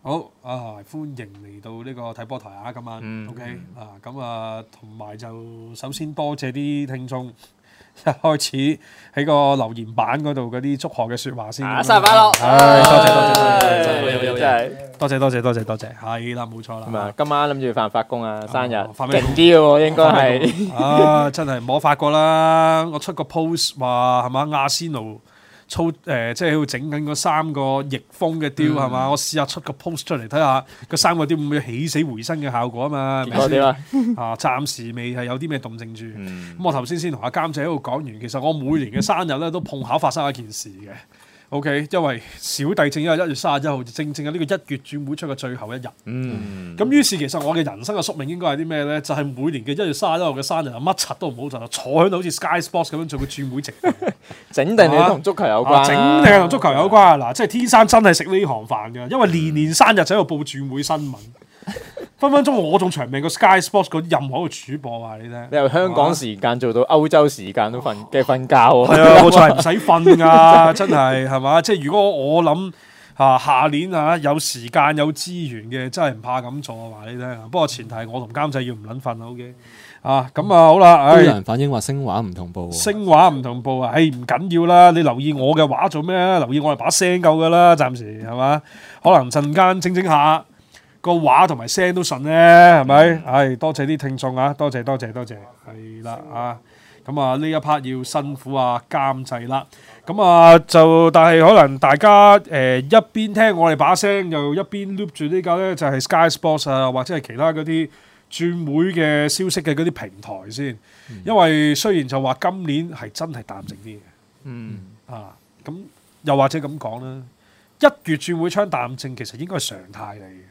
好啊，歡迎嚟到呢個睇波台啊！今晚，OK 啊，咁啊，同埋就首先多謝啲聽眾一開始喺個留言板嗰度嗰啲祝賀嘅説話先。生日快樂！唉，多謝多謝，真係多謝多謝多謝多謝。係啦，冇錯啦。今晚諗住發發功啊，生日發俾勁啲嘅喎，應該係啊，真係冇發過啦。我出個 post 話係嘛阿仙奴。操誒、呃，即係喺度整緊嗰三個逆風嘅雕係嘛，嗯？我試下出個 post 出嚟睇下，嗰三個雕會唔會起死回生嘅效果啊嘛？ 啊，暫時未係有啲咩動靜住。咁、嗯嗯、我頭先先同阿監製喺度講完，其實我每年嘅生日咧都碰巧發生一件事嘅。OK，因為小弟正因為一月卅一號正正喺呢個一月轉會窗嘅最後一日。嗯，咁於是其實我嘅人生嘅宿命應該係啲咩呢？就係、是、每年嘅一月卅一號嘅生日，乜柒都唔好就坐喺度好似 Sky Sports 咁樣做個轉會席。 整定你同足球有關，啊、整定同足球有關。嗱，即係天生真係食呢行飯㗎，因為年年生日就喺度報轉會新聞。嗯分分鐘我仲長命過 Sky Sports 嗰任何一個主播話你聽，你由香港時間做到歐洲時間都瞓嘅瞓覺喎。係吧 啊，我唔使瞓啊，真係係嘛？即係如果我諗嚇、啊、下年嚇、啊、有時間有資源嘅，真係唔怕咁做啊！話你聽，不過前提我同監製要唔撚瞓啊。O K 啊，咁啊好啦。哎、有人反映聲話聲畫唔同步，聲畫唔同步啊？哎、係唔緊要啦，你留意我嘅畫做咩？留意我係把聲夠噶啦，暫時係嘛？可能陣間整整下。個畫同埋聲都順咧，係咪？唉、哎，多謝啲聽眾啊！多謝多謝多謝係啦啊！咁啊呢一 part 要辛苦啊監製啦。咁啊就但係可能大家誒、呃、一邊聽我哋把聲，又一邊 loop 住呢個呢，就係、是、Sky Sports 啊，或者係其他嗰啲轉會嘅消息嘅嗰啲平台先。嗯、因為雖然就話今年係真係淡靜啲嘅，嗯啊咁又或者咁講啦，一月轉會窗淡靜，其實應該係常態嚟嘅。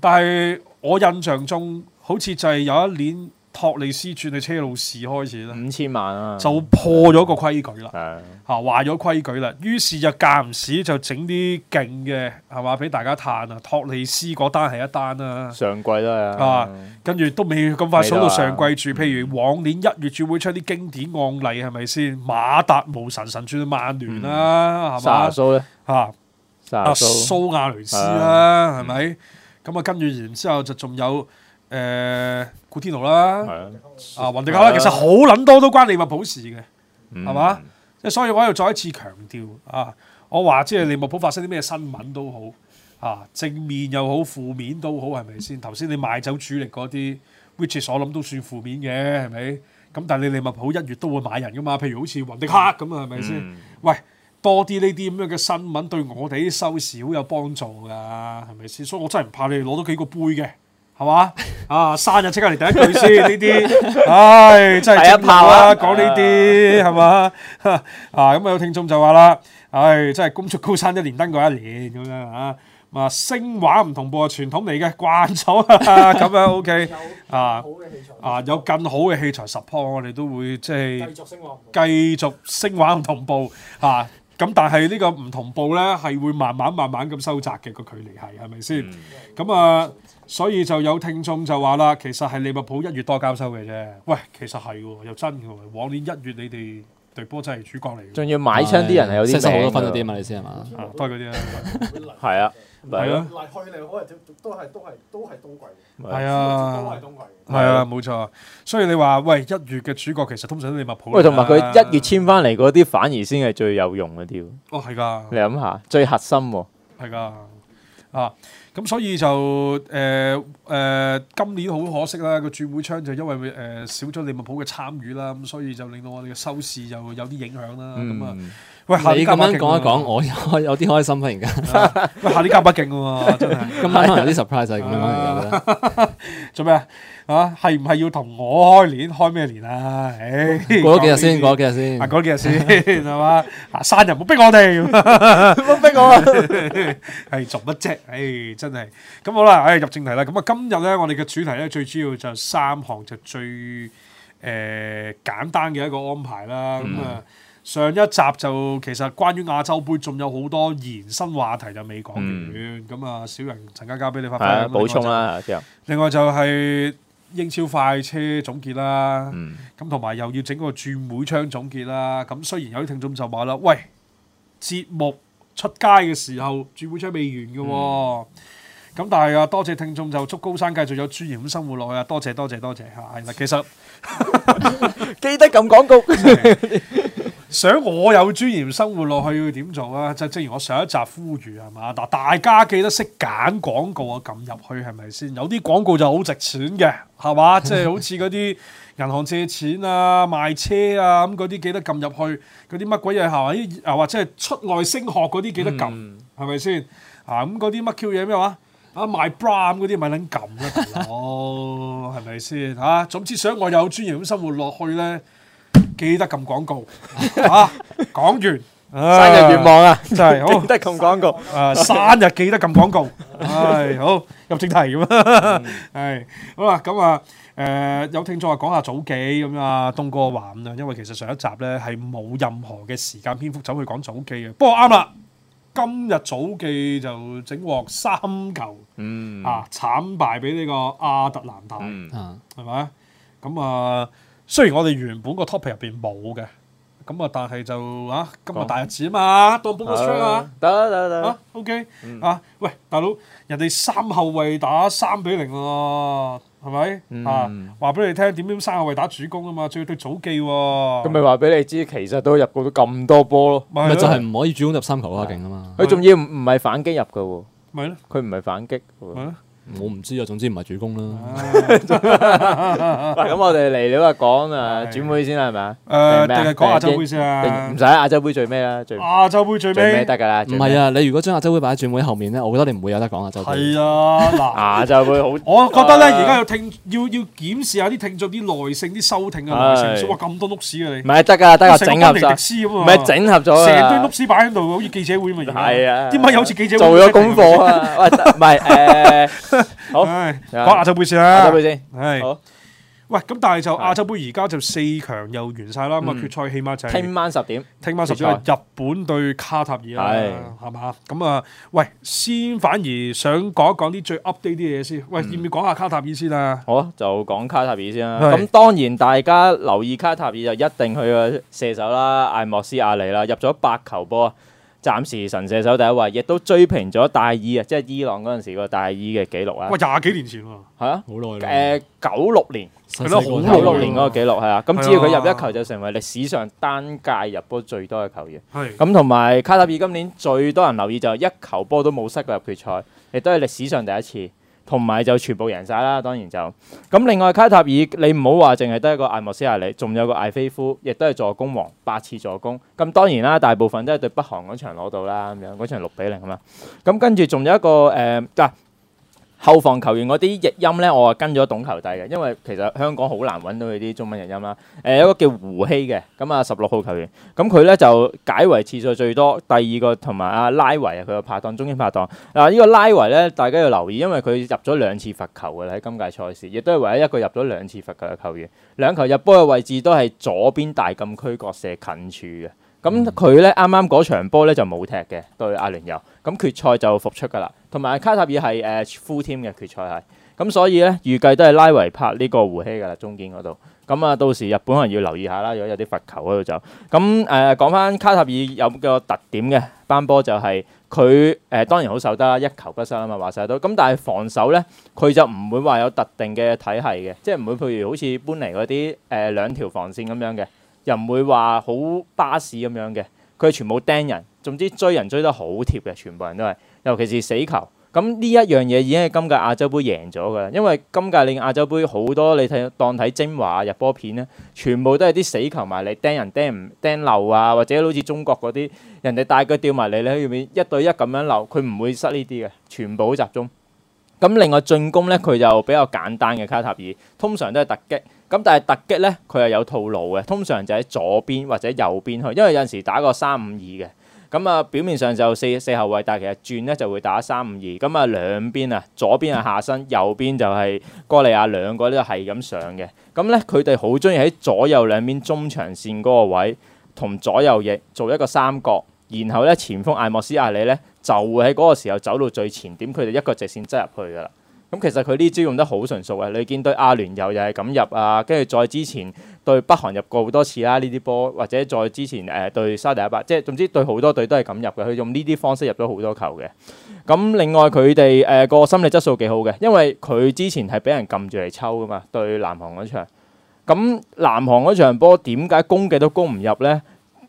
但係我印象中，好似就係有一年托利斯轉去車路士開始啦，五千萬啊，就破咗個規矩啦，嚇壞咗規矩啦。於是就間唔時就整啲勁嘅係嘛，俾大家嘆啊。托利斯嗰單係一單啦，上季啦，啊，跟住都未咁快數到上季住。譬如往年一月轉會出啲經典案例係咪先？馬達無神神轉曼聯啦，係咪？沙蘇咧嚇，蘇亞雷斯啦，係咪？咁啊跟住，然之後就仲有誒、呃、古天奴啦，的啊雲迪克啦，其實好撚多都關利物浦事嘅，係嘛？即係、嗯、所以我喺度再一次強調啊，我話即係利物浦發生啲咩新聞都好，啊正面又好，負面都好，係咪先？頭先你賣走主力嗰啲，which is 我諗都算負面嘅，係咪？咁但係你利物浦一月都會買人噶嘛？譬如好似雲迪克咁啊，係咪先？嗯、喂！多啲呢啲咁樣嘅新聞對我哋啲收視好有幫助㗎，係咪先？所以我真係唔怕你哋攞到幾個杯嘅，係嘛？啊，生日即刻嚟第一句先呢啲，唉，真係真唔怕講呢啲係嘛？啊咁啊，有聽眾就話啦，唉，真係功出高山，一年登過一年咁樣啊。啊，聲畫唔同步啊，傳統嚟嘅慣咗咁樣，OK 啊，有更好嘅器材啊，有更好嘅器材 support 我哋都會即係繼續聲畫，繼續聲畫唔同步嚇。咁但係呢個唔同步呢，係會慢慢慢慢咁收窄嘅個距離係，係咪先？咁、嗯、啊，所以就有聽眾就話啦，其實係利物浦一月多交收嘅啫。喂，其實係喎，又真嘅喎。往年一月你哋對波真係主角嚟嘅，仲要買槍啲人係有啲失失好多分嗰啲嘛？你先係嘛？ 啊，多嗰啲 啊，係啊。係啊，嗱去嚟可能都都係都係都係冬季嘅，係啊，都係冬季嘅，係啊，冇錯。所以你話喂一月嘅主角其實通常都利物浦、啊，喂，同埋佢一月簽翻嚟嗰啲反而先係最有用嗰啲。哦，係噶，你諗下最核心喎、啊。係噶，啊，咁所以就誒誒、呃呃，今年好可惜啦，個轉會窗就因為誒、呃、少咗利物浦嘅參與啦，咁所以就令到我哋嘅收視就有啲影響啦，咁啊、嗯。喂，你咁樣講一講，我有啲開心忽然間。喂，下啲加把勁喎，真係。今晚有啲 surprise 咁樣嚟嘅。做咩啊？啊，係唔係要同我開年？開咩年啊？過咗幾日先？過咗幾日先？啊，過幾日先係嘛？山人冇逼我哋，冇逼我。係做乜啫？唉，真係。咁好啦，唉，入正題啦。咁啊，今日咧，我哋嘅主題咧，最主要就三行就最誒簡單嘅一個安排啦。咁啊。上一集就其實關於亞洲盃仲有好多延伸話題就未講完，咁啊小楊陣間交俾你發。係啊，補充啦。另外就係英超快車總結啦，咁同埋又要整個轉會窗總結啦。咁雖然有啲聽眾就話啦，喂，節目出街嘅時候轉會窗未完嘅，咁但係啊，多謝聽眾就祝高山繼續有專業咁生活落去啊！多謝多謝多謝嚇。其實記得撳廣告。想我有尊嚴生活落去要點做啊？就正如我上一集呼籲係嘛？嗱，大家記得識揀廣告啊，撳入去係咪先？有啲廣告就好值錢嘅，係嘛？ 即係好似嗰啲銀行借錢啊、賣車啊咁嗰啲，記得撳入去。嗰啲乜鬼嘢係咪？啊，或者係出外升學嗰啲，記得撳係咪先？啊咁嗰啲乜 Q 嘢咩話？啊賣 bra 咁嗰啲咪撚撳咯，大佬，係咪先？嚇， 總之想我有尊嚴咁生活落去咧。記得撳廣告嚇，講完生日願望啊，真係好記得撳廣告，生日記得撳廣告，唉，好入正題咁啊，係好啦，咁啊，誒有聽眾話講下早記咁啊，東哥話咁啦，因為其實上一集咧係冇任何嘅時間篇幅走去講早記嘅，不過啱啦，今日早記就整鑊三球，嗯啊，慘敗俾呢個亞特蘭大，嗯，係咪啊？咁啊～雖然我哋原本個 topic 入邊冇嘅，咁啊，但係就啊，今日大日子啊嘛，當 bonus share 啊，得得得，OK 啊，喂，大佬，人哋三後衞打三比零喎，係咪啊？話、啊、俾、嗯啊、你聽點點三後衞打主攻啊嘛，仲要對祖記喎。佢咪話俾你知，其實都入過咗咁多波咯，咪就係唔可以主攻入三球啊勁啊嘛。佢仲要唔係反擊入嘅喎，咪咯，佢唔係反擊。我唔知啊，總之唔係主攻啦。咁我哋嚟咗啊講啊，轉會先啦，係咪啊？誒，定係講亞洲杯先啊？唔使亞洲杯最咩啦？最亞洲杯最咩得噶啦？唔係啊，你如果將亞洲杯擺喺轉會後面咧，我覺得你唔會有得講亞洲杯。係啊，嗱，亞洲杯好。我覺得咧，而家要聽，要要檢視下啲聽眾啲耐性，啲收聽啊，耐性哇咁多碌屎啊你。唔係得噶，得個整合羅斯。唔係整合咗，成堆碌屎擺喺度，好似記者會咁啊。係啊，點解好似記者會？做咗功課啊，唔係誒。好，講亞是洲杯先啦，亞洲杯先，係是好。喂，咁但係就亞洲杯而家就四強又完晒啦，咁啊、嗯、決賽起碼就係、是、聽晚十點，聽晚十點日本對卡塔爾啦，係嘛是？咁啊，喂，先反而想講一講啲最 update 啲嘢先。嗯、喂，要唔要講下卡塔爾先啊？好，就講卡塔爾先啦。咁，是當然大家留意卡塔爾就一定去個射手啦，艾莫斯阿利啦，入咗八球噃。暫時神射手第一位，亦都追平咗大伊啊，即係伊朗嗰陣時個大伊嘅記錄啊！喂，廿幾年前喎，係啊，好耐誒，九六年，九六年嗰個記錄係啊，咁只要佢入一球就成為歷史上單屆入波最多嘅球員，咁同埋卡塔爾今年最多人留意就係一球波都冇失過入決賽，亦都係歷史上第一次。同埋就全部贏晒啦，當然就咁。另外卡塔爾，你唔好話淨係得一個艾莫斯亞利，仲有個艾菲夫，亦都係助攻王，八次助攻。咁當然啦，大部分都係對北韓嗰場攞到啦，咁樣嗰場六比零啊嘛。咁跟住仲有一個誒嗱。呃啊後防球員嗰啲譯音呢，我啊跟咗懂球帝嘅，因為其實香港好難揾到佢啲中文譯音啦。誒、呃，有一個叫胡希嘅，咁啊十六號球員，咁佢呢，就解圍次數最多，第二個同埋阿拉維啊，佢個拍檔，中堅拍檔。啊，呢、呢個拉維呢，大家要留意，因為佢入咗兩次罰球嘅，喺今屆賽事，亦都係唯一一個入咗兩次罰球嘅球員。兩球入波嘅位置都係左邊大禁區角射近處嘅。咁佢呢，啱啱嗰場波呢，就冇踢嘅，對阿聯酋，咁決賽就復出㗎啦。同埋卡塔爾係誒 full team 嘅決賽係，咁所以咧預計都係拉維拍呢個胡希噶啦中堅嗰度，咁啊到時日本人要留意下啦，如果有啲罰球嗰度就，咁、嗯、誒、呃、講返卡塔爾有個特點嘅班波就係佢，誒當然好受得啦，一球不失啊嘛話晒都，咁但係防守咧佢就唔會話有特定嘅體系嘅，即係唔會譬如好似搬嚟嗰啲誒兩條防線咁樣嘅，又唔會話好巴士咁樣嘅，佢全部釘人，總之追人追得好貼嘅，全部人都係。尤其是死球，咁呢一樣嘢已經係今屆亞洲杯贏咗㗎喇，因為今屆你亞洲杯好多你睇當睇精華入波片咧，全部都係啲死球埋嚟釘人釘唔釘流啊，或者好似中國嗰啲人哋帶佢掉埋嚟你喺入面一對一咁樣流，佢唔會失呢啲嘅，全部集中。咁另外進攻咧，佢就比較簡單嘅卡塔爾，通常都係突擊。咁但係突擊咧，佢係有套路嘅，通常就喺左邊或者右邊去，因為有陣時打個三五二嘅。咁啊，表面上就四四後衛，但係其實轉咧就會打三五二。咁啊，兩邊啊，左邊係下身，右邊就係哥利亞兩個咧係咁上嘅。咁咧，佢哋好中意喺左右兩邊中場線嗰個位同左右翼做一個三角，然後咧前鋒艾莫斯阿里咧就會喺嗰個時候走到最前點，佢哋一個直線擠入去㗎啦。咁其實佢呢招用得好純熟啊。你見對阿聯酋又係咁入啊，跟住再之前對北韓入過好多次啦，呢啲波或者再之前誒對沙地阿拉伯，即係總之對好多隊都係咁入嘅，佢用呢啲方式入咗好多球嘅。咁另外佢哋誒個心理質素幾好嘅，因為佢之前係俾人撳住嚟抽㗎嘛，對南韓嗰場。咁南韓嗰場波點解攻嘅都攻唔入呢？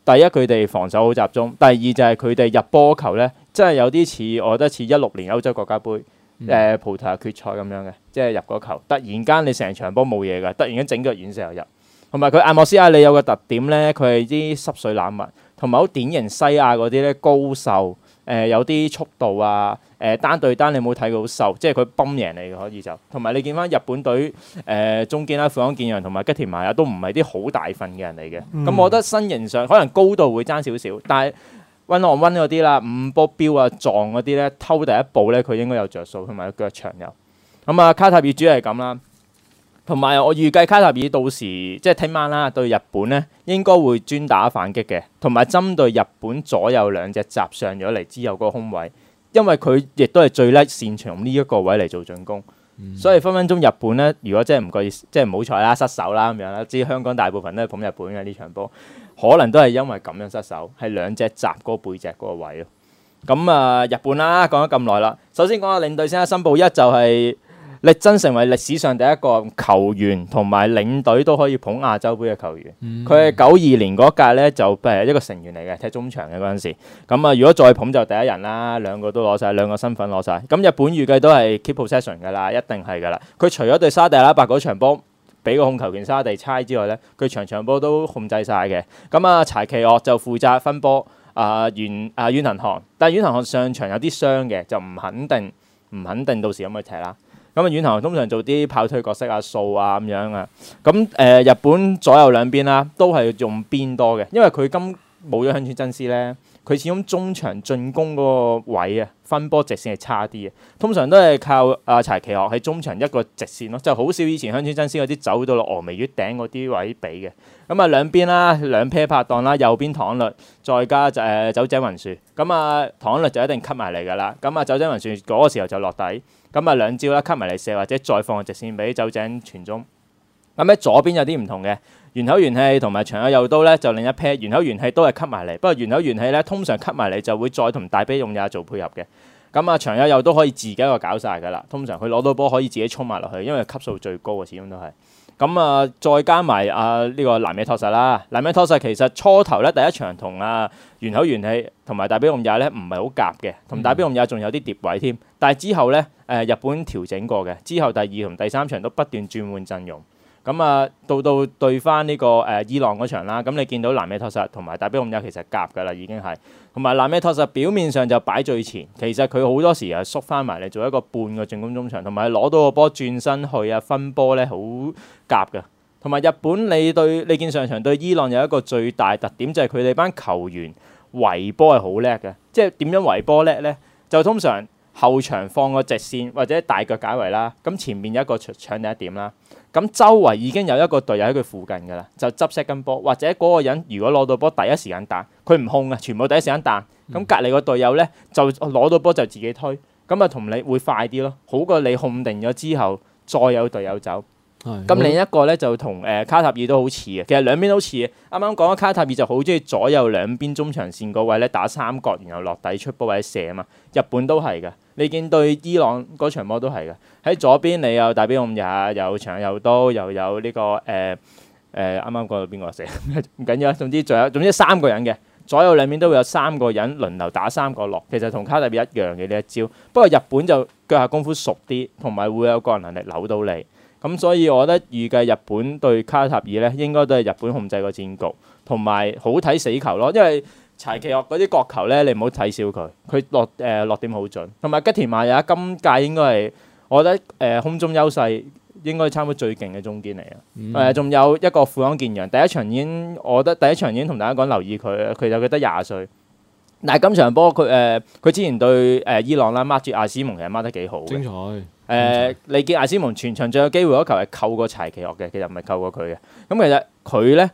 第一佢哋防守好集中，第二就係佢哋入波球呢，真係有啲似，我覺得似一六年歐洲國家杯。誒、呃、葡萄牙決賽咁樣嘅，即係入個球，突然間你成場波冇嘢㗎，突然間整腳遠射又入，同埋佢阿莫斯阿里有個特點呢，佢係啲濕水冷物，同埋好典型西亞嗰啲呢，高瘦，誒、呃、有啲速度啊，誒、呃、單對單你冇睇到好瘦，即係佢崩贏你嘅可以就，同埋你見翻日本隊誒、呃、中堅啊富安健洋同埋吉田麻也都唔係啲好大份嘅人嚟嘅，咁、嗯、我覺得身形上可能高度會爭少少，但係。溫浪溫嗰啲啦，五波標啊撞嗰啲咧，偷第一步咧，佢應該有着數，同埋個腳長有。咁啊，卡塔爾主要係咁啦，同埋我預計卡塔爾到時即係聽晚啦，對日本咧，應該會專打反擊嘅，同埋針對日本左右兩隻閘上咗嚟之後個空位，因為佢亦都係最叻擅長呢一個位嚟做進攻，嗯、所以分分鐘日本咧，如果真係唔介意，即係唔好彩啦，失手啦咁樣啦，至於香港大部分都係捧日本嘅呢場波。可能都係因為咁樣失手，係兩隻閘嗰背脊嗰個位咯。咁、嗯、啊，日本啦，講咗咁耐啦，首先講下領隊先啦。森保一就係力爭成為歷史上第一個球員同埋領隊都可以捧亞洲杯嘅球員。佢喺九二年嗰屆咧就係一個成員嚟嘅，踢中場嘅嗰陣時。咁、嗯、啊，如果再捧就第一人啦，兩個都攞晒，兩個身份攞晒。咁日本預計都係 keep possession 嘅啦，一定係嘅啦。佢除咗對沙地阿拉伯嗰場波，俾個控球權沙地猜之外咧，佢場場波都控制晒嘅。咁啊柴崎岳就負責分波啊，遠啊遠藤航，但係遠藤航上場有啲傷嘅，就唔肯定唔肯定到時有冇踢啦。咁啊遠藤航通常做啲跑腿角色啊掃啊咁樣啊。咁誒、呃、日本左右兩邊啦，都係用邊多嘅，因為佢今冇咗鄉村真司咧。佢始終中場進攻嗰個位啊，分波直線係差啲嘅。通常都係靠阿柴奇學喺中場一個直線咯，就好、是、少以前鄉村真先嗰啲走到落峨眉月頂嗰啲位俾嘅。咁、嗯、啊兩邊啦，兩 pair 拍檔啦，右邊躺律，再加誒酒、呃、井雲樹。咁、嗯、啊躺律就一定吸埋嚟㗎啦。咁啊酒井雲樹嗰個時候就落底，咁、嗯、啊兩招啦吸埋嚟射，或者再放個直線俾酒井傳中。咁、嗯、喺左邊有啲唔同嘅。元口元氣→原口元氣同埋長友右刀咧就另一 pair，元口元氣都係吸埋嚟，不過元口元氣咧通常吸埋嚟就會再同大悲勇也做配合嘅。咁啊，長友又都可以自己一個搞晒噶啦，通常佢攞到波可以自己衝埋落去，因為級數最高、嗯嗯、啊，始終都係。咁啊，再加埋啊呢個南野拓實啦，南野拓實其實初頭咧第一場同啊元口元氣同埋大悲勇也咧唔係好夾嘅，同大悲勇也仲有啲疊位添。但係之後咧誒日本調整過嘅，之後第二同第三場都不斷轉換陣容。咁啊，到到對翻呢個誒伊朗嗰場啦，咁你見到南美托塞同埋大比五友其實夾㗎啦，已經係，同埋南美托塞表面上就擺最前，其實佢好多時係縮翻埋嚟做一個半個進攻中場，同埋攞到個波轉身去啊分波呢。好夾嘅，同埋日本你對你見上場對伊朗有一個最大特點就係佢哋班球員圍波係好叻嘅，即係點樣圍波叻呢？就通常。後場放個直線或者大腳解圍啦，咁前面有一個搶第一點啦，咁周圍已經有一個隊友喺佢附近噶啦，就執息根波或者嗰個人如果攞到波第一時間打，佢唔控啊，全部第一時間打，咁隔籬個隊友呢，就攞到波就自己推，咁啊同你會快啲咯，好過你控定咗之後再有隊友走，咁的另一個呢，就同誒卡塔爾都好似嘅，其實兩邊都似嘅，啱啱講咗卡塔爾就好中意左右兩邊中場線嗰位呢，打三角，然後落底出波或者射啊嘛，日本都係嘅。你見對伊朗嗰場波都係嘅，喺左邊你有大比奧姆亞，有長又多，又有呢個誒誒，啱啱講到邊個死唔緊要，總之仲有總之三個人嘅左右兩面都會有三個人輪流打三個落，其實同卡塔爾一樣嘅呢一招。不過日本就腳下功夫熟啲，同埋會有個人能力扭到你，咁所以我覺得預計日本對卡塔爾呢，應該都係日本控制個戰局，同埋好睇死球咯，因為，柴崎岳嗰啲角球咧，你唔好睇小佢，佢落誒落點好準，同埋吉田麻也今屆應該係我覺得誒、呃、空中優勢應該差唔多最勁嘅中堅嚟嘅，誒仲、嗯、有一個富安健洋，第一場已經我覺得第一場已經同大家講留意佢，其實佢得廿歲，但係今場波佢誒佢之前對誒伊朗啦，抹住阿斯蒙其實抹得幾好嘅，誒、呃、你見阿斯蒙全場最有機會嗰球係扣過柴崎岳嘅，其實唔係扣過佢嘅，咁其實佢咧。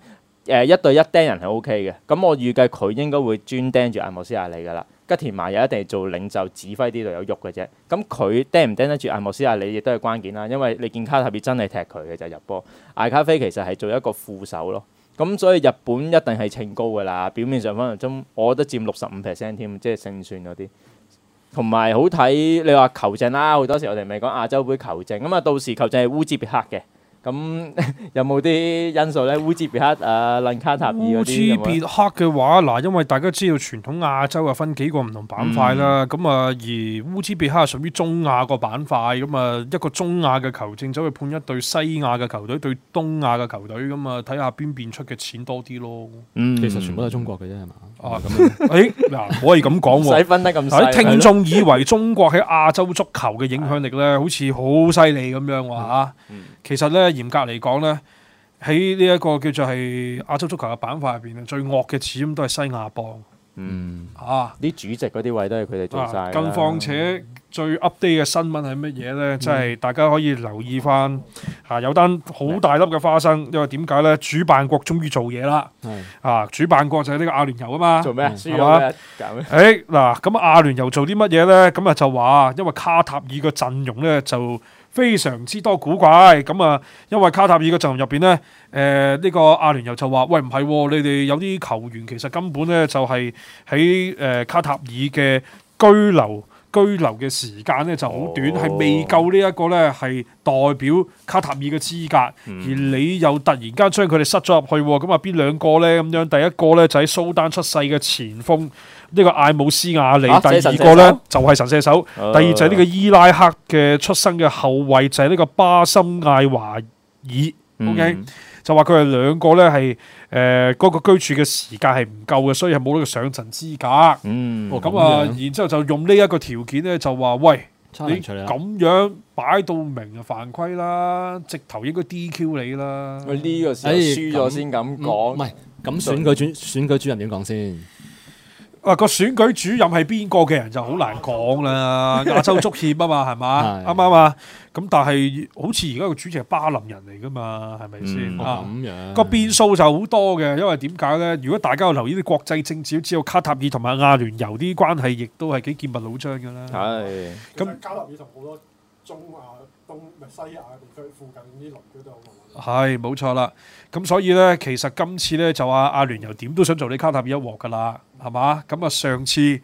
誒一對一盯人係 OK 嘅，咁我預計佢應該會專盯住阿莫斯阿里噶啦。吉田麻也一定係做領袖指揮呢度有喐嘅啫。咁佢盯唔盯得住阿莫斯阿里亦都係關鍵啦，因為你見卡塔爾真係踢佢嘅就是、入波。艾卡菲其實係做一個副手咯。咁所以日本一定係稱高噶啦，表面上分量中，我覺得佔六十五 percent 添，即係勝算嗰啲。同埋好睇你話球證啦，好多時我哋咪講亞洲杯球證咁啊，到時球證係烏茲別克嘅。咁有冇啲因素咧？烏茲別克啊，鄰卡塔爾嗰啲。烏茲別克嘅話嗱，因為大家知道傳統亞洲啊分幾個唔同版塊啦，咁啊、嗯、而烏茲別克係屬於中亞個版塊，咁啊一個中亞嘅球證走去判一對西亞嘅球隊對東亞嘅球隊，咁啊睇下邊邊出嘅錢多啲咯。嗯、其實全部都係中國嘅啫，係嘛？啊咁樣，誒，嗱，可以咁講喎，唔使分得咁細，啲聽眾以為中國喺亞洲足球嘅影響力咧，好似好犀利咁樣，吓， 其實咧嚴 格嚟講咧，喺呢一個叫做係亞洲足球嘅板塊入邊最惡嘅始終都係西亞幫。嗯啊，啲主席嗰啲位都係佢哋做曬。咁況且最 update 嘅新聞係乜嘢咧？即係、嗯、大家可以留意返啊，嗯、有單好大粒嘅花生。因為點解咧？主辦國終於做嘢啦。啊，主辦國就係呢個阿聯酋嗎啊嘛。嗯、做咩？係嘛、欸？嗱、嗯，咁阿聯酋做啲乜嘢咧？咁啊就話，因為卡塔爾嘅陣容咧就，非常之多古怪咁啊！因為卡塔爾嘅陣容入邊呢，誒、呃、呢、呢個阿聯酋就話：喂，唔係喎，你哋有啲球員其實根本呢就係喺誒卡塔爾嘅居留，居留嘅時間呢就好短，係、哦、未夠呢一個呢係代表卡塔爾嘅資格。而你又突然間將佢哋塞咗入去，咁啊邊兩個呢？咁樣？第一個呢，就喺蘇丹出世嘅前鋒。呢個艾姆斯亞里，第二個呢，就係神射手，第二就係呢個伊拉克嘅出生嘅後衛就係呢個巴森艾華爾，OK 就話佢哋兩個呢，係誒嗰個居住嘅時間係唔夠嘅，所以係冇呢個上陣資格。嗯，咁啊，然之後就用呢一個條件呢，就話喂，你咁樣擺到明犯規啦，直頭應該 DQ 你啦。我呢個時候輸咗先咁講，唔係咁選舉主選舉主任點講先？啊個選舉主任係邊個嘅人就好難講啦， 亞洲足協啊嘛，係嘛 吧？啱唔啱啊？咁但係好似而家個主席係巴林人嚟噶嘛，係咪先？咁個、啊啊、變數就好多嘅，因為點解咧？如果大家有留意啲國際政治，都知道卡塔爾同埋阿聯酋啲關係，亦都係幾劍拔弩張㗎啦。係咁那。卡塔爾同好多中亞東唔係西亞地區附近啲鄰居都好。係冇錯啦，咁所以呢，其實今次呢，就阿阿聯又點都想做你卡塔爾一鑊噶啦，係嘛？咁啊，上次誒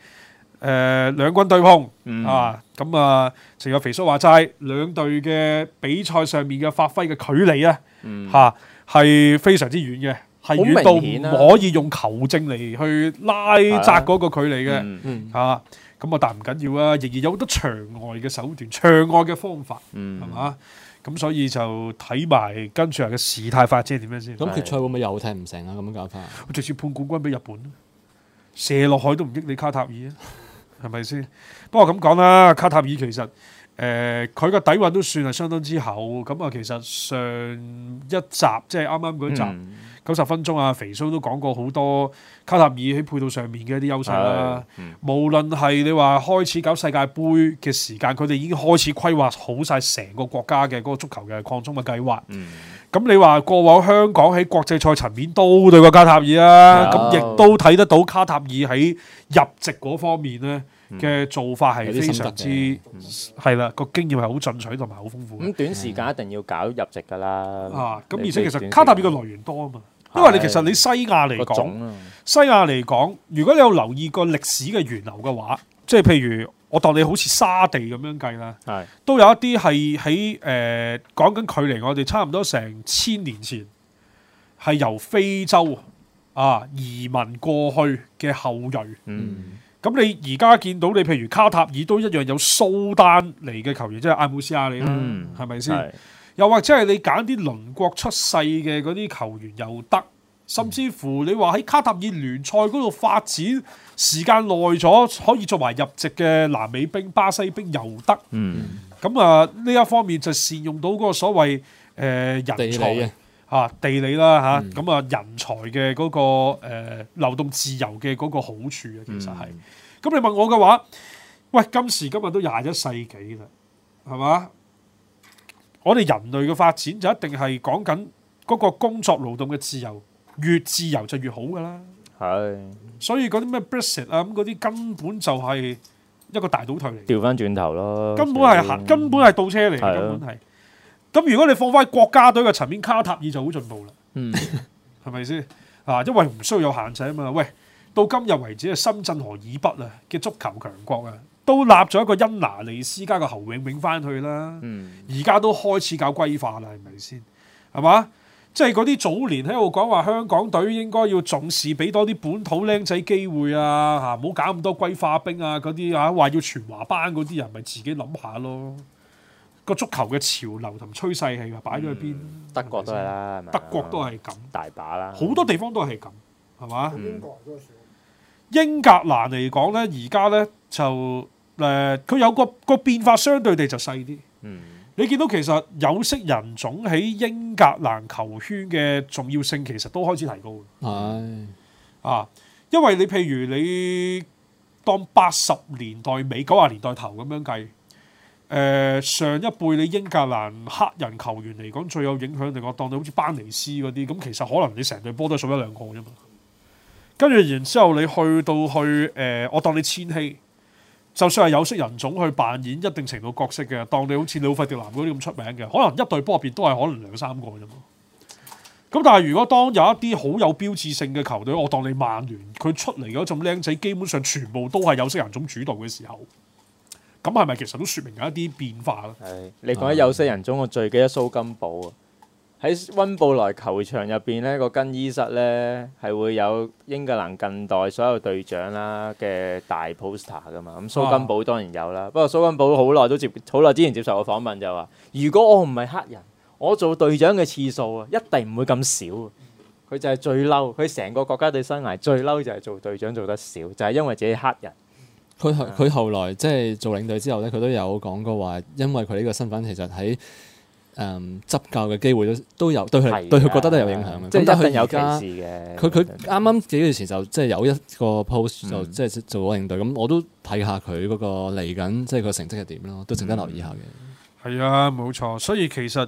兩、呃、軍對碰、嗯、啊，咁啊，正如肥叔話齋，兩隊嘅比賽上面嘅發揮嘅距離、嗯、啊，吓係非常之遠嘅，係遠到唔可以用球證嚟去拉窄嗰個距離嘅，吓咁、嗯嗯、啊，但唔緊要啊，仍然有好多場外嘅手段、場外嘅方法，係嘛、嗯？嗯咁所以就睇埋跟住嚟嘅事態發展係點樣先。咁決賽會唔會又踢唔成啊？咁樣搞法。直接判冠軍俾日本，射落海都唔益你卡塔爾啊？係咪先？不過咁講啦，卡塔爾其實佢個、呃、底蘊都算係相當之厚。咁啊，其實上一集即係啱啱嗰集。嗯九十分鐘啊，肥松都講過好多卡塔爾喺配套上面嘅一啲優勢啦。啊嗯、無論係你話開始搞世界盃嘅時間，佢哋已經開始規劃好晒成個國家嘅嗰個足球嘅擴充嘅計劃。咁、嗯、你話過往香港喺國際賽層面都對過卡塔爾啊，咁亦有都睇得到卡塔爾喺入籍嗰方面呢嘅、嗯、做法係非常之係啦，個、嗯、經驗係好進取同埋好豐富。咁短時間一定要搞入籍㗎啦。啊，咁而且其實卡塔爾嘅來源多啊嘛。因為你其實你西亞嚟講，種啊、西亞嚟講，如果你有留意個歷史嘅源流嘅話，即係譬如我當你好似沙地咁樣計啦，是的 都有一啲係喺誒講緊距離我哋差唔多成千年前，係由非洲啊移民過去嘅後裔。咁、嗯、你而家見到你譬如卡塔爾都一樣有蘇丹嚟嘅球員，即係阿姆斯亞利啦，係咪先？.又或者係你揀啲鄰國出世嘅嗰啲球員又得，甚至乎你話喺卡塔爾聯賽嗰度發展時間耐咗，可以做埋入籍嘅南美兵、巴西兵又得。嗯。咁啊，呢一方面就善用到嗰個所謂誒、呃、人才啊，啊，地理啦、啊、吓，咁、嗯、啊人才嘅嗰、嗰個誒、呃、流動自由嘅嗰個好處啊，其實係。咁、嗯、你問我嘅話，喂，今時今日都廿一世紀啦，係嘛？我哋人類嘅發展就一定係講緊嗰個工作勞動嘅自由，越自由就越好噶啦。係的、啊，所以嗰啲咩 Brexit 啊咁嗰啲根本就係一個大倒退嚟。調翻轉頭咯，根本係行，根本係倒車嚟，嘅，是的 根本係。咁如果你放翻國家隊嘅層面，卡塔爾就好進步啦。嗯，係咪先？啊，因為唔需要有限制啊嘛。喂，到今日為止啊，深圳河以北啊？叫足球強國啊！都立咗一個恩拿利斯加個侯永永翻去啦，而家、嗯、都開始搞歸化啦，係咪先？係嘛？即係嗰啲早年喺度講話香港隊應該要重視，俾多啲本土僆仔機會啊！嚇、啊，唔好搞咁多歸化兵啊！嗰啲啊。話、啊、要全華班嗰啲人，咪自己諗下咯。個足球嘅潮流同趨勢係啊，擺咗去邊？嗯就是、德國都係啦，德國都係咁，大把啦，好多地方都係咁，係嘛？英國都算。英格蘭嚟講呢，而家呢就。呢嗯誒，佢、呃、有個個變化，相對地就細啲。嗯，你見到其實有色人種喺英格蘭球圈嘅重要性，其實都開始提高。係、嗯、啊，因為你譬如你當八十年代尾九十年代頭咁樣計，誒、呃、上一輩你英格蘭黑人球員嚟講，最有影響力，我當你好似班尼斯嗰啲，咁其實可能你成隊波都數一兩個啫嘛。跟住然之後，你去到去誒、呃，我當你千禧。就算係有色人種去扮演一定程度角色嘅，當你好似魯費迪南嗰啲咁出名嘅，可能一隊波入邊都係可能兩三個啫嘛。咁但係如果當有一啲好有標誌性嘅球隊，我當你曼聯佢出嚟嗰種僆仔，基本上全部都係有色人種主導嘅時候，咁係咪其實都説明有一啲變化咧？係你講起有色人種，我最記得蘇金寶啊。喺温布萊球場入邊呢個更衣室呢係會有英格蘭近代所有隊長啦嘅大 poster 噶嘛，咁蘇金寶當然有啦。啊、不過蘇金寶好耐都接，好耐之前接受過訪問就話：如果我唔係黑人，我做隊長嘅次數啊，一定唔會咁少。佢就係最嬲，佢成個國家隊生涯最嬲就係做隊長做得少，就係、是、因為自己黑人。佢佢後來即係做領隊之後呢，佢都有講過話，因為佢呢個身份其實喺。誒，執、um, 教嘅機會都都有，對佢的對佢覺得都有影響嘅。即係一定有歧視嘅。佢佢啱啱幾月前就即係有一個 post 就即係的做我應對，咁的我都睇下佢嗰、嗰個嚟緊，即係個成績係點咯，都值得留意下嘅。係啊，冇錯。所以其實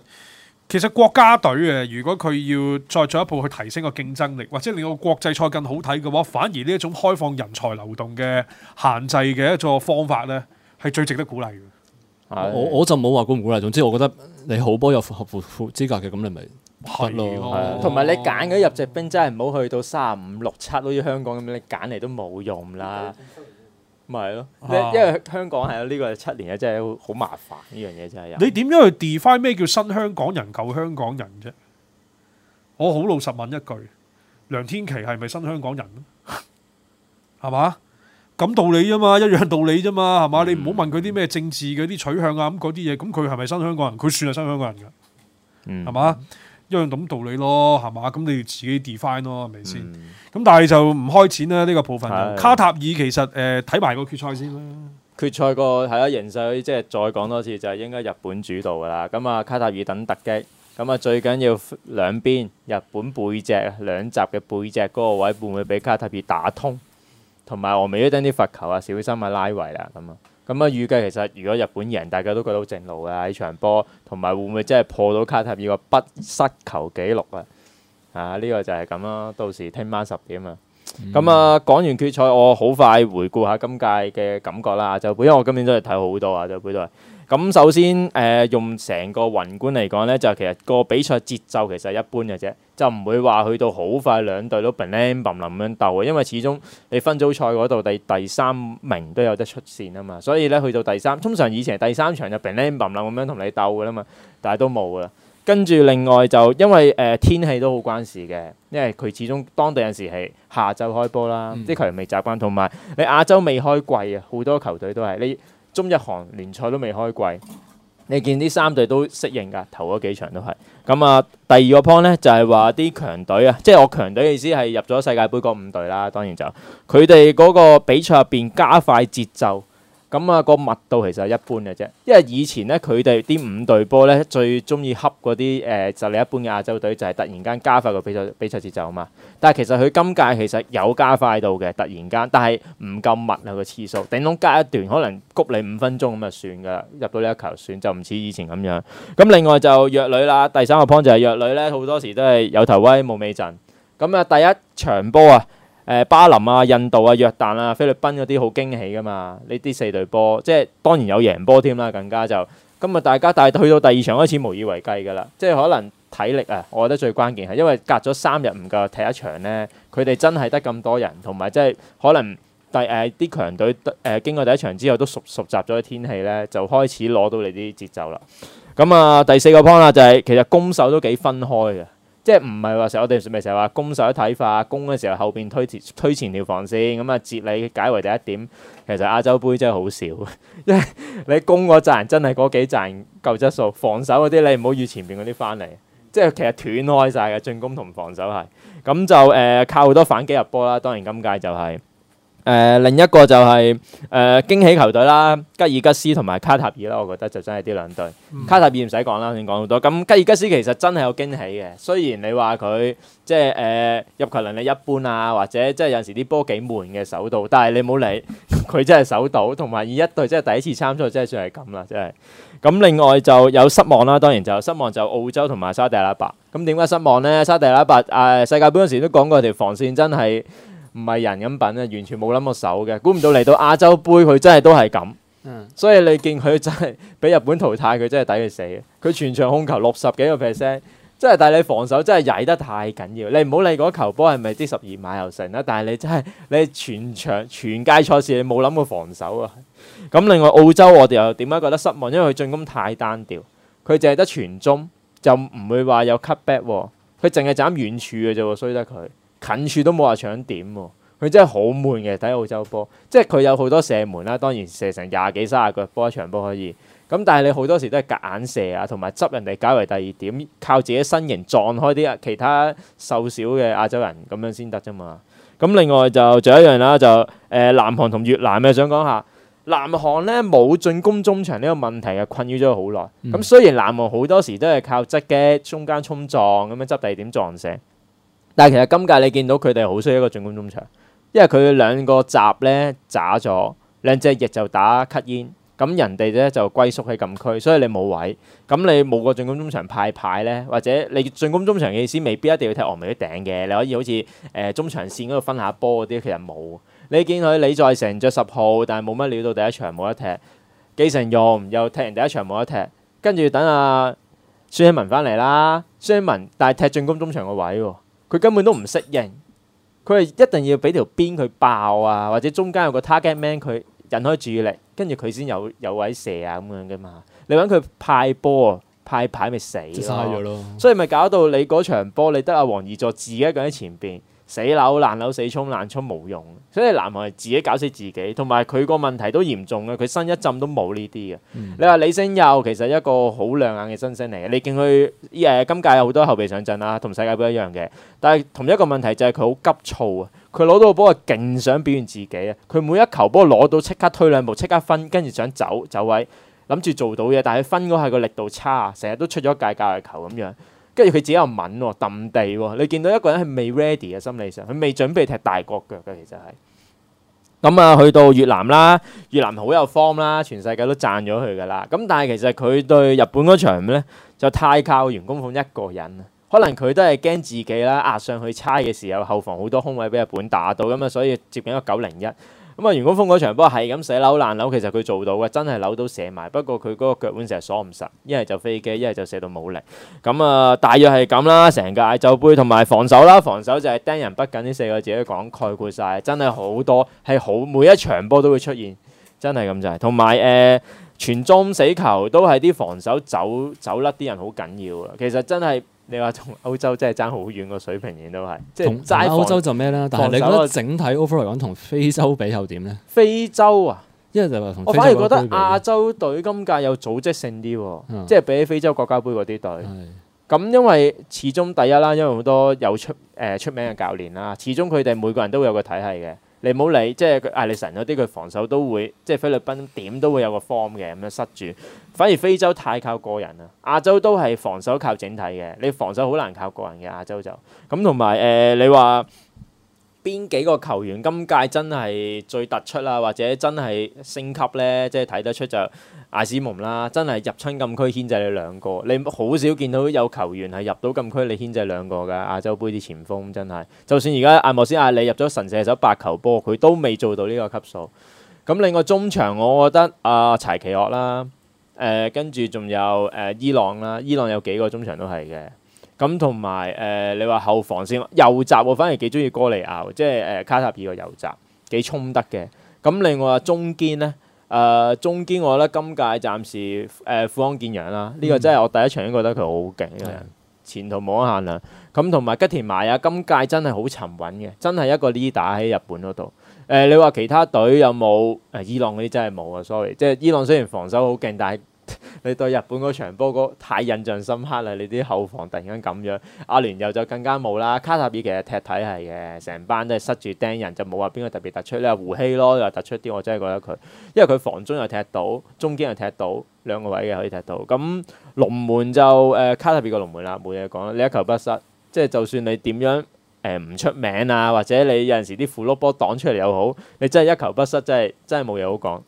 其實國家隊嘅，如果佢要再進一步去提升個競爭力，或者令到國際賽更好睇嘅話，反而呢一種開放人才流動嘅限制嘅一個方法咧，係最值得鼓勵。我我就冇話估唔估啦，總之我覺得你好波有符合資格嘅，咁你咪係咯，同埋的、啊、你揀嗰啲入籍兵真係唔好去到三五六七，好似香港咁，你揀嚟都冇用啦，咪係咯，因為香港係、這個、啊，呢個七年啊真係好麻煩呢樣嘢真係。你點樣去 define 咩叫新香港人舊香港人啫？我好老實問一句，梁天琦係咪新香港人啊？好嘛？ 咁道理啫嘛，一樣道理啫嘛，係嘛？你唔好問佢啲咩政治嘅啲取向啊，咁嗰啲嘢，咁佢係咪新香港人？佢算係新香港人㗎，係嘛？嗯、一樣咁道理咯，係嘛？咁你要自己 define 咯，係咪先？咁、嗯、但係就唔開錢啦，呢、這個部分。的卡塔爾其實誒睇埋個決賽先啦。決賽個係啊，形勢即係再講多次，就係、是、應該日本主導㗎啦。咁啊，卡塔爾等突擊。咁啊，最緊要兩邊日本背脊兩閘嘅背脊嗰個位會唔會俾卡塔爾打通？同埋俄美一啲啲罰球啊，小心啊拉維啦咁啊，咁啊，預計其實如果日本贏，大家都覺得好正路啊！喺場波同埋會唔會真係破到卡塔爾個不失球紀錄啊？啊、這、呢個就係咁咯，到時聽晚十點啊！咁啊講完決賽，我好快回顧下今屆嘅感覺啦！亞洲杯，因為我今年真係睇好多啊，亞洲杯都咁首先，誒、呃、用成個宏觀嚟講咧，就其實個比賽節奏其實係一般嘅啫，就唔會話去到好快兩隊都砰啷砰啷咁樣鬥嘅，因為始終你分組賽嗰度第第三名都有得出線啊嘛，所以咧去到第三，通常以前第三場就砰啷砰啷咁樣同你鬥嘅啦嘛，但係都冇啦。跟住另外就因為誒天氣都好關事嘅，因為佢、呃、始終當地有陣時係下晝開波啦，啲、嗯、球員未習慣，同埋你亞洲未開季啊，好多球隊都係你。中日韓聯賽都未開季，你見啲三隊都適應㗎，頭嗰幾場都係咁啊，第二個 point 呢，就係話啲強隊啊，即係我強隊嘅意思係入咗世界盃嗰五隊啦，當然就佢哋嗰個比賽入邊加快節奏。咁啊，個密度其實係一般嘅啫，因為以前呢，佢哋啲五隊波呢，最中意恰嗰啲誒就你一般嘅亞洲隊，就係突然間加快個比賽比賽節奏嘛。但係其實佢今屆其實有加快到嘅，突然間，但係唔夠密啊、個次數，頂籠隔一段可能谷你五分鐘咁就算噶啦，入到呢一球算，就唔似以前咁樣。咁另外就弱旅啦，第三個 point 就係弱旅呢，好多時都係有頭威冇尾陣。咁啊，第一場波啊。誒巴林啊、印度啊、約旦啊、菲律賓嗰啲好驚喜噶嘛，呢啲四隊波，即係當然有贏波添啦，更加就咁啊！大家但係去到第二場開始無以為繼噶啦，即係可能體力啊，我覺得最關鍵係，因為隔咗三日唔夠踢一場咧，佢哋真係得咁多人，同埋即係可能第誒啲強隊誒經過第一場之後都熟熟習咗啲天氣咧，就開始攞到你啲節奏啦。咁啊，第四個波啦，就係，就係其實攻守都幾分開嘅。即係唔係話成日，我哋咪成日話攻守一體化，攻嘅時候後邊推前推前條防線，咁啊哲理解為第一點，其實亞洲杯真係好少，因為你攻嗰陣真係嗰幾陣夠質素，防守嗰啲你唔好預前邊嗰啲翻嚟，即係其實斷開晒嘅進攻同防守係，咁就誒、呃、靠好多反擊入波啦。當然今屆就係、是。誒、呃、另一個就係、是、誒、呃、驚喜球隊啦，吉爾吉斯同埋卡塔爾啦，我覺得就真係呢兩隊。嗯、卡塔爾唔使講啦，你講好多。咁吉爾吉斯其實真係有驚喜嘅，雖然你話佢即係誒、呃、入球能力一般啊，或者即係有時啲波幾悶嘅守到，但係你冇理佢真係守到，同埋以一隊即係第一次參賽，真係算係咁啦，真係。咁另外就有失望啦，當然就失望就澳洲同埋沙地阿拉伯。咁點解失望呢？沙地阿拉伯誒、呃、世界盃嗰時都講過條防線真係。唔係人咁品啊！完全冇諗過守嘅，估唔到嚟到亞洲杯，佢真係都係咁。嗯、所以你見佢真係俾日本淘汰，佢真係抵佢死。佢全場控球六十幾個 percent，真係。但係你防守真係曳得太緊要。你唔好理嗰球波係咪啲十二碼又成啦。但係你真係你全場全屆賽事你冇諗過防守啊。咁另外澳洲我哋又點解覺得失望？因為佢進攻太單調，佢淨係得傳中就唔會話有 cutback 喎。佢淨係斬遠處嘅啫喎，衰得佢。近處都冇話搶點喎，佢真係好悶嘅，睇澳洲波，即係佢有好多射門啦，當然射成廿幾三十個波一場波可以。咁但係你好多時都係夾硬射啊，同埋執人哋解為第二點，靠自己身形撞開啲其他瘦小嘅亞洲人咁樣先得啫嘛。咁另外就仲有一樣啦，就誒南韓同越南嘅想講下，南韓咧冇進攻中場呢個問題啊，困擾咗佢好耐。咁、嗯、雖然南韓好多時都係靠側擊、中間衝撞咁樣執第二點撞射。但係其實今屆你見到佢哋好需要一個進攻中場，因為佢兩個閘咧渣咗兩隻翼就打吸煙咁，人哋咧就龜縮喺禁區，所以你冇位咁，你冇個進攻中場派牌咧，或者你進攻中場嘅意思未必一定要踢俄眉頂嘅，你可以好似誒、呃、中場線嗰度分下波嗰啲，其實冇你見佢李在成着十號，但係冇乜料到，第一場冇得踢，基神用又踢完第一場冇得踢，跟住等阿、啊、孫興文翻嚟啦，孫興文但係踢進攻中場個位喎。佢根本都唔適應，佢係一定要俾條邊佢爆啊，或者中間有個 target man 佢引開注意力，跟住佢先有有位射啊，咁樣噶嘛。你揾佢派波啊，派牌咪死咯，所以咪搞到你嗰場波你得阿黃義助自己一個人喺前邊。死樓爛樓死衝爛衝冇用，所以南韓係自己搞死自己，同埋佢個問題都嚴重嘅。佢新一浸都冇呢啲嘅。你話李星佑其實一個好亮眼嘅新星嚟嘅，你見佢今屆有好多後備上陣啦，同世界杯一樣嘅。但係同一個問題就係佢好急躁啊！佢攞到個波係勁想表現自己啊！佢每一球波攞到即刻推兩步，即刻分跟住想走走位，諗住做到嘢，但係佢分嗰下個力度差，成日都出咗界界嘅球咁樣。跟住佢自己又敏喎，氹地喎，你見到一個人係未 ready 嘅心理上，佢未準備踢大國腳嘅其實係。咁啊，去到越南啦，越南好有 form 啦，全世界都讚咗佢噶啦。咁但係其實佢對日本嗰場呢，就太靠阮公鳳一個人啦。可能佢都係驚自己啦，壓上去差嘅時候，後防好多空位俾日本打到咁啊，所以接近一個九零一。咁啊，員工封嗰場波係咁死扭爛扭，其實佢做到嘅，真係扭到射埋。不過佢嗰個腳腕成日鎖唔實，一係就飛機，一係就射到冇力。咁啊，大約係咁啦。成個亞洲杯同埋防守啦，防守就係盯人不緊呢四個字都講概括晒，真係好多係好每一場波都會出現，真係咁就係同埋誒傳中死球都係啲防守走走甩啲人好緊要啊。其實真係。你話同歐洲真係爭好遠個水平，然都係。同歐洲就咩啦？但係你覺得整體 overall 嚟講同非洲比又點咧？非洲啊，因係就話同。我反而覺得亞洲隊今屆有組織性啲，嗯、即係比起非洲國家杯嗰啲隊。咁是的 因為始終第一啦，因為好多有出誒、呃、出名嘅教練啦，始終佢哋每個人都會有個體系嘅。你冇理，即係佢，艾利臣啲，佢防守都會，即係菲律賓點都會有個 form 嘅咁樣塞住。反而非洲太靠個人啦，亞洲都係防守靠整體嘅，你防守好難靠個人嘅亞洲就。咁同埋誒，你話邊幾個球員今屆真係最突出啦，或者真係升級呢？即係睇得出就。艾史蒙啦，真係入侵禁區牽制你兩個，你好少見到有球員係入到禁區你牽制兩個噶。亞洲杯啲前鋒真係，就算而家阿莫斯阿里入咗神射手八球波，佢都未做到呢個級數。咁另外中場，我覺得阿、呃、柴奇樂啦，誒，跟住仲有誒、呃、伊朗啦，伊朗有幾個中場都係嘅。咁同埋誒你話後防先右閘，我反而幾中意哥尼亞，即係誒、呃、卡塔爾個右閘幾衝得嘅。咁另外中堅呢。誒、呃、中堅我覺得今屆暫時誒、呃、富安健洋啦，呢、這個真係我第一場已經覺得佢好勁，嗯、前途無可限啦。咁同埋吉田麻也今屆真係好沉穩嘅，真係一個 leader 喺日本嗰度。誒、呃、你話其他隊有冇誒伊朗嗰啲真係冇啊？sorry，即係伊朗雖然防守好勁，但係。你對日本嗰場波個太印象深刻啦！你啲後防突然間咁樣，阿聯又就更加冇啦。卡塔爾其實踢體系嘅，成班都係塞住釘人，就冇話邊個特別突出咧。你話胡希咯又突出啲，我真係覺得佢，因為佢防中又踢到，中間又踢到兩個位嘅可以踢到。咁龍門就誒、呃、卡塔爾個龍門啦，冇嘢講啦，你一球不失，即、就、係、是、就算你點樣誒唔、呃、出名啊，或者你有陣時啲符碌波擋出嚟又好，你真係一球不失，真係真係冇嘢好講。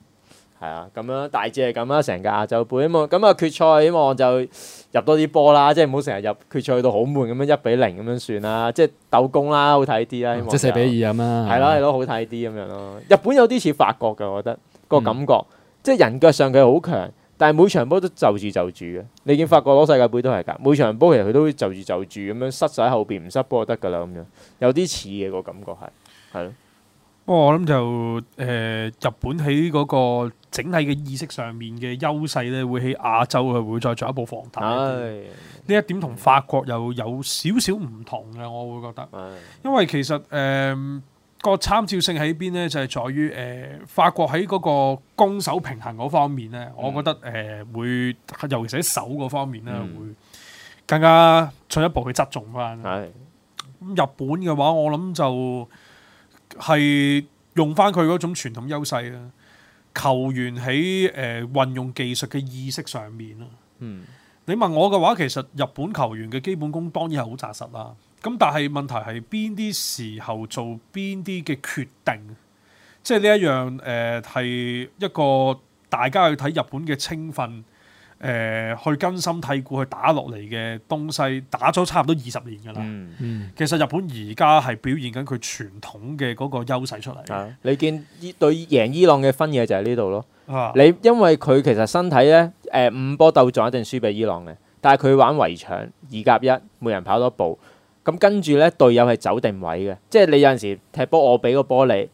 係啊，咁樣大致係咁啦，成個亞洲杯咁啊，咁啊決賽咁啊，希望就入多啲波啦，即係唔好成日入決賽去到好悶咁樣一比零咁樣算啦，即係鬥攻啦，好睇啲啦。希望即係四比二咁啦，啊。係啦，係咯，好睇啲咁樣咯。日本有啲似法國㗎，我覺得，個感覺，嗯、即係人腳上腳好強，但係每場波都就住就住嘅。你見法國攞世界盃都係㗎，每場波其實佢都就住就住咁樣塞晒喺後邊，唔塞波就得㗎啦咁樣，有啲似嘅個感覺係，係咯。不過我諗就誒、呃、日本喺嗰個整體嘅意識上面嘅優勢咧，會喺亞洲係會再進一步放大。呢一點同、哎、法國又有少少唔同嘅，我會覺得。因為其實誒個、呃、參照性喺邊呢，就係、是、在於誒、呃、法國喺嗰個攻守平衡嗰方面咧，嗯、我覺得誒會、呃，尤其是喺守嗰方面咧，嗯、會更加進一步去側重翻。咁、哎、日本嘅話，我諗就。係用翻佢嗰種傳統優勢啦，球員喺誒運用技術嘅意識上面咯，嗯，你問我嘅話，其實日本球員嘅基本功當然係好紮實啦。咁但係問題係邊啲時候做邊啲嘅決定，即係呢一樣誒係、呃、一個大家去睇日本嘅青訓。誒、呃、去根深蒂固去打落嚟嘅東西，打咗差唔多二十年㗎啦。嗯、其實日本而家係表現緊佢傳統嘅嗰個優勢出嚟、嗯。你見伊對贏伊朗嘅分野就喺呢度咯。嗯、你因為佢其實身體咧，誒、呃、五波鬥撞一定輸俾伊朗嘅，但係佢玩圍牆二甲一，每人跑多步。咁跟住咧隊友係走定位嘅，即係你有陣時踢波我俾個波你。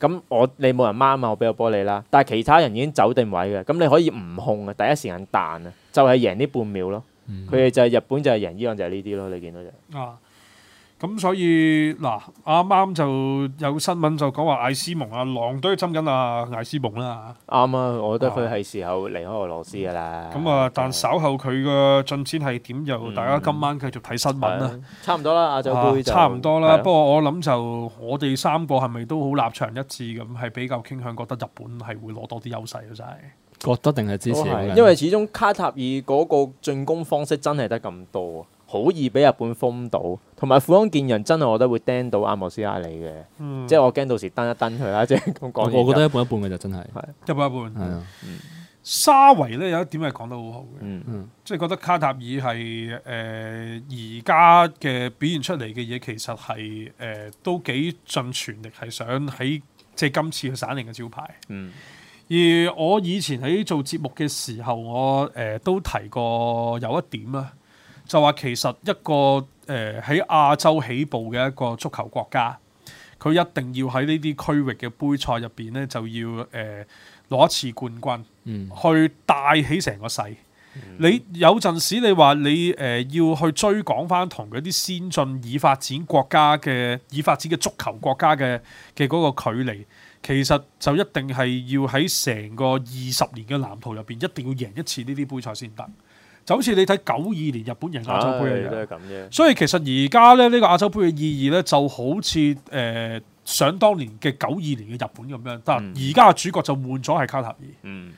咁我你冇人掹啊嘛，我俾個波你啦。但係其他人已經走定位嘅，咁你可以唔控啊，第一時間彈啊，就係、是、贏呢半秒咯。佢哋、嗯嗯、就係日本就係、是、贏伊朗，依樣就係呢啲咯。你見到就是。哦咁所以嗱，啱啱就有新聞就講話艾斯蒙啊，狼都係針緊啊艾斯蒙啦。啱啊、嗯，我覺得佢係時候離開俄羅斯噶啦。咁啊、嗯，但稍後佢嘅進展係點？就、嗯、大家今晚繼續睇新聞啦。差唔多啦，亞洲杯就、啊、差唔多啦。的不過我諗就我哋三個係咪都好立場一致咁，係比較傾向覺得日本係會攞多啲優勢嘅真係。覺得定係支持？因為始終卡塔爾嗰個進攻方式真係得咁多。好易俾日本封到，同埋富安健洋真係，我覺得會釘到阿莫斯阿利嘅、嗯，即係我驚到時蹬一蹬佢啦，即係咁講。我覺得一半一半嘅就真係，係是一半一半。係啊，沙維呢有一點係講得好好嘅，即係、嗯、覺得卡塔爾係誒而家嘅表現出嚟嘅嘢，其實係誒、呃、都幾盡全力係想喺即係今次去省靚嘅招牌。嗯、而我以前喺做節目嘅時候，我誒、呃、都提過有一點啦。就話其實一個誒喺、呃、亞洲起步嘅一個足球國家，佢一定要喺呢啲區域嘅杯賽入邊呢，就要誒攞、呃、一次冠軍，去帶起成個世。你有陣時你話你誒、呃、要去追趕翻同嗰啲先進已發展國家嘅已發展嘅足球國家嘅嘅嗰個距離，其實就一定係要喺成個二十年嘅藍圖入邊，一定要贏一次呢啲杯賽先得。就好似你睇九二年日本贏亞洲杯一樣。啊，樣所以其實而家咧呢、這個亞洲杯嘅意義咧，就好似誒想當年嘅九二年嘅日本咁樣，但而家嘅主角就換咗係卡塔爾。嗯，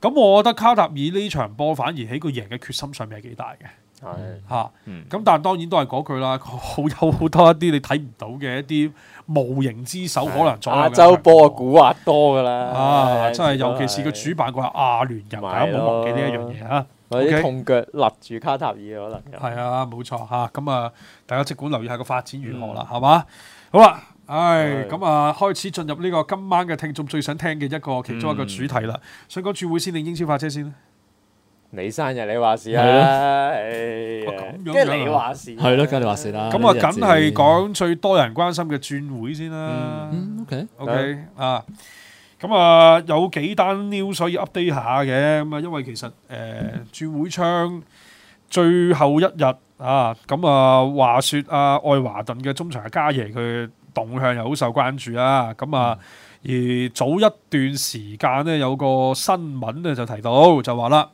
咁、嗯、我覺得卡塔爾呢場波反而喺佢贏嘅決心上面係幾大嘅。係嚇、嗯啊，咁但係當然都係嗰句啦，好有好多一啲你睇唔到嘅一啲無形之手，可能亞洲波嘅古惑多噶啦。啊，真係尤其是佢主辦國亞聯人，對大家唔好忘記呢一樣嘢嚇。或者痛腳立住卡塔爾可能係啊，冇錯吓，咁啊，大家即管留意下個發展如何啦，係嘛？好啦，唉，咁啊，開始進入呢個今晚嘅聽眾最想聽嘅一個其中一個主題啦。想講轉會先定英超快車先咧？你生日你話事啊？咁樣樣，你話事，係咯，梗係你話事啦。咁啊，梗係講最多人關心嘅轉會先啦。OK，OK 啊。咁啊、嗯，有幾單 news 要 update 下嘅，咁啊，因為其實誒轉、呃、會窗最後一日啊，咁啊，話説啊，愛華頓嘅中場加耶佢動向又好受關注啊。咁啊，而早一段時間呢，有個新聞呢，就提到，就話啦。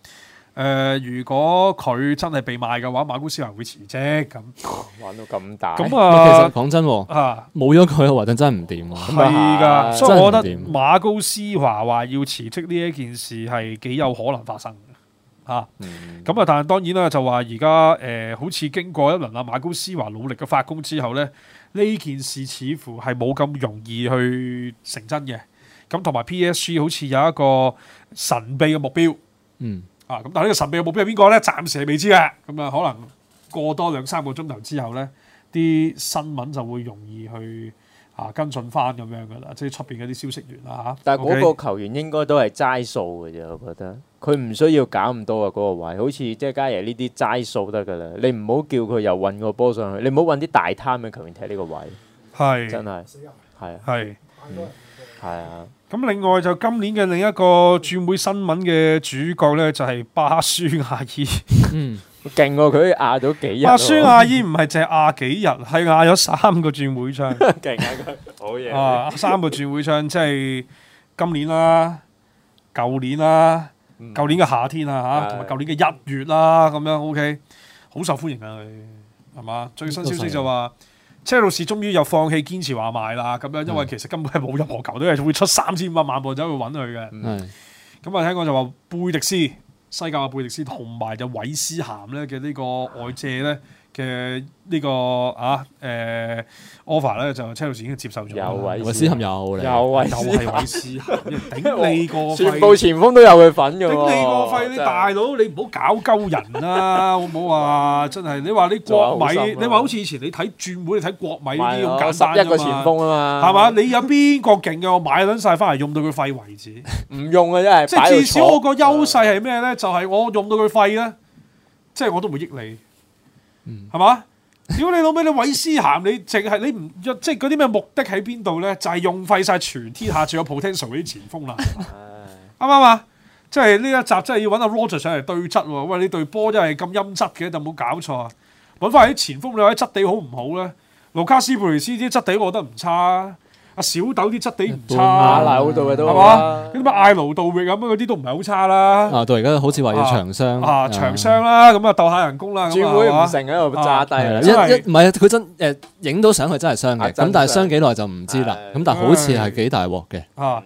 誒、呃，如果佢真係被賣嘅話，馬高斯華會辭職咁，嗯、玩到咁大咁、嗯、啊！其實講真、啊，吓冇咗佢，華頓真係唔掂係噶，所以我覺得馬高斯華話要辭職呢一件事係幾有可能發生吓。咁啊，嗯、但係當然啦，就話而家誒，好似經過一輪阿馬高斯華努力嘅發功之後咧，呢件事似乎係冇咁容易去成真嘅。咁同埋 P S G 好似有一個神秘嘅目標，嗯。啊！咁但係呢個神秘嘅目標係邊個咧？暫時係未知嘅。咁啊，可能過多兩三個鐘頭之後咧，啲新聞就會容易去啊跟進翻咁樣㗎啦。即係出面嗰啲消息源啦嚇。但係嗰個球員應該都係齋數嘅啫，我覺得佢唔需要搞咁多啊嗰個位，好似即係加椰呢啲齋數得㗎啦。你唔好叫佢又運個波上去，你唔好揾啲大貪嘅球員踢呢個位。係真係係係啊。咁另外就今年嘅另一個轉會新聞嘅主角呢，就係巴舒亞爾。嗯，勁喎、啊，佢壓咗幾日、啊、巴舒亞爾唔係淨係壓幾日，係壓咗三個轉會窗。勁，好嘢，三個轉會窗即係今年啦，舊年啦，舊年嘅夏天啊吓，同埋舊年嘅一月啦，咁、啊、樣 OK，好受歡迎啊佢係嘛？最新消息就話、是。車路士終於又放棄堅持話賣啦，咁樣因為其實根本係冇任何球隊係會出三千五百萬部走去揾佢嘅。咁啊，聽講就話貝迪斯、西甲嘅貝迪斯同埋就韋斯咸咧嘅呢個外借呢。嘅呢個啊誒 offer 咧就車路士已經接受咗，有韋斯咸又嚟，有韋斯咸又係韋斯咸，頂你個肺！全部前鋒都有佢份嘅，頂你個肺！你大佬你唔好搞鳩人啦！好唔好話真係，你話你國米，你話好似以前你睇轉會你睇國米啲咁簡單一個前鋒啊嘛，係嘛？你有邊個勁嘅？我買撚曬翻嚟用到佢廢為止，唔用嘅啫。係，即係至少我個優勢係咩咧？就係我用到佢廢咧，即係我都會益你。係嘛？屌你老味，你韋斯咸，你淨係你唔即係嗰啲咩目的喺邊度咧？就係、是、用廢晒全天下最有 potential 嗰啲前鋒啦。啱唔啱啊？即係呢一集，真係要搵阿 Roger 上嚟對質喎、啊。喂，你隊波真係咁陰質嘅，有冇搞錯。搵翻嚟啲前鋒你話質地好唔好咧？盧卡斯佩雷斯啲質地，我覺得唔差啊。小豆啲質地唔差，係嘛？啲咩嗌勞道域咁嗰啲都唔係好差啦。啊，到而家好似話要長傷，啊長傷啦，咁啊鬥下人工啦。轉會唔成喺度炸低，一一唔係佢真誒影到上去真係傷嘅，咁但係傷幾耐就唔知啦。咁但係好似係幾大鑊嘅。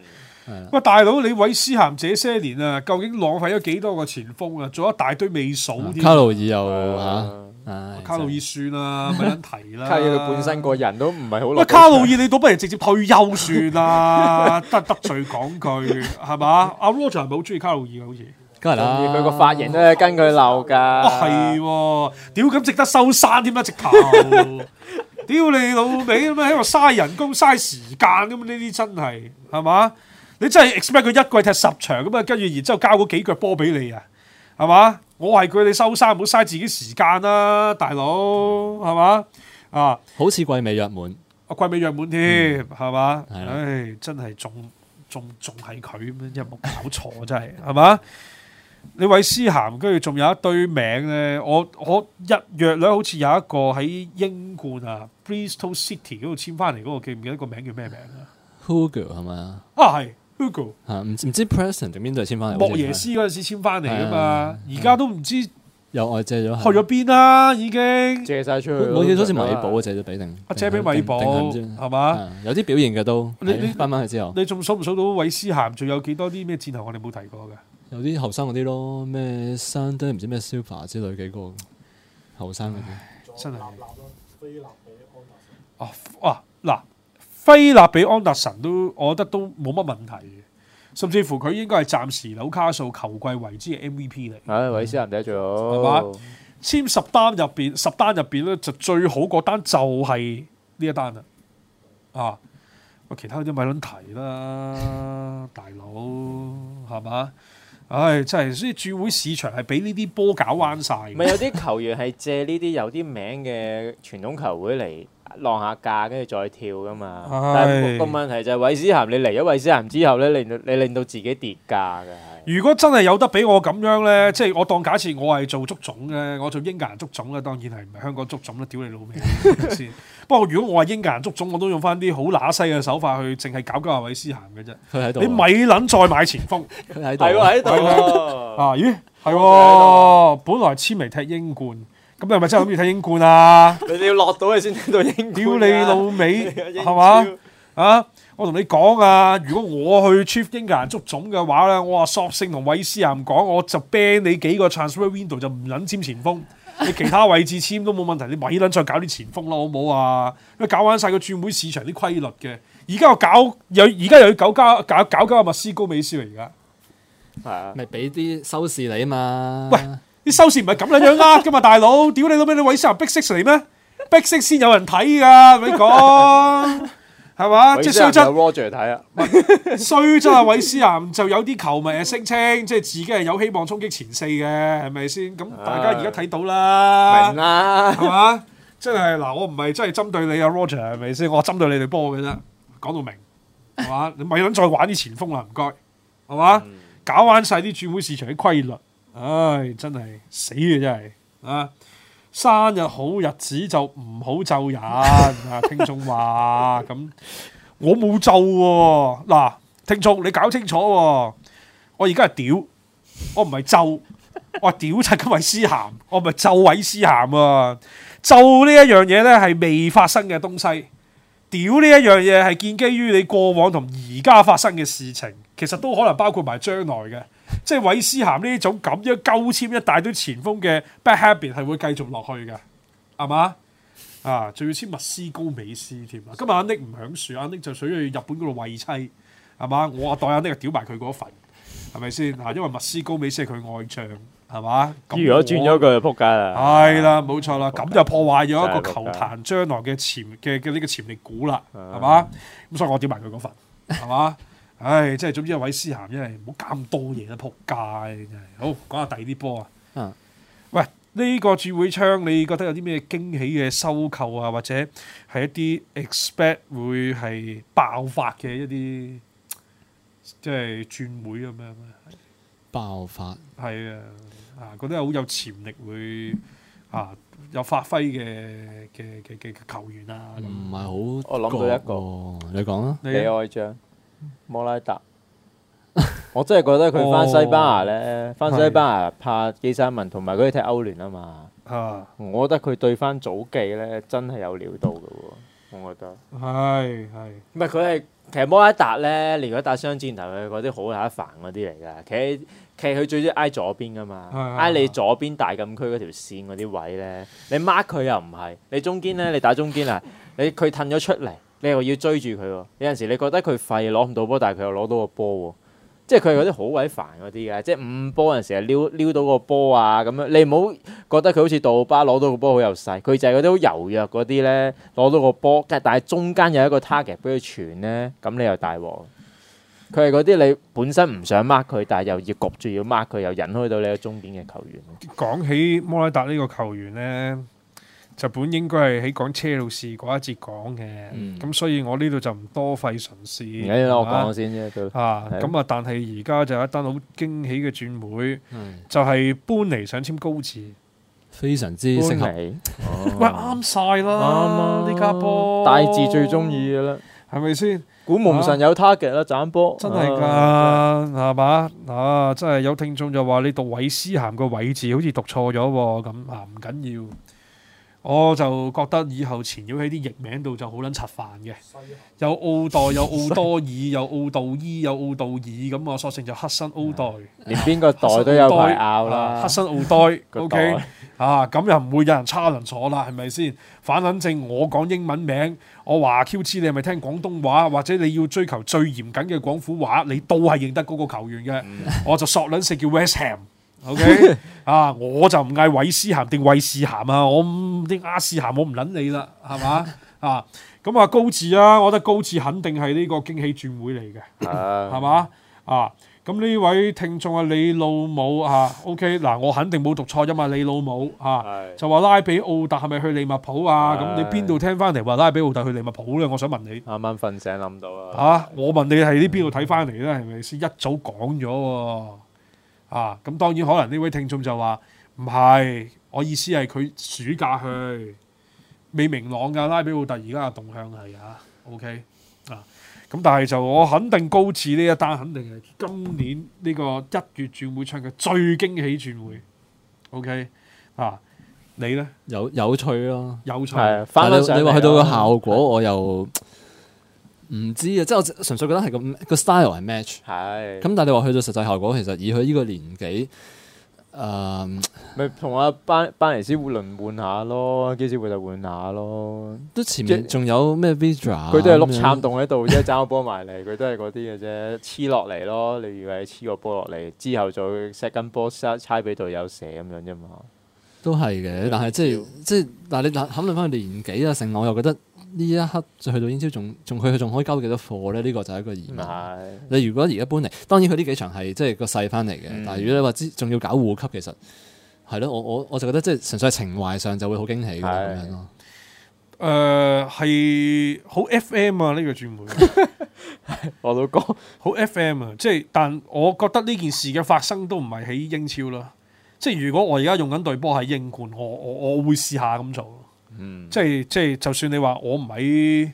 喂，啊、大佬，你韋斯咸這些年啊，究竟浪費咗幾多個前鋒啊？做一大堆未數、啊啊。卡路爾又吓，卡路爾算啦，唔好提啦。卡利佢本身個人都唔係好喂，卡路爾，你倒不如直接退休算啦 ，得得罪講句，係嘛？阿、 啊、Roger 唔係好中意卡路爾好似。梗係啦，佢個髮型都係跟佢留噶。哦、啊，係喎，屌咁、啊、值得收山添啦，直頭。 屌 你老味咁樣喺度嘥人工嘥時間咁，呢啲真係係嘛？是你真係 expect 佢一季踢十場咁啊？跟住然之後交嗰幾腳波俾你啊，係嘛？我係佢，你收衫，唔好嘥自己時間啦，大佬，係嘛？啊，好似季尾約滿，啊季尾約滿添，係嘛？唉，真係仲仲仲係佢咁樣入冇搞錯真係，係嘛？你韋斯咸，跟住仲有一堆名咧。我我一約咧，好似有一個喺英冠啊，Bristol City 嗰度簽翻嚟嗰個記唔記得個名叫咩名啊 Hugo 係咪啊？啊係。Google 嚇，唔唔知 Preston 定邊度係簽翻嚟，莫耶斯嗰陣時簽翻嚟噶嘛？而家都唔知又外借咗，去咗邊啦，已經借晒出去，冇嘢，好似米堡啊，借咗俾定，借俾米堡，係嘛？有啲表現嘅都，你翻翻去之後，你仲數唔數到韋斯咸仲有幾多啲咩箭頭？我哋冇提過嘅，有啲後生嗰啲咯，咩山登唔知咩 Silver 之類幾個後生嗰啲，真係啊嗱！菲勒比安達臣都，我覺得都冇乜問題嘅，甚至乎佢應該係暫時紐卡素球季為之嘅 MVP 嚟。唉、啊，韋斯咸都做咗、嗯，係嘛？簽十單入邊，十單入邊咧就最好嗰單就係呢一單啦。啊，我其他啲咪攞提啦，大佬係嘛？唉、 哎，真係所以轉會市場係俾呢啲波搞彎晒。唔係有啲球員係借呢啲有啲名嘅傳統球會嚟。 晾下價，跟住再跳噶嘛。但係個問題就係韋斯咸，你嚟咗韋斯咸之後咧，令你令到自己跌價㗎。如果真係有得俾我咁樣咧，即係我當假設我係做足總咧，我做英格蘭足總咧，當然係唔係香港足總啦，屌你老味先。不過如果我係英格蘭足總，我都用翻啲好乸西嘅手法去，淨係搞搞下韋斯咸嘅啫。佢喺度。你咪撚再買前鋒？佢喺度。係喎，喺度。啊咦？係喎。本來簽嚟踢英冠。咁 你係咪真係咁中意睇英冠啊？你哋要落到去先睇到英冠，屌你老味美，係嘛啊！ 我同你講啊，如果我去 Chief 英格蘭足總嘅話咧，我話索性同韋斯咸講，我就 ban 你幾個 transfer window 就唔撚簽前鋒，你其他位置簽都冇問題，你咪撚再搞啲前鋒咯，好冇啊？搞完晒個轉會市場啲規律嘅，而家又搞又，而家又要搞搞搞搞緊阿麥斯高美斯嚟、啊、噶，係咪俾啲收視你嘛？喂！ 啲收視唔係咁樣樣呃噶嘛，大佬，屌 你老味，你韋斯咸 Big Six 嚟咩？Big Six 先有人睇噶，你講，係嘛？即係雙側 Roger 睇啊，衰真啊，韋斯咸就有啲球迷係聲稱，即係自己係有希望衝擊前四嘅，係咪先？咁大家而家睇到啦，明啦， 係嘛？真係嗱，我唔係真係針對你啊 Roger，係咪先？我針對你哋波嘅啫，講到明係嘛？是是 你咪想再玩啲前鋒啦，唔該，係嘛？ 搞玩晒啲轉會市場嘅規律。唉，真係死嘅真係啊！生日好日子就唔好咒人 眾咒啊！聽眾話咁，我冇咒嗱，聽眾你搞清楚，啊，我而家係屌，我唔係咒，我屌出嚟嘅，韋斯咸我唔係咒韋斯咸啊！咒呢一樣嘢咧係未發生嘅東西，屌呢一樣嘢係建基於你過往同而家發生嘅事情，其實都可能包括埋將來嘅。即係韋斯咸呢種咁樣鳩籤一大堆前鋒嘅 bad habit 係會繼續落去嘅，係嘛？啊，仲要簽密斯高美斯添啊！今日阿 Nick 唔響樹，阿 Nick 就屬於日本嗰度餵妻，係嘛？我啊代阿 Nick 屌埋佢嗰份，係咪先？啊，因為密斯高美斯係佢愛將，係嘛？如果轉咗佢就撲街啦。係啦，冇錯啦，咁就破壞咗一個球壇將來嘅潛嘅嘅呢個潛力股啦，係嘛？咁、嗯、所以我屌埋佢嗰份，係嘛？ 唉，即係總之思，一位師涵，真係唔好咁多嘢啦，仆街！真係好講下第二啲波啊。嗯。喂，呢個轉會窗，你覺得有啲咩驚喜嘅收購啊，或者係一啲 expect 會係爆發嘅一啲，即係轉會咁樣？爆發。係啊，啊覺得好有潛力，會啊有發揮嘅嘅嘅嘅球員啊。唔係好。我諗到一個，你講啊，謝愛將。摩拉達，我真係覺得佢翻西班牙呢。翻、哦、西班牙拍基山文同埋佢踢歐聯啊嘛。的我覺得佢對翻祖記呢，真係有料到噶喎，我覺得。係係。唔係佢係，其實摩拉達呢，連佢打雙箭頭佢嗰啲好難防嗰啲嚟噶。企企佢最中意挨左邊噶嘛，挨你左邊大禁區嗰條線嗰啲位呢，你 mark 佢又唔係，你中間呢，你打中間啊， 你佢褪咗出嚟。你又要追住佢喎，有陣時你覺得佢廢攞唔到波，但係佢又攞到個波喎，即係佢係嗰啲好鬼煩嗰啲嘅，即係五波有陣時係撩撩到個波啊咁樣。你唔好覺得佢好似杜巴攞到個波好有勢，佢就係嗰啲好柔弱嗰啲呢，攞到個波，但係中間有一個 target 俾佢傳呢，咁你又大鑊。佢係嗰啲你本身唔想 mark 佢，但係又要焗住要 mark 佢，又引開到你嘅中點嘅球員。講起摩拉達呢個球員呢。就本應該係喺講車路士嗰一節講嘅，咁所以我呢度就唔多費唇舌。誒，我講先啫。啊，咁啊，但係而家就有一單好驚喜嘅轉會，就係搬嚟想簽高字，非常之適合。喂，啱晒啦！啱啊，呢家波大字最中意嘅啦，係咪先？古夢神有他嘅啦，斬波真係㗎，係嘛？啊，真係有聽眾就話你讀韋斯咸個韋字好似讀錯咗喎，咁啊唔緊要。我就覺得以後前腰喺啲譯名度就好撚煩嘅，有奧代有奧多爾有奧道伊有奧道爾咁我索性就黑身奧代、, 啊、黑身奧代，連邊個代都有排拗啦，黑身奧代 ，O.K. 啊咁又唔會有人差人坐啦係咪先？反撚正我講英文名，我話 Q.C. 你係咪聽廣東話，或者你要追求最嚴謹嘅廣府話，你都係認得嗰個球員嘅， 我就索撚性叫 West Ham。OK 啊，我就唔嗌韋斯咸定衛士咸啊，我啲阿士咸我唔捻你啦，係嘛啊？咁啊高智啊，我覺得高智肯定係呢個驚喜轉會嚟嘅，係嘛啊？咁呢位聽眾啊，你老母啊，OK 嗱，我肯定冇讀錯啫嘛，你老母啊，就話拉比奧特係咪去利物浦啊？咁你邊度聽翻嚟話拉比奧特去利物浦咧？我想問你，啱啱瞓醒諗到啊？我問你係呢邊度睇翻嚟咧？係咪先一早講咗？啊，咁當然可能呢位聽眾就話唔係，我意思係佢暑假去未明朗㗎，拉比奧特而家嘅動向係啊，OK 啊，咁但係就我肯定高置呢一單肯定係今年呢個一月轉會窗嘅最驚喜轉會，OK 啊，你呢？有有趣咯，有趣、啊，你話去到個效果，我又。唔知啊，即係我純粹覺得係個個 style 係 match，咁對但係你話去到實際效果，其實以佢呢個年紀，誒、呃，同阿班班尼斯互輪換下咯，基斯韋就換下咯，都前面仲有咩 Vidra，佢都係碌慘洞喺度，即揸個波埋嚟，佢都係嗰啲嘅啫，黐落嚟咯，你以為黐個波落嚟，之後再 set 緊波差差俾隊友射咁樣啫嘛，都係嘅，但係即係、嗯、即係，嗯、但你諗考慮返佢年紀啊，成我又覺得。呢一刻就去到英超，仲仲佢仲可以交到幾多貨咧？呢個就係一個疑問。是你如果而家搬嚟，當然佢呢幾場係即係個細翻嚟嘅。嗯、但係如果你話仲要搞護級，其實係咯，我我我就覺得即係純粹係情懷上就會好驚喜咁的樣咯、呃。誒係好 FM 啊！呢、呢個轉會我都講好 FM 啊！即係但我覺得呢件事嘅發生都唔係喺英超啦。即係如果我而家用緊隊波喺英冠，我我我會試下咁做。嗯、即係即係，就算你話我唔喺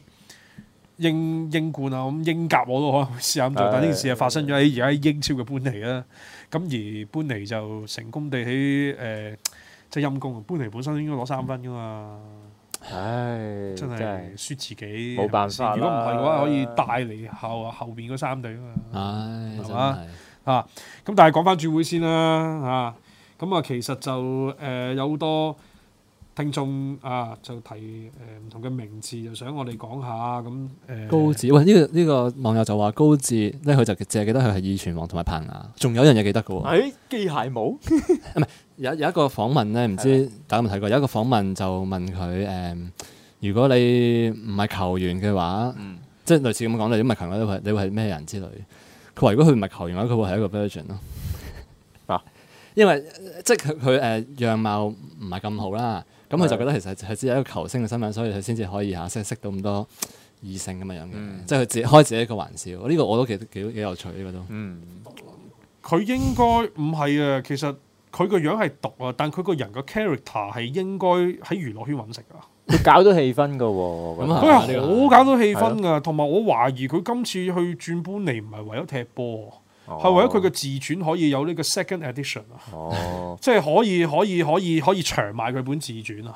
英英冠啊，咁英甲我都可能試下咁做。但呢件事係發生咗喺而家英超嘅搬離啦。咁而搬離就成功地喺誒、呃，即係陰功啊！搬離本身應該攞三分噶嘛。唉，真係的輸自己，冇辦法啦，係咪如果唔係嘅話，可以帶嚟後唉後邊嗰三隊啊嘛。係嘛啊？咁但係講返轉會先啦啊！咁啊，其實就誒、呃、有好多。聽眾啊，就提誒唔、呃、同嘅名字，就想我哋講下咁誒。嗯、高智，呢、這個呢、這個網友就話高智咧，佢就淨係記得佢係二傳王同埋彭雅。仲有一樣嘢記得嘅喎，係機、欸、械舞。唔 係有有一個訪問咧，唔知大家有冇睇過？有一個訪問，嗎問就問佢誒、呃，如果你唔係球員嘅話，嗯、即係類似咁講，你唔係球員你，你會你係咩人之類？佢話如果佢唔係球員嘅話，佢會係一個 Virgin 咯。啊，嗯、因為即係佢佢誒樣貌唔係咁好啦。咁佢就覺得其實係只係一個球星嘅身份，所以佢先至可以嚇識識到咁多異性咁嘅樣嘅，嗯、即係佢自己開自己一個玩笑。呢、呢個我都幾幾幾有趣呢個都。佢、嗯、應該唔係啊，其實佢個樣係毒啊，但佢個人個 character 係應該喺娛樂圈揾食噶，佢 搞到氣氛噶喎、哦。佢係好搞到氣氛噶，同埋 我懷疑佢今次去轉搬嚟唔係為咗踢波。係、哦、為咗佢個自傳可以有呢個 second edition 啊，哦、 即係可以可以可以可以長賣佢本自傳啊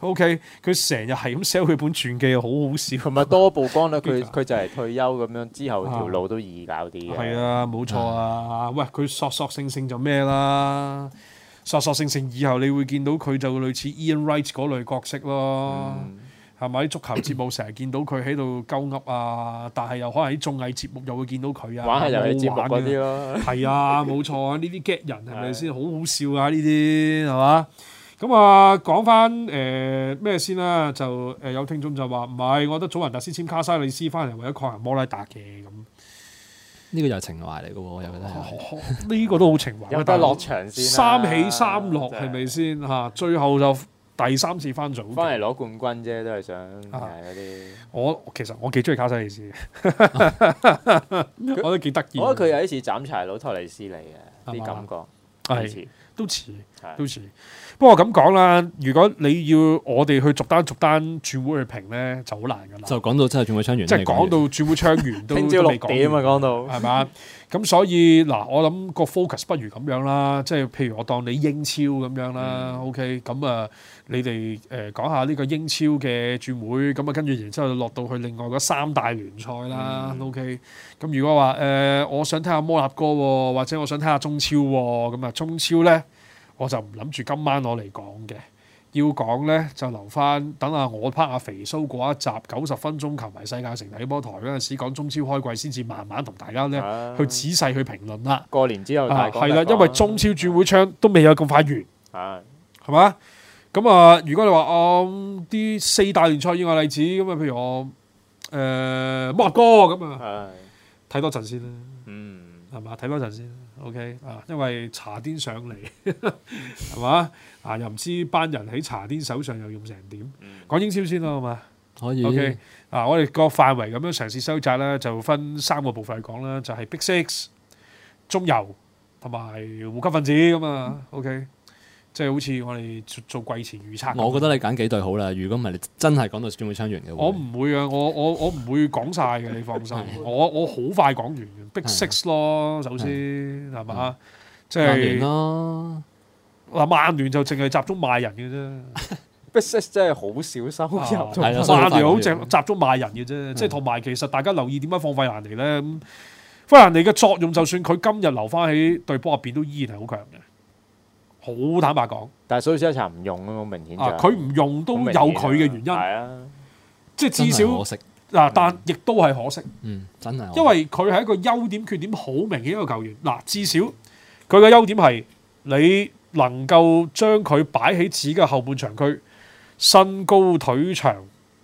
！OK 佢成日係咁寫佢本傳記，好好笑咪多曝光啦！佢佢就係退休咁樣之後條路都易搞啲嘅，係啊，冇、啊、錯啊！喂，佢索索性性就咩啦？索索性性以後你會見到佢就類似 Ian Wright 嗰類角色咯。嗯係咪啲足球節目成日見到佢喺度鳩噏啊？但係又可能喺綜藝節目又會見到佢啊！玩下遊戲玩、啊、節目嗰啲咯，係啊，冇錯啊！呢啲 get 人係咪先？好是 好笑啊！呢啲係嘛？咁啊，講翻誒咩先啦、啊？就誒、呃、有聽眾就話唔係，我覺得祖雲達斯簽卡西里斯翻嚟為咗抗衡摩拉達嘅咁。呢個又係情懷嚟嘅喎，又呢 個都好情懷，有得落場，三起三落，係咪先吓，最後就。第三次翻組，翻嚟攞冠軍啫，都係想睇嗰啲。啊、我其實我幾中意卡西爾斯， 他我覺得幾得意。我覺得佢有啲似斬柴佬托雷斯嚟嘅啲感覺，係、啊、都似。到時，不過咁講啦，如果你要我哋去逐單逐單轉會去評咧，就好難噶啦。就講到真係轉會窗完，即係講到轉會窗完 聽朝六點都未講完啊！講到係嘛？咁吧 所以嗱，我諗個 focus 不如咁樣啦，即係譬如我當你英超咁樣啦、嗯、，OK，咁啊，你哋誒講下呢個英超嘅轉會，咁啊跟住然之後落到去另外嗰三大聯賽啦、嗯、，OK。咁如果話誒、呃，我想聽下摩納哥喎，或者我想聽下中超喎，咁啊中超咧？我就唔諗住今晚攞嚟講嘅，要講呢，就留翻等下我拍下肥蘇嗰一集九十分鐘，求埋世界城體波台啦，先講中超開季先至慢慢同大家呢、啊、去仔細去評論啦。過年之後大、啊、啦，因為中超轉會窗都未有咁快完，係嘛、啊？咁啊，如果你話啱啲四大聯賽以外例子咁啊，譬如我誒摩、呃、哥咁啊，睇多陣先啦，嗯，係嘛？睇多陣先。O.K. 啊，因為茶癲上嚟係嘛啊，又唔知班人喺茶癲手上又用成點。講英超先啦，好嘛？可以。O.K. 啊，我哋個範圍咁樣嘗試收窄咧，就分三個部分去講啦，就係 Big Six、中游同埋護級分子咁啊。O.K. 即係好似我哋做季前預測，我覺得你揀幾對好啦。如果唔係你真係講到轉會窗完嘅話，我唔會呀。我我我唔會講晒嘅，你放心。我我好快講完，Big Six 咯，首先係嘛？即係，嗱，曼聯就淨係集中賣人嘅啫。Big Six 真係好少收入，曼聯好淨集中賣人嘅啫。即係同埋，其實大家留意點解放費蘭尼呢？費蘭尼嘅作用，就算佢今日留翻喺隊波入邊，都依然係好強嘅。好坦白講，但係蘇斯策唔用咁好明顯。佢唔、啊、用都有佢嘅原因。係啊，即係至少嗱，但亦都係可惜。可惜，嗯，真係，因為佢係一個優點缺點好明顯一個球員。嗱、啊，至少佢嘅優點係你能夠將佢擺喺自己嘅後半場區，身高腿長，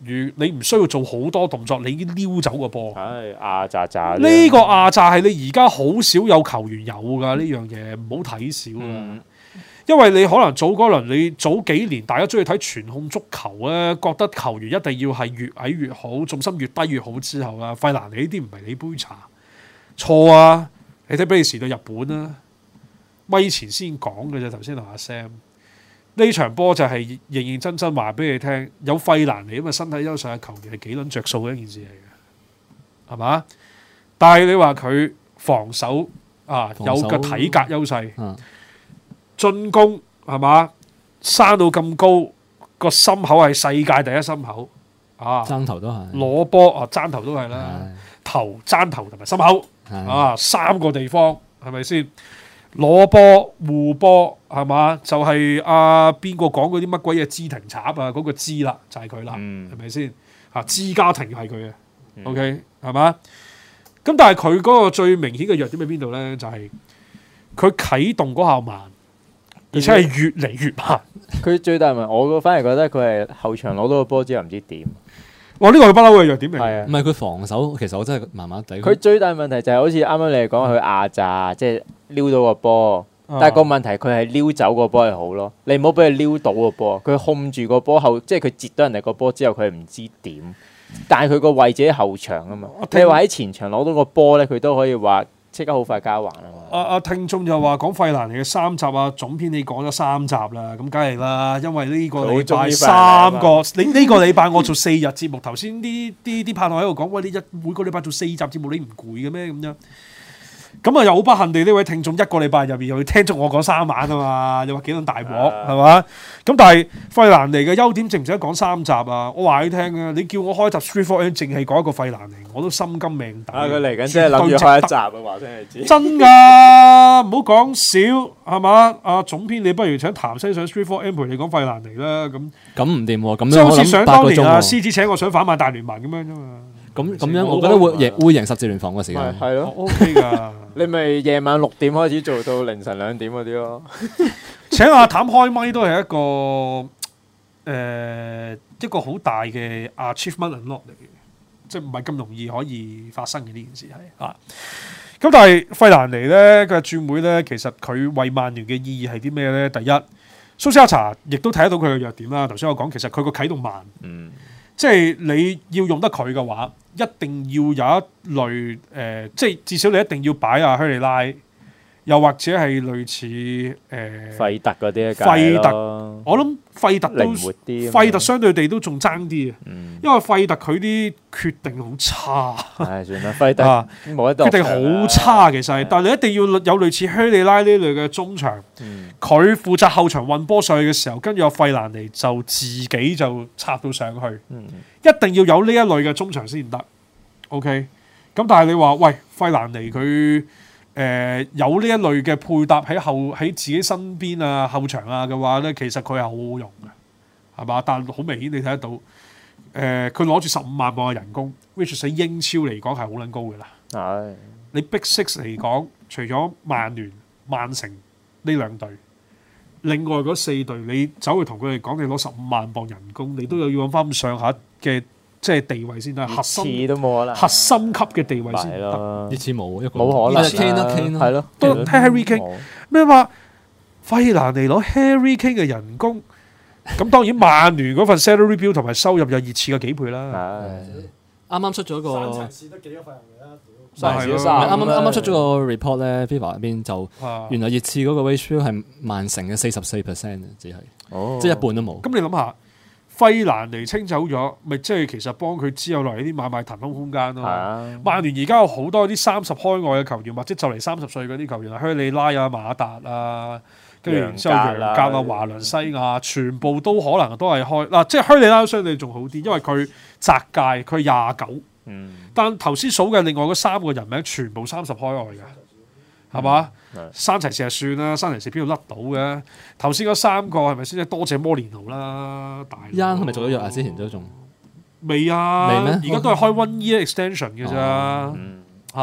與你唔需要做好多動作，你已經溜走個波。唉、哎，亞詐詐呢個亞詐係你而家好少有球員有噶呢樣嘢，唔好睇少因為你可能早嗰輪，你早幾年大家中意睇全控足球啊，覺得球員一定要係越矮越好，重心越低越好之後啊，費蘭尼呢啲唔係你杯茶，錯啊！你睇比利時到日本啊，咪以前先講嘅啫。頭先同阿 Sam 呢場波就係認認真真話俾你聽，有費蘭尼咁嘅身體優勢啊，球員係幾撚着數嘅一件事嚟嘅，係嘛？但係你話佢防守啊，守有個體格優勢。嗯進攻係嘛？生到咁高，個心口係世界第一心口啊！爭頭都係攞波啊，爭頭都係啦，是的 頭爭頭同埋心口是的 啊，三個地方係咪先？攞波、護波係嘛？就係、是、啊，邊個講嗰啲乜鬼嘢？支停插啊！嗰、那個支啦就係佢啦，係咪先？啊，支家庭係佢嘅，OK 係嘛？咁但係佢嗰個最明顯嘅弱點喺邊度呢？就係、是、佢啟動嗰下慢。而且係越嚟越慢。佢 最大問題，我反而覺得佢係後場攞到個波之後唔知點。哇呢個係不嬲嘅弱點嚟是的？唔係佢防守，其實我真係麻麻地。佢最大問題就係好似啱啱你哋講，佢壓榨，即係撩到個波。但係個問題佢係撩走個波係好咯。你唔好俾佢撩到個波，佢控住個波後，即係佢截到人哋個波之後，佢係唔知點。但係佢個位置喺後場啊嘛。你話喺前場攞到個波咧，佢都可以話。即刻好快交還啊！阿阿聽眾就話講費蘭嚟嘅三集啊，總編你講咗三集啦，咁梗係啦，因為呢個禮拜三個，你呢個，呢個禮拜我做四日節目，頭先啲啲啲拍檔喺度講，喂，你一每個禮拜做四集節目，你唔攰嘅咩咁樣？咁啊，又好不幸地呢位聽眾一個禮拜入面又要聽足我講三晚啊嘛，又話幾噸大鑊係嘛？咁、啊、但係費蘭尼嘅優點值唔值得講三集啊？我話你聽啊，你叫我開集 Street Four N，淨係講一個費蘭尼，我都心甘命抵。佢嚟緊即係諗住開一集啊！話聽係真、啊。真㗎，唔好講少係嘛？阿、啊、總編，你不如請譚生上 Street Four N 陪你講費蘭尼啦。咁咁唔掂喎，咁樣好似、啊想，啊、想，想當年啊，獅子請我想反問大聯盟咁樣啫嘛。咁咁樣，我覺得會贏是會贏十字聯防嗰時間係咯，OK 噶。 你咪夜晚六點開始做到凌晨兩點嗰啲咯。 請阿譚開咪都係一個誒、呃、一個好大嘅 achievement unlock 嚟嘅，即係唔係咁容易可以發生嘅呢件事係是啊。咁但係費蘭尼咧，佢轉會咧，其實佢為曼聯嘅意義係啲咩咧？第一，蘇斯亞查亦都睇得到佢嘅弱點啦。頭先我講，其實佢個啟動慢，嗯。即係你要用得佢嘅話，一定要有一類誒、呃，即係至少你一定要擺啊，希里拉。又或者係類似誒、費特嗰啲啊，費特，費特我諗費特都費特相對地都仲爭啲啊，嗯、因為費特佢啲決定好差，唉、哎，算啦，費特決定好差其實，嗯、但係你一定要有類似希利拉呢類嘅中場，佢負、嗯、責後場運波上去嘅時候，跟住有費蘭尼就自己就插到上去，嗯、一定要有呢一類嘅中場先得，OK，咁但係你話喂，費蘭尼佢誒、呃、有呢一類嘅配搭喺後喺自己身邊啊後場啊嘅話咧，其實佢係好好用嘅，係嘛？但好明顯你睇得到，誒佢攞住十五萬磅嘅人工，which 喺英超嚟講係好撚高嘅啦。係、哎、你 big six 嚟講，除咗曼聯、曼城呢兩隊，另外嗰四隊，你走去同佢哋講你攞十五萬磅人工，你都有要揾翻咁上下嘅。即係地位先啦，核心，都冇啦，核心級嘅地位先得。熱刺冇，一個冇可能啦。係咯，都睇 Harry King。咩話？費蘭尼攞 Harry King 嘅人工，咁當然曼聯嗰份 salary bill 同埋收入有熱刺嘅幾倍啦。啱啱出咗個三層市都幾多份嘢啊！屌，啱啱啱啱出咗個 report 咧，a 邊就原來熱刺嗰個 salary 係曼城嘅四十四 percent 只係即係一半都冇。咁你諗下？菲蘭尼清走咗，咪即係其實幫佢之後嚟啲買賣騰空空間咯。啊、曼聯而家有好多啲三十開外嘅球員，或者就嚟三十歲嗰啲球員，希利拉啊、馬達啊，跟住收楊格啊、華倫西亞，全部都可能都係開嗱、啊，即係希利拉相對仲好啲，因為佢窄界，佢廿九。嗯，但頭先數嘅另外嗰三個人名，全部三十開外嘅。係嘛？三齊事就算啦，三齊事邊度甩到嘅？頭先嗰三個係咪先？多謝摩連奴啦，大。依家係咪做咗藥啊？之前都仲未啊？而家都係開 one year extension 嘅咋。吓咁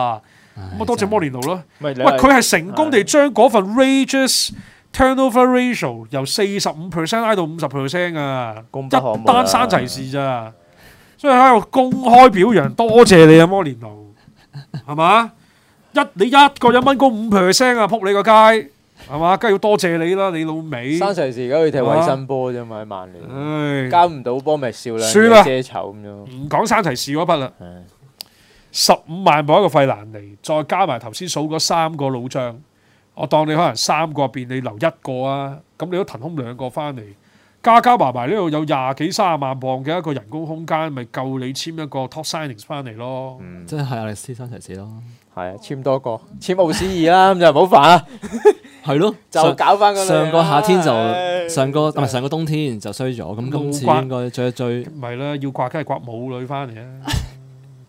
啊！多謝摩連奴咯。喂，佢係成功地將嗰份 rages turnover ratio 由四十五 percent 拉到五十 percent 啊！功不可沒啊！一單三齊事咋？所以喺度公開表揚，多謝你啊，摩連奴。係嘛？一你一個一蚊工五 percent 啊，扑你個街，係嘛？梗係要多謝你啦，你老味。山齊士而家去踢衛生波啫嘛，喺曼聯。唉，交唔到波咪笑啦，輸啦，遮醜咁樣。唔講山齊士嗰筆啦，十五萬磅一個費蘭尼，再加埋頭先數嗰三個老將，我當你可能三個入邊你留一個啊，咁你都騰空兩個翻嚟，加加埋埋呢度有廿幾卅萬磅嘅一個人工空間，咪夠你簽一個 top signings 翻嚟咯。嗯，真係阿力斯山齊士咯。係啊，簽多個簽無師爺啦，咁就唔好煩啦。係咯，就搞翻個。上個夏天就上個唔係上個冬天就衰咗。咁今次應該最最唔係啦，要刮梗係刮母女翻嚟啊。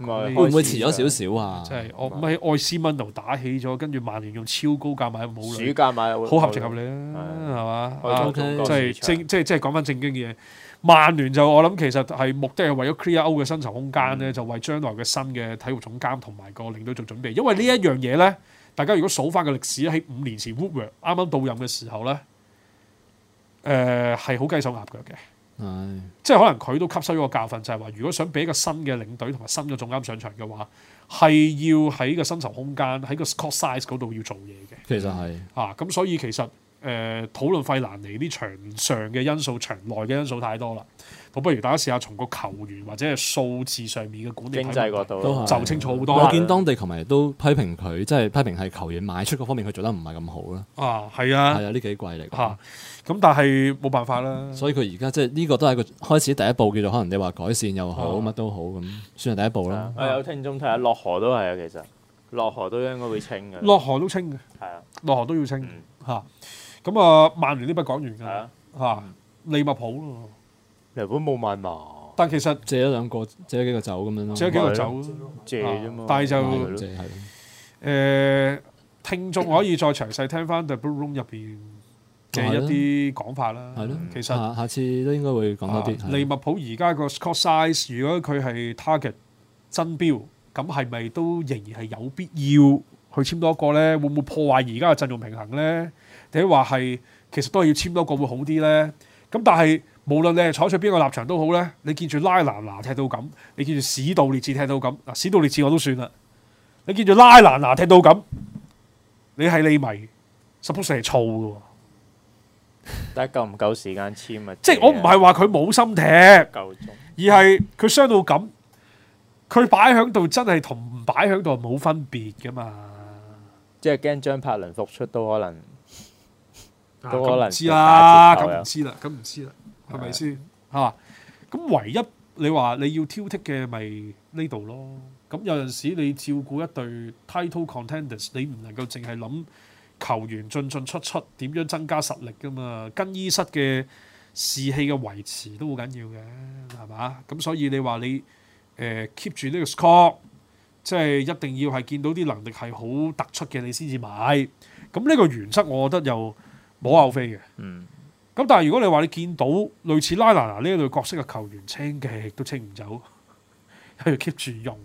唔係會唔會遲咗少少啊？即係我喺愛斯溫度打起咗，跟住曼聯用超高價買母女。暑假買好合情合理啊，係嘛？即係正即係即係講翻正經嘅嘢。曼聯就我諗其實係目的係為咗 Clear 嘅薪酬空間咧，是的 就為將來嘅新嘅體育總監同埋個領隊做準備。因為呢一樣嘢咧，大家如果數翻個歷史，喺五年前 Woodward 啱啱到任嘅時候咧，誒係好雞手鴨腳嘅，係是的 即係可能佢都吸收咗個教訓，就係話如果想俾一個新嘅領隊同埋新嘅總監上場嘅話，係要喺個薪酬空間喺個 Scott Size 嗰度要做嘢嘅。其實係啊，咁所以其實。誒討論費蘭尼啲場上嘅因素、場內嘅因素太多啦，咁不如大家試下從個球員或者係數字上面嘅管理角度，就清楚好多。我見當地球迷都批評佢，即係批評係球員賣出嗰方面佢做得唔係咁好啦。啊，係啊，係啊，呢幾季嚟咁，但係冇辦法啦。所以佢而家即係呢個都係個開始第一步，叫做可能你話改善又好，乜都好咁，算係第一步啦。係啊，有聽眾睇下。落河都係啊，其實落河都應該會清嘅。落河都清嘅，係啊，落河都要清嚇。咁啊，曼聯呢筆講完㗎，嚇利物浦咯，利物浦冇曼聯，但其實借咗兩個，借咗幾個走。咁樣咯，借咗幾個走。借啫嘛，但係就誒聽眾可以再詳細聽翻 The Blue Room 入邊嘅一啲講法啦，係咯，其實下次都應該會講多啲。利物浦而家個 squad size 如果佢係 target 真標，咁係咪都仍然係有必要去簽多一個咧？會唔會破壞而家嘅陣容平衡咧？或者話係其實都係要簽多個會好啲呢。咁但係無論你係採取邊個立場都好呢，你見住拉拿拿踢到咁，你見住史道列治踢到咁，嗱史道列治我都算啦，你見住拉拿拿踢到咁，你係利迷，suppose 係燥嘅喎。 但係夠唔夠時間簽啊？即係我唔係話佢冇心踢，夠鐘而係佢傷到咁，佢擺喺度真係同唔擺喺度冇分別嘅嘛。即係驚張柏倫復出都可能。知啦、啊，咁唔知啦，咁唔、啊、知啦，係咪先吓？咁吧唯一你話你要挑剔嘅咪呢度咯？咁有陣時你照顧一隊 title contenders，你唔能夠淨係諗球員進進出出點樣增加實力㗎嘛？更衣室嘅士氣嘅維持都好緊要嘅，係嘛？咁所以你話你誒 keep 住呢個 score，即係一定要係見到啲能力係好突出嘅，你先至買。咁呢個原則我覺得又～冇後飛嘅，咁、嗯、但係如果你話你見到類似拉娜娜呢一類角色嘅球員清極都清唔走，喺度 keep 住用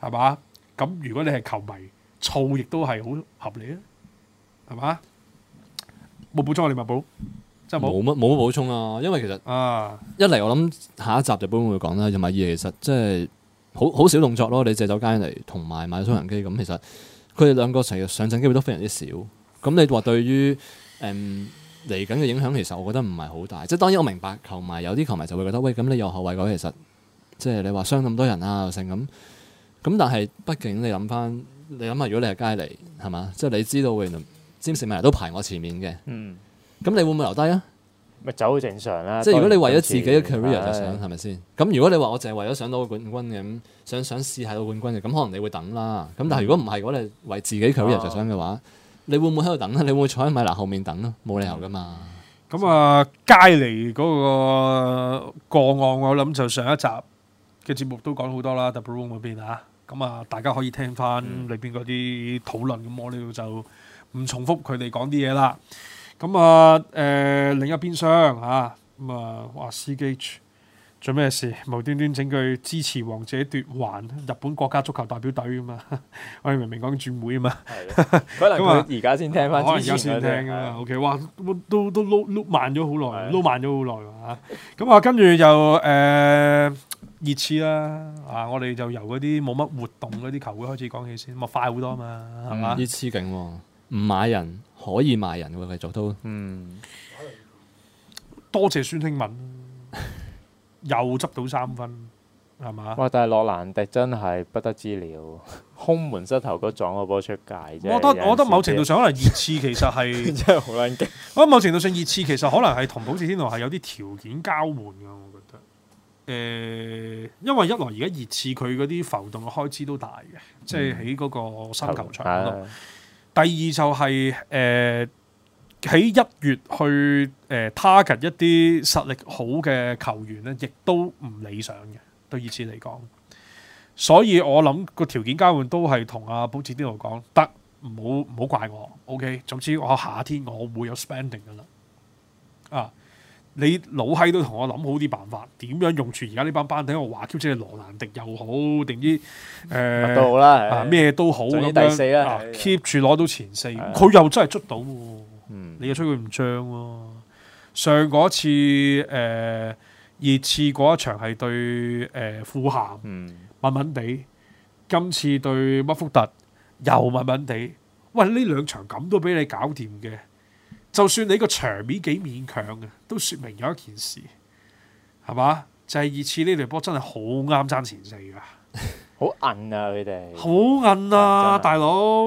係嘛？咁如果你係球迷，醋亦都係好合理啊，係嘛？冇補充啊！李麥寶即係冇乜冇乜補充啊，因為其實啊一嚟我諗下一集就本會講啦，同埋二其實即係好好少動作咯、啊。你借走街嚟同埋買咗衝人機咁，其實佢哋兩個成日上陣機會都非常之少。咁你話對於嚟緊嘅影響其實我覺得唔係好大，即係當然我明白球迷有啲球迷就會覺得喂，咁你右後衞嘅其實即係你話傷咁多人啊，又剩咁咁，people, ú，但係畢竟你諗翻，你諗下如果你係佳尼係嘛，即係你知道威廉詹士未來都排我前面嘅，嗯，咁你會唔會留低啊？咪走好正常啦，即係如果你為咗自己嘅 career 着想，係咪先？咁、嗯、如果你話我淨係為咗上到冠軍咁，想想試下到冠軍嘅，咁可能你會等啦、mm。咁、hmm、但係如果唔係，你為自己 career 着想嘅話。你會唔會喺度等咧？你會唔會坐喺米蘭後面等咯，冇理由噶嘛。咁、嗯、啊，街嚟嗰個個案，我諗就上一集嘅節目都講好多啦。The Bureau 嗰邊咁啊，啊，大家可以聽翻裏邊嗰啲討論。咁、嗯、我呢度就唔重複佢哋講啲嘢啦。咁啊，誒、呃、另一邊廂啊，咁啊，話司機做咩事？無端端整句支持王者奪還，日本國家足球代表隊啊嘛！ 我哋明明講轉會啊嘛。可能佢而家先聽翻，可能而家先聽啊。的 o、okay, K，哇！都都都撈慢咗好耐，撈的慢咗好耐啊！咁啊，跟住就誒熱刺啦啊！我哋就由嗰啲冇乜活動嗰啲球會開始講起先，咪、啊、快好多嘛，係嘛？熱刺勁喎，唔買人可以賣人喎，繼續都嗯。多謝孫興慜。又執到三分，係嘛？哇！但係洛蘭迪真係不得之了，空門膝頭哥撞個波出界啫。我覺得我覺得某程度上可能熱刺其實係 真係好撚勁。我覺得某程度上熱刺其實可能係同寶智天堂係有啲條件交換噶，我覺得。誒、呃，因為一來而家熱刺佢嗰啲浮動嘅開支都大嘅，嗯、即係喺嗰個新球場嗰度、嗯啊那個。第二就係、是、誒。呃喺一月去誒 target 一啲實力好嘅球員咧，亦都唔理想嘅對熱刺嚟講。所以我諗個條件交換都係同阿保治呢度講得唔好唔好怪我。O、okay? K，總之我夏天我會有 spending 噶啦。啊，你老閪都同我諗好啲辦法，點樣用住而家呢班班底？聽我話 keep 住羅蘭迪又好定啲誒、呃、都好啦，咩、啊、的都好咁樣。第四啦，keep 住攞到前四，佢的又真係捉到。你嘅吹佢唔張咯，上嗰次誒熱刺嗰一場係對誒、呃、富咸，悶悶地。今次對乜福特又悶悶地。喂，呢兩場咁都俾你搞掂嘅，就算你個場面幾勉強嘅，都説明有一件事，係嘛？就係、是、熱刺呢條波真係好啱爭前四噶、 啊，好硬啊佢哋，好硬啊大佬，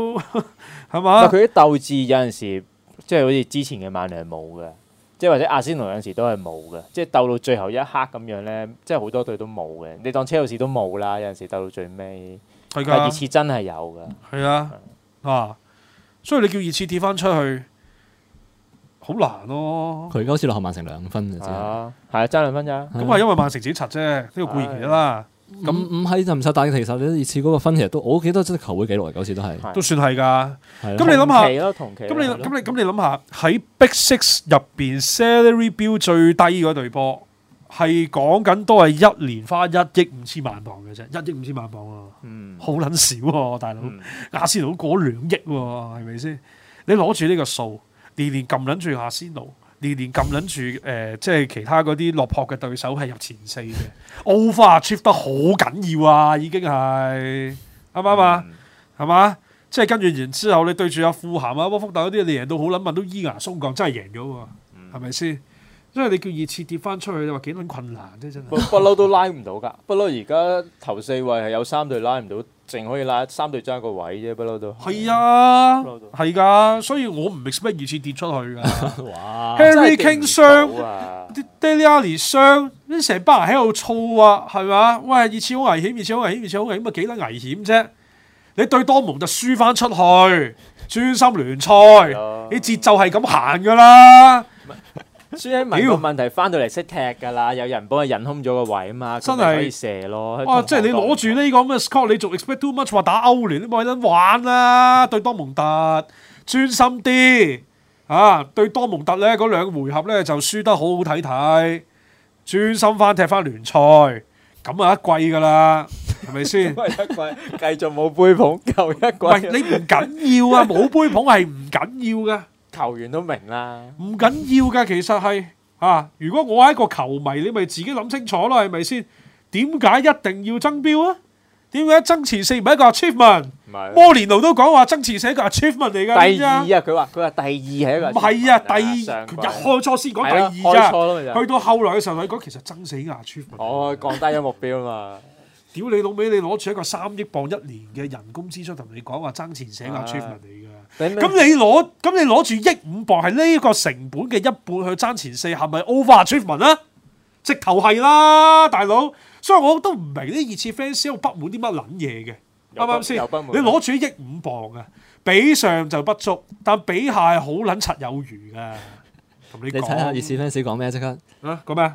係嘛？佢啲鬥志有陣時。即係好似之前嘅曼聯係冇嘅，即係或者阿仙奴有陣時都係冇嘅，即係鬥到最後一刻咁樣咧，即係好多隊都冇嘅。你當車路士都冇啦，有陣時鬥到最尾，係噶，熱刺真係有嘅，係啊，啊，所以你叫熱刺跌翻出去，好難咯。佢而家好似落後曼城兩分嘅係啊，爭兩分咋？咁係因為曼城隻賊啫，呢個固然嚟啦。咁唔係就唔使打嘅，那其實你似嗰個分，其實都我屋企都真係球會紀耐，嚟，嗰次都係，都算係噶。咁的你諗下同咁你咁的你咁你諗下喺 Big Six 入邊 Salary Bill 最低嗰隊波，係講緊都係一年花一億五千萬磅嘅啫，一億五千萬磅啊，好捻少啊，大佬！亞仙奴過兩億喎，係咪先？你攞住呢個數，年年撳捻住亞仙奴。年年撳撚住誒，即係、呃就是、其他嗰啲落魄嘅對手係入前四嘅，over achieve 得好緊要啊！已經係啱唔啱啊？係嘛、嗯嗯嗯？即係、就是、跟住完之後，你對住阿富咸啊、汪福大嗰啲贏到好撚問，都咿牙鬆降真係贏咗喎，係咪先？嗯、因為你叫二次跌翻出去，你話幾撚困難啫、啊？真係不嬲都拉唔到㗎，不嬲而家頭四位係有三隊拉唔到。淨可以拉三對爭一個位啫，不嬲都係啊，係㗎、嗯，所以我唔 expect 二次跌出去㗎。Harry King 傷，Daly Ali 傷，成班人喺度燥啊，係嘛？喂，二次好危險，二次好危險，二次好危險，咁啊幾撚危險啫？你對多蒙就輸翻出去，專心聯賽， 你節奏係咁行㗎啦。 所以問個問題翻到嚟識踢噶啦，有人幫佢引空咗個位啊嘛，真係可以射咯。哇！即係你攞住呢個咁嘅 score，你仲 expect too much 話打歐聯，你咪撚玩啦！對多蒙特專心啲啊！對多蒙特咧嗰兩回合咧就輸得好好睇睇，專心翻踢翻聯賽，咁啊一季噶啦，係咪先？唔係一季，繼續冇杯捧，又一季。你唔緊要啊，冇杯捧係唔緊要噶。球員都明啦，唔緊要噶，其實係啊。如果我係一個球迷，你咪自己諗清楚咯，係咪先？點解一定要爭標啊？點解爭前四唔係一個 achievement？摩連奴都講話爭前四一個 achievement 嚟噶。第二啊，佢話佢話第二係一個唔係啊，第二佢一開初先講第二，開初咯咪就。去到後來嘅時候，佢講其實爭死個 achievement。哦，降低咗目標啊嘛！屌你老味，你攞住一個三億磅一年嘅人工支出，同你講話爭前四個 achievement 嚟噶。咁你攞咁你攞住億五磅係呢個成本嘅一半去爭前四，係咪 overachievement 啊？直頭係啦，大佬，所以我都唔明啲熱刺 fans 有不滿啲乜撚嘢嘅，啱啱先？你攞住億五磅啊，比上就不足，但比下係好撚柒有餘噶。同你你睇下熱刺 fans 講咩即刻啊？講咩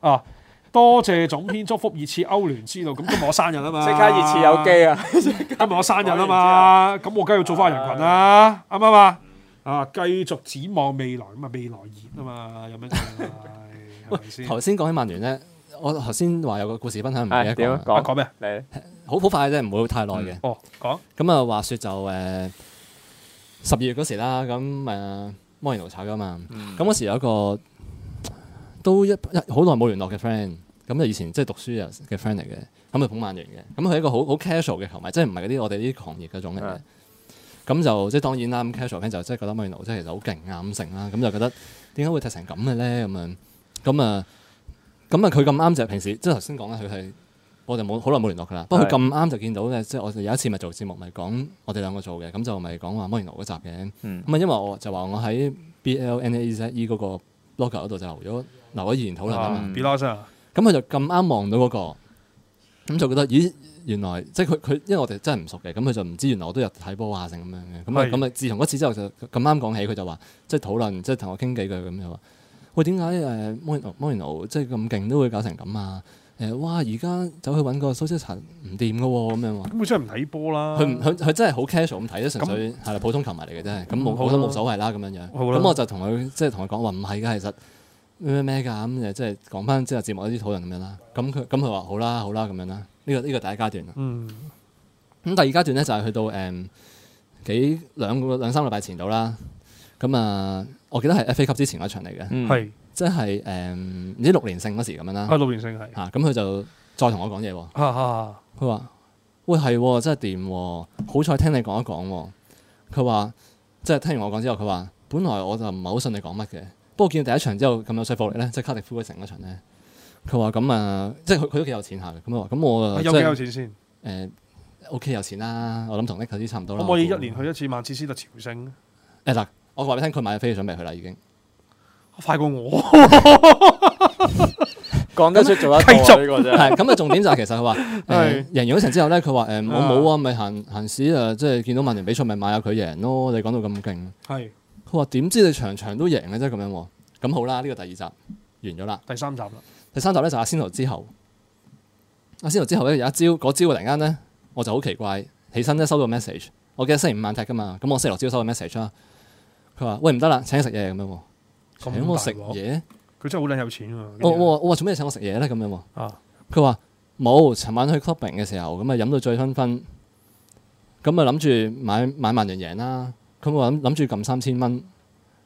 啊？多謝總編祝福二次歐聯之路。咁今日我生日啊嘛，即刻二次有機啊， 今日我生日啊嘛，咁我梗係要做翻人群啦，啱唔啱啊？吧啊，繼續展望未來，咁啊未來熱啊嘛，有咩、啊？頭先講起曼聯咧，我頭先話有個故事分享唔係一個講講咩？好好、哎、快啫，唔會太耐嘅。哦，講咁啊，話說就誒十二月嗰時啦，咁誒摩連奴炒咗嘛，咁嗰、嗯、時有一個。都一好耐冇聯絡嘅 friend，咁就以前即係讀書嘅 friend 嚟嘅，咁就捧曼聯嘅，咁佢係一個好好 casual 嘅球迷，即係唔係嗰啲我哋呢啲狂熱嗰種嚟嘅。咁 Yeah. 就即係當然啦，咁 casual friend 就即係覺得摩連奴即係其實好勁啊，咁成啦，咁就覺得點解會踢成咁嘅咧？咁樣咁啊，咁啊佢咁啱就平時即係頭先講咧，佢係我就冇好耐冇聯絡㗎啦。Yeah. 不過佢咁啱就見到咧，即係我有一次咪做節目咪、就是、講我哋兩個做嘅，咁就咪講話摩連奴嗰集嘅。咁啊、mm. 因為我就話我喺 B L N A z E、那、嗰個。local 嗰度就留咗留咗二年討論啊嘛，咁、嗯、佢是就咁啱望到嗰個，咁就覺得咦，原來即係佢佢因為我哋真係唔熟嘅，咁佢就唔知原來我都有睇波啊成咁樣嘅，咁啊咁啊自從嗰次之後就咁啱講起，佢就話即係討論，即係同我傾幾句咁就話喂，點解誒 Moyno Moyno 即係咁勁都會搞成咁啊？誒、哇！而家走去揾個蘇浙塵唔掂噶喎，咁樣話。佢真係唔睇波啦。佢佢真係好 casual 咁睇啫，純粹係普通球迷嚟嘅啫。咁冇冇冇所謂啦，咁樣樣。咁的我就同佢即係同佢講話唔係嘅，其實咩咩咩㗎咁，就即係講翻之後節目啲討論咁樣啦。咁佢咁佢話好啦好啦咁樣啦。呢個呢個第一階段。咁、嗯、第二階段咧就係去到誒、嗯、幾兩個兩,兩三個禮拜前度啦。咁啊，我記得係 FA 杯之前嗰場嚟嘅。嗯，是嗯即係誒唔知六年勝嗰時咁樣啦，係六年勝係嚇，咁佢、啊、就再同我講嘢喎。佢話：啊啊、喂係，真係掂，好彩聽你講一講。佢、啊、話：即係聽完我講之後，佢話：本來我就唔係好信你講乜嘅，不過見到第一場之後咁有説服力咧，即係卡迪夫嗰城嗰場咧，佢話：咁啊，即係佢都幾有錢下嘅。咁、哎、是啊，咁我有幾有錢先？誒，OK 有錢啦、啊，我諗同 Nicholas 差唔多啦。可唔可以一年去一次曼徹斯特朝聖？誒嗱、啊啊，我話俾你聽，佢、啊、買咗飛準備去啦已經。快過比我， 講得出做得啊，呢個啫。係咁啊，重點就係其實佢話贏完嗰場之後咧，佢話誒，我冇啊，咪行行市誒、啊，即係見到曼聯比賽咪買下佢贏咯。你講到咁勁，係佢話點知你場場都贏嘅啫咁樣、啊。咁、啊、好啦，呢、這個第二集完咗啦，第三集啦，第三集咧就阿仙奴之後，阿仙奴之後咧有一朝嗰朝突然間咧我就好奇怪，起身咧收到 message，我記得星期五晚踢噶嘛，咁我星期六朝收到 message 啦，佢話喂，唔得啦，請你食嘢咁樣。請我食嘢？佢真係好靚有錢喎、啊！我我話做咩請我食嘢咧？咁樣喎！啊！佢話冇，尋晚去 clubbing 嘅時候，咁啊飲到醉醺醺，醺，咁啊諗住買買萬人贏啦，咁我諗諗住撳三千蚊，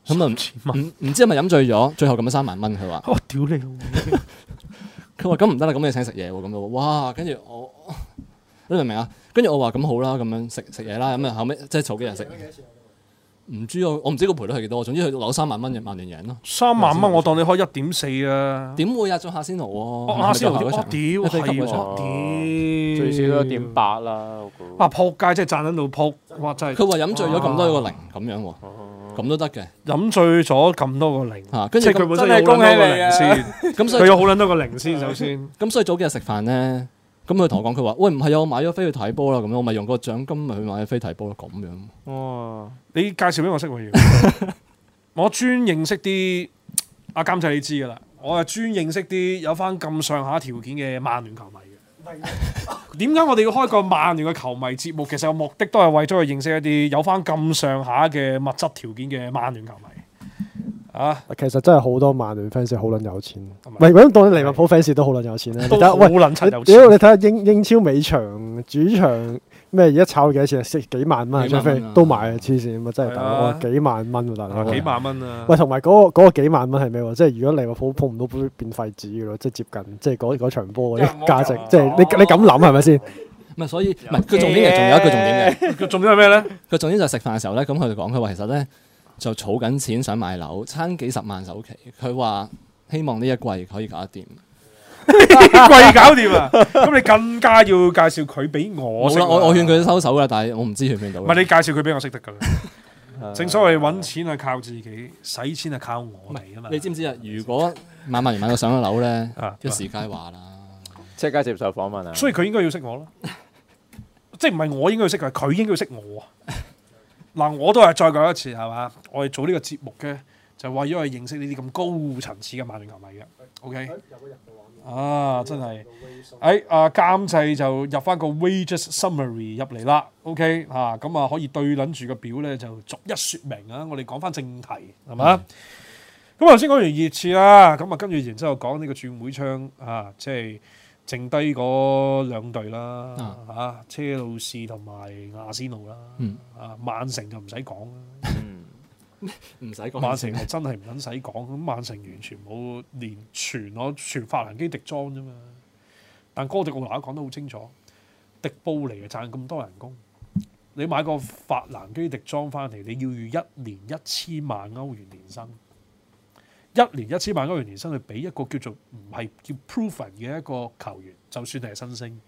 咁啊唔唔知係咪飲醉咗？最後撳咗三萬蚊，佢話、啊啊、 我屌你！佢話咁唔得啦，咁你請食嘢喎，咁咯，哇！跟住我你明唔明啊？跟住我話咁好啦，咁樣食食嘢啦，咁啊後尾，即係嘈幾人食。唔知我我唔知個賠率係幾多，總之佢扭三萬蚊嘅萬零贏咯。三萬蚊我當你開一點四啊，點會入咗夏仙奴啊？夏仙奴啊，屌，係啊，最少都一點八啦。哇撲街，真係賺喺度撲，哇真係。佢話飲醉咗咁多個零咁樣喎，咁都得嘅。飲醉咗咁多個零吓，跟住佢本身好捻多個零先，咁所以佢有好捻多個零先首先。咁所以早幾日食飯咧。咁佢同我講，佢話喂唔係啊，我買咗飛去睇波啦，咁樣我咪用個獎金咪去買咗飛睇波咯，咁樣。哦，你介紹俾我識咪、 啊？我專認識啲阿監製，你知噶啦。我係專認識啲有翻咁上下條件嘅曼聯球迷嘅。點解 我哋要開個曼聯嘅球迷節目？其實個目的都係為咗去認識一啲有翻咁上下嘅物質條件嘅曼聯球迷。其實真係好多曼聯 fans 好捻有錢，唔係嗰當利物浦 fans 都好捻有錢咧。都你睇下英英超美場主場咩？而家炒幾多錢啊？四幾萬蚊，都買啊！黐線，真係大佬，幾萬蚊大佬，幾萬蚊啊！喂，同埋嗰個嗰個幾萬蚊係咩？即係如果利物浦碰唔到杯變廢紙嘅咯，即係接近，即係嗰嗰場波嗰啲價值，即係你你咁諗係咪先？唔係，所以唔係佢重點嘅，仲有一個重點嘅。佢重點係咩咧？佢重點就係食飯嘅時候咧，咁佢哋講佢話其實咧。就儲緊錢想買樓，差幾十萬首期。佢話希望呢一季可以搞得掂， 呢一季搞掂啊！咁 你更加要介紹佢俾我我我勸佢收手啦，但係我唔知去邊度。唔係你介紹佢俾我識得噶 正所謂揾錢係靠自己，使錢係靠我嚟嘛。你知唔知啊？如果慢慢嚟買到上咗樓咧， 一時佳話啦。即刻接受訪問啊。所以佢應該要識我咯， 即係唔係我應該識佢，係佢應該識我啊。 嗱、啊，我都係再講一次，係嘛？我哋做呢個節目嘅就係、為咗係認識呢啲咁高層次嘅曼城球迷嘅。O、okay? K 啊，真係喺、哎、啊監製就入翻個 Wages Summary 入嚟啦。O K 嚇，咁啊，可以對撚住個表咧，就逐一説明啊。我哋講翻正題係嘛？咁頭先講完熱刺啦，咁啊跟住然之後講呢個轉會窗啊，即係。剩低嗰兩隊啦，嚇、啊啊、車路士同埋亞仙奴啦，嗯、啊曼城就唔使講啦，唔使講。曼城就真係唔肯使講，咁 曼城完全冇連全咯，全法蘭基迪裝啫嘛。但哥迪奧拿講得好清楚，迪布尼啊賺咁多人工，你買個法蘭基迪裝翻嚟，你要預一年一千萬歐元年薪。一年一千萬歐元年薪去俾一個叫做唔係叫 proven 嘅一個球員，就算你係新星，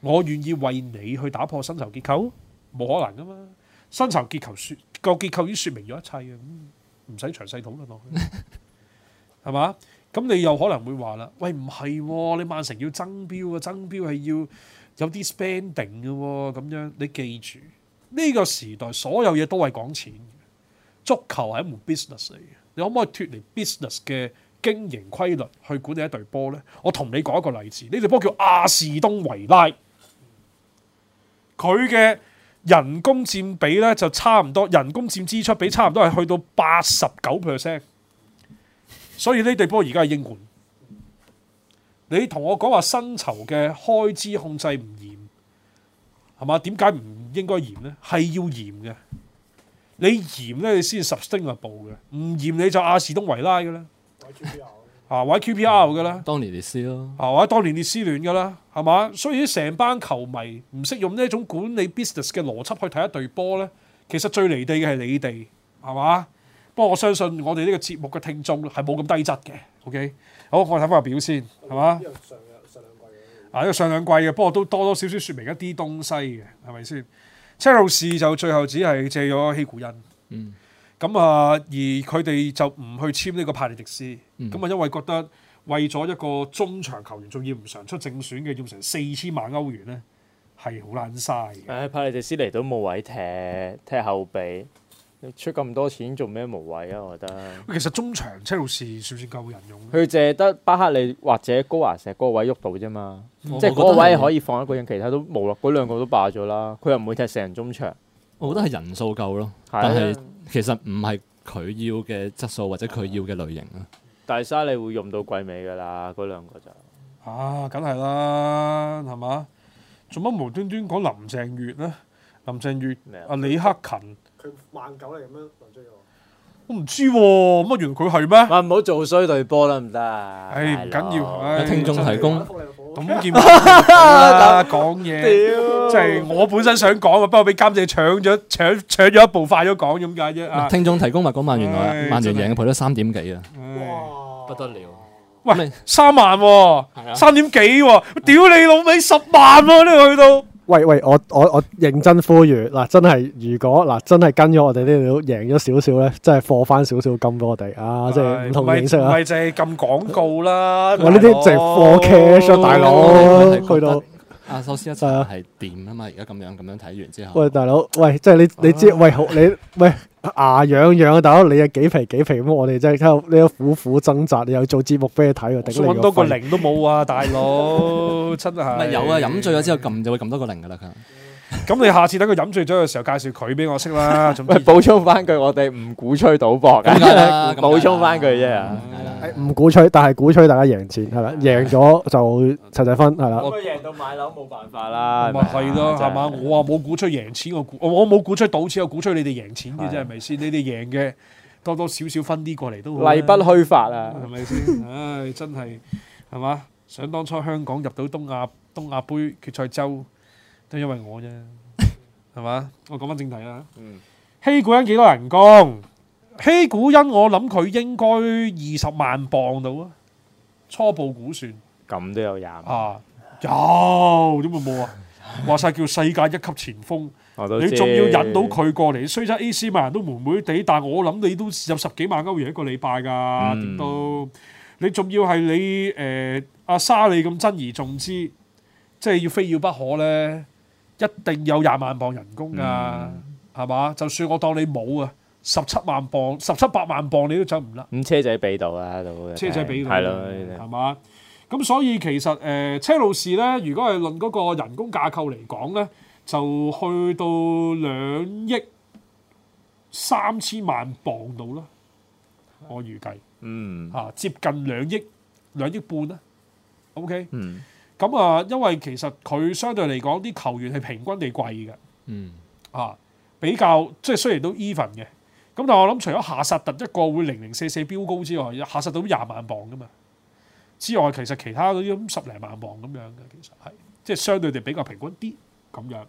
我願意為你去打破薪酬結構，冇可能噶嘛？薪酬結構説個結構已經説明咗一切嘅，唔、嗯、使詳細討論落去，係嘛？ 咁你又可能會話啦，喂，唔係、哦、你曼城要爭標啊，爭標係要有啲 spending 嘅喎、哦，咁樣你記住，呢、這個時代所有嘢都係講錢，足球係一門 business 嚟嘅。你可唔可以脫離 business 嘅經營規律去管理一隊波呢？我同你講一個例子，呢隊波叫阿士東維拉，佢嘅人工佔比呢就差唔多，人工佔支出比差唔多係去到八十九 percent，所以呢隊波而家係英冠。你同我講話薪酬嘅開支控制唔嚴，係嘛？點解唔應該嚴呢？係要嚴嘅。你嚴咧，你先十星入部嘅；唔嚴你就阿士東維拉嘅啦，或者 QPR 嘅啦，當年列斯咯，啊或者當年列斯聯嘅啦，係嘛？所以成班球迷唔識用呢一種管理 business 嘅邏輯去睇一隊波咧，其實最離地嘅係你哋，係嘛？不過我相信我哋呢個節目嘅聽眾係冇咁低質嘅。OK，好，我睇翻個表先，係嘛？呢個上兩季嘅，啊呢個上兩季嘅，不過都多多少少説明一啲東西嘅，係咪先？車路士就最後只係借咗希古恩，咁啊、嗯，而佢哋就唔去簽呢個帕利迪斯，咁啊、嗯，因為覺得為咗一個中場球員仲要唔常出正選嘅，要成四千萬歐元咧，係好爛嘥。誒、啊，帕利迪斯嚟到冇位踢，踢後備。你出咁多錢做咩無謂啊？我覺得其實中場車路士算唔算夠人用？佢淨係得巴克利或者高華石嗰位喐到啫嘛，嗯、即係嗰位可以放一個人，嗯、其他都冇咯。嗰兩個都霸咗啦，佢又唔會踢成中場。我覺得係人數夠咯，但係其實唔係佢要嘅質素或者佢要嘅類型啊。大沙你會用到季尾噶啦，嗰兩個就啊，梗係啦，係嘛？做乜無端端講林鄭月呢？林鄭月啊，麼李克勤。佢萬九嚟咁樣運出嚟喎，我唔知喎，乜原佢係咩？啊唔好做衰隊波啦，唔得！唉，唔緊要，有聽眾提供。咁健忘啊，講嘢，即係我本身想講，不過俾監製搶咗，搶搶咗一步快咗講咁解啫。聽眾提供物講萬元來，萬元贏賠咗三點幾啊！哇，不得了！喂，三萬，三點幾？屌你老味，十萬咯，你去到！喂喂，我我我認真呼籲嗱，真係如果嗱，真係跟咗我哋呢度贏咗少少咧，真係課翻少少金俾我哋啊！即係唔同形式是啊，唔係就係撳廣告啦，我呢啲就係課 cash 啊，大佬。大哥去到啊，首先一陣係點啊嘛？而家咁樣咁樣睇完之後，喂，大佬，喂，即係你你知，喂好你喂。 牙癢癢啊，大佬！你啊幾皮幾皮咁我哋真係喺度呢個苦苦掙扎。你又做節目俾你睇啊，頂你個肺！搵多個零都冇啊，大佬，真係。唔係有啊，飲醉咗之後撳就會撳多個零噶啦，佢。咁你下次等佢飲醉咗嘅時候介紹佢俾我識啦，仲補充翻句我哋唔鼓吹賭博嘅，補充翻句啫唔鼓吹，但係鼓吹大家贏錢係啦，贏咗就齊齊分係啦。我贏到買樓冇辦法啦，咪係咯，係嘛？我話冇鼓吹贏錢，我估。我冇鼓吹賭錢，我鼓吹你哋贏錢嘅啫，係咪先？你哋贏嘅多多少少分啲過嚟都會。例不虛發啊，係咪先？唉，真係係嘛？想當初香港入到東亞東亞杯決賽周。都因為我啫，係嘛？我講翻正題啦。希古恩幾多人工？希古恩我諗佢應該二十萬磅到啊！初步估算咁都有廿萬啊！有點會冇啊？話晒叫世界一級前鋒，你仲要引到佢過嚟？雖則 A C 曼人都悶悶地，但我諗你都有十幾萬歐元一個禮拜㗎，點都你仲要係你誒阿沙利咁珍而重之，即係要非要不可咧？一定有廿萬磅人工啊，係嘛、嗯？就算我當你冇啊，十七萬磅、十七八萬磅你都走唔甩。咁車仔俾到啊，車到車仔俾到，係嘛？咁所以其實誒、呃、車路士咧，如果係論嗰個人工架構嚟講咧，就去到兩億三千萬磅到啦，我預計。嗯。嚇、啊，接近兩億兩億半啦。O K。嗯。咁啊，因為其實佢相對嚟講啲球員係平均地貴嘅，嗯啊比較，即係雖然都 even 嘅，咁但係我諗除咗夏薩特一個會零零四四飆高之外，夏薩特廿萬磅噶嘛，之外其實其他嗰啲十零萬磅咁樣嘅，其實係即係相對地比較平均啲咁樣，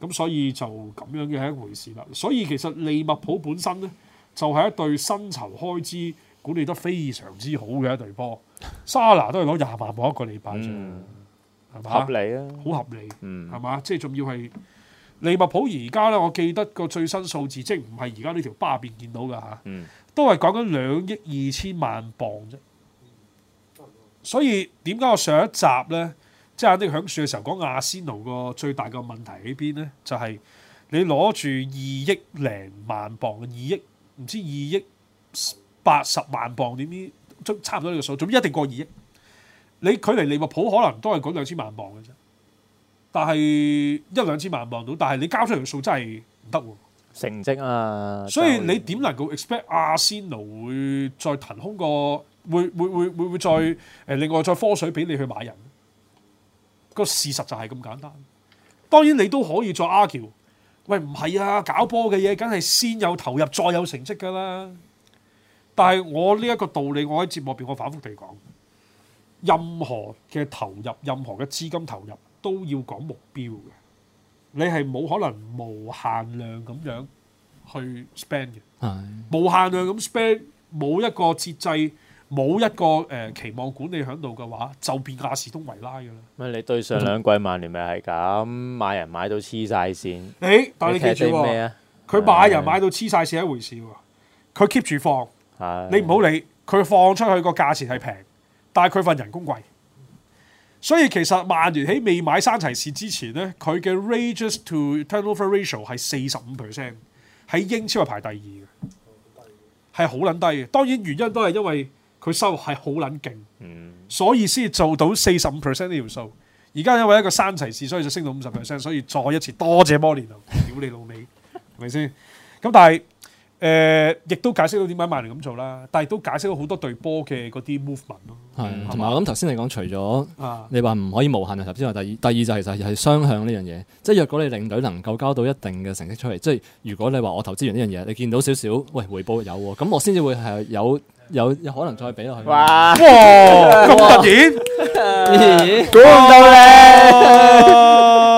咁所以就咁樣嘅係一回事啦。所以其實利物浦本身咧就係、是、一隊薪酬開支管理得非常之好嘅一隊波，沙拿都係攞廿萬磅一個禮拜啫。嗯。合理啊，好合理，係嘛？嗯、即係仲要係利物浦而家咧，我記得個最新數字，即係唔係而家呢條巴入邊見到嘅嚇，啊嗯、都係講緊兩億二千萬磅啫。嗯、所以點解我上一集咧，即係肯定響樹嘅時候講阿仙奴個最大嘅問題喺邊咧？就係、是、你攞住二億零萬磅嘅二億，唔知二億八十萬磅點啲，差唔多呢個數，總之一定過二億。你距離利物浦可能都係嗰兩千萬磅嘅啫，但係一兩千萬磅到，但係你交出條數真係唔得喎。成績啊！所以你點能夠 expect 阿仙奴會再騰空個？會會會會會再誒、嗯呃、另外再科水俾你去買人？個事實就係咁簡單。當然你都可以再 argue，er，喂，唔係啊，搞波嘅嘢梗係先有投入再有成績㗎啦。但係我呢一個道理，我喺節目入邊我反覆地講。任何嘅投入，任何嘅資金投入都要講目標嘅。你係冇可能無限量咁樣去 spend 嘅，是的 無限量咁 spend，冇一個節制，冇一個誒期望管理喺度嘅話，就變阿士東維拉嘅啦。乜你對上兩季曼聯咪係咁買人買到黐晒線？你但係你記住咩啊？佢買人買到黐晒線係一回事喎，佢 keep 住放，是的 你唔好理佢放出去個價錢係平。但係佢份人工貴，所以其實曼聯喺未買山齊士之前咧，佢嘅 wages to turnover ratio 係四十五 percent，喺英超係排第二嘅，係好捻低嘅。當然原因都係因為佢收入係好捻勁，所以先做到四十五 percent 呢條數。而家因為一個山齊士，所以就升到五十 percent。所以再一次多謝摩連奴，屌你老味，係咪先？咁但係。誒，亦都解釋到點解曼聯咁做啦，但係都解釋到好多對波嘅嗰啲 movement 咯。係是，同埋我諗頭先你講，除咗你話唔可以無限嘅投資之外，第二第二，就係就係雙向呢樣嘢。即係若果你領隊能夠交到一定嘅成績出嚟，即係如果你話我投資完呢樣嘢，你見到少少，喂，回報有喎，咁我先至會係有有有可能再俾落去。哇！咁突然，鼓勵。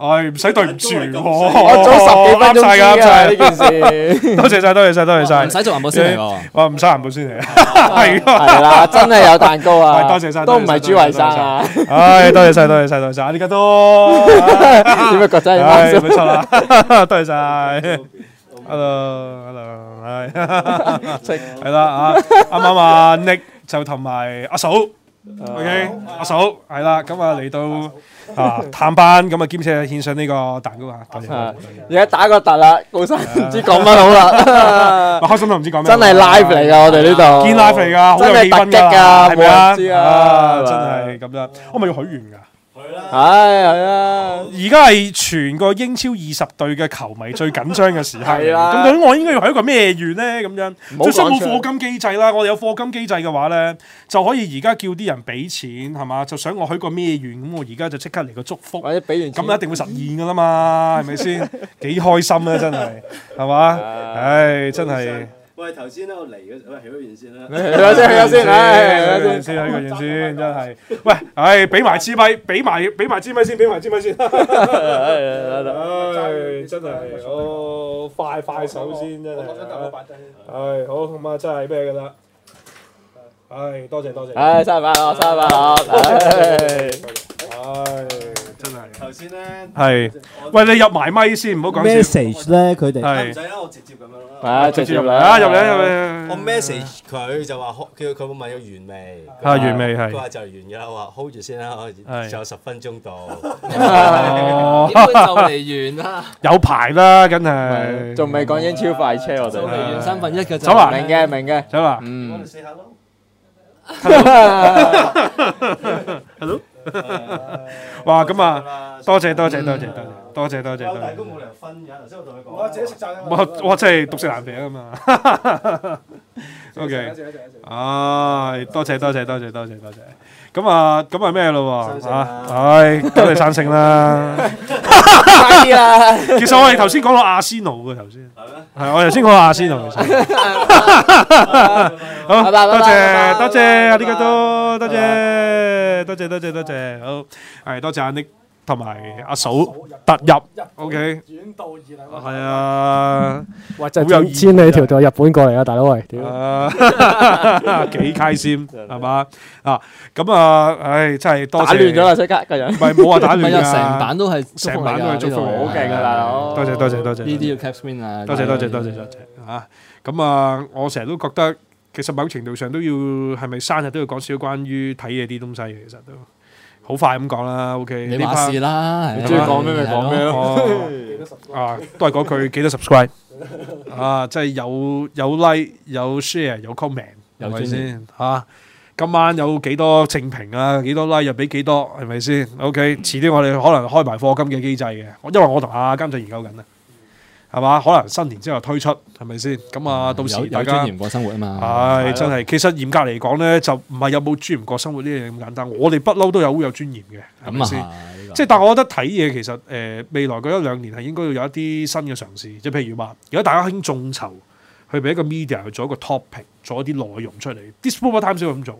哎，唔使對唔住，我早十幾分都啱曬嘅，啱曬呢件事。多謝曬，多謝曬，多謝曬。唔使做環保先嚟，我唔使環保先嚟。係啦，真係有蛋糕啊！多謝曬，都唔係煮衞生啊！哎，多謝曬，多謝曬，多謝曬。呢家都點解覺得？係咪錯啦？多謝曬。Hello，Hello，係。係啦，啱啱話 Nick 就同埋阿嫂。O.K. 阿嫂係啦，咁啊嚟到啊探班，咁啊兼且獻上呢個蛋糕啊，而家打個突啦，老濕唔知講乜好啦，開心都唔知講咩，真係 live 嚟噶，我哋呢度，堅 live 嚟噶，真係突擊噶，係咪啊？真係咁樣，我咪要許願噶。唉，係啊。而家係全個英超二十隊嘅球迷最緊張嘅時刻。係啦、 啊，咁究竟我應該要許一個咩願咧？咁樣即係冇課金機制啦。 我哋有課金機制嘅話咧，就可以而家叫啲人俾錢，係嘛？就想我許個咩願？咁我而家就即刻嚟個祝福。或者俾完咁，一定會實現噶啦嘛？係咪先？幾開心咧、啊，真係，係嘛？唉、 哎，真係。喂，頭先咧我嚟嗰陣，喂，起咗完先啦。頭先起咗先，起咗完先，起咗完先，真係。喂，唉，俾埋支咪，俾埋俾埋支咪先，俾埋支咪先。唉，真係，好快快手先，真係。唉，好，同埋真係咩嘅啦？唉，多謝多謝。唉，生日快樂，生日快樂，唉。頭先咧，係喂，你入埋咪先，唔好講 message 咧。佢哋係唔使啦，我直接咁樣咯。啊，直接入嚟啊，入嚟入嚟。我 message 佢就話叫佢，佢問要原味。啊，原味係。嗰話就完嘅啦，我 hold 住先啦，我仲有十分鐘到。哦，就嚟完啦。有排啦，梗係。仲未講英超快車，我哋。就嚟完三分一嘅就。明嘅，明嘅。走啦。嗯。我哋試下咯。Hello。哇！咁啊，多謝，多謝，多謝，多謝，多謝。多謝多謝，有大功冇理由分嘅。頭先我同你講，我自己食我我真係獨食難肥啊嘛。O K，多謝多謝多謝多謝多謝，咁啊，咁啊咩咯？吓，唉，都係散性啦。其實我哋頭先講到阿仙奴嘅頭先，係我頭先講阿仙奴好，多謝多謝阿呢個都，多謝多謝多謝多謝，好，係多謝你。同埋阿嫂突入，O K，遠道而嚟，係啊，哇，真係好有千里迢迢日本過嚟啊，大佬喂，屌，幾開心，係嘛啊，咁啊，唉，真係多謝打亂咗啦，即刻個人，唔係冇話打亂噶，成板都係，成板都係祝福你，好勁噶啦，大佬，多謝多謝多謝，呢啲要 cap win 啊，多謝多謝多謝多謝啊，咁啊，我成日都覺得，其實某程度上都要，係咪生日都要講少關於睇嘢啲東西嘅，其實都。好快咁講啦，OK，你話事啦，吧你中意講咩就講咩咯，啊，都係講記得 subscribe， 啊，即係有有 like 有 share 有 comment，係咪先？嚇對、啊，今晚有幾多正評啊？幾多 like 又俾幾多？係咪先？OK，遲啲我哋可能開埋課金嘅機制嘅，因為我同阿、啊、監製研究緊啊。係嘛？可能新年之後推出係咪先？咁啊，嗯、到時大家有有尊嚴過生活啊嘛？係、哎、真係，對了 其實嚴格嚟講咧，就唔係有冇尊嚴過生活呢樣嘢咁簡單。我哋不嬲都有好有尊嚴嘅，係咪先？啊、即係，但我覺得睇嘢其實誒、呃、未來嗰一兩年係應該要有一啲新嘅嘗試，即係譬如話，如果大家興眾籌去俾一個 media 去做一個 topic，做一啲內容出嚟，Dispatch Times 會咁做。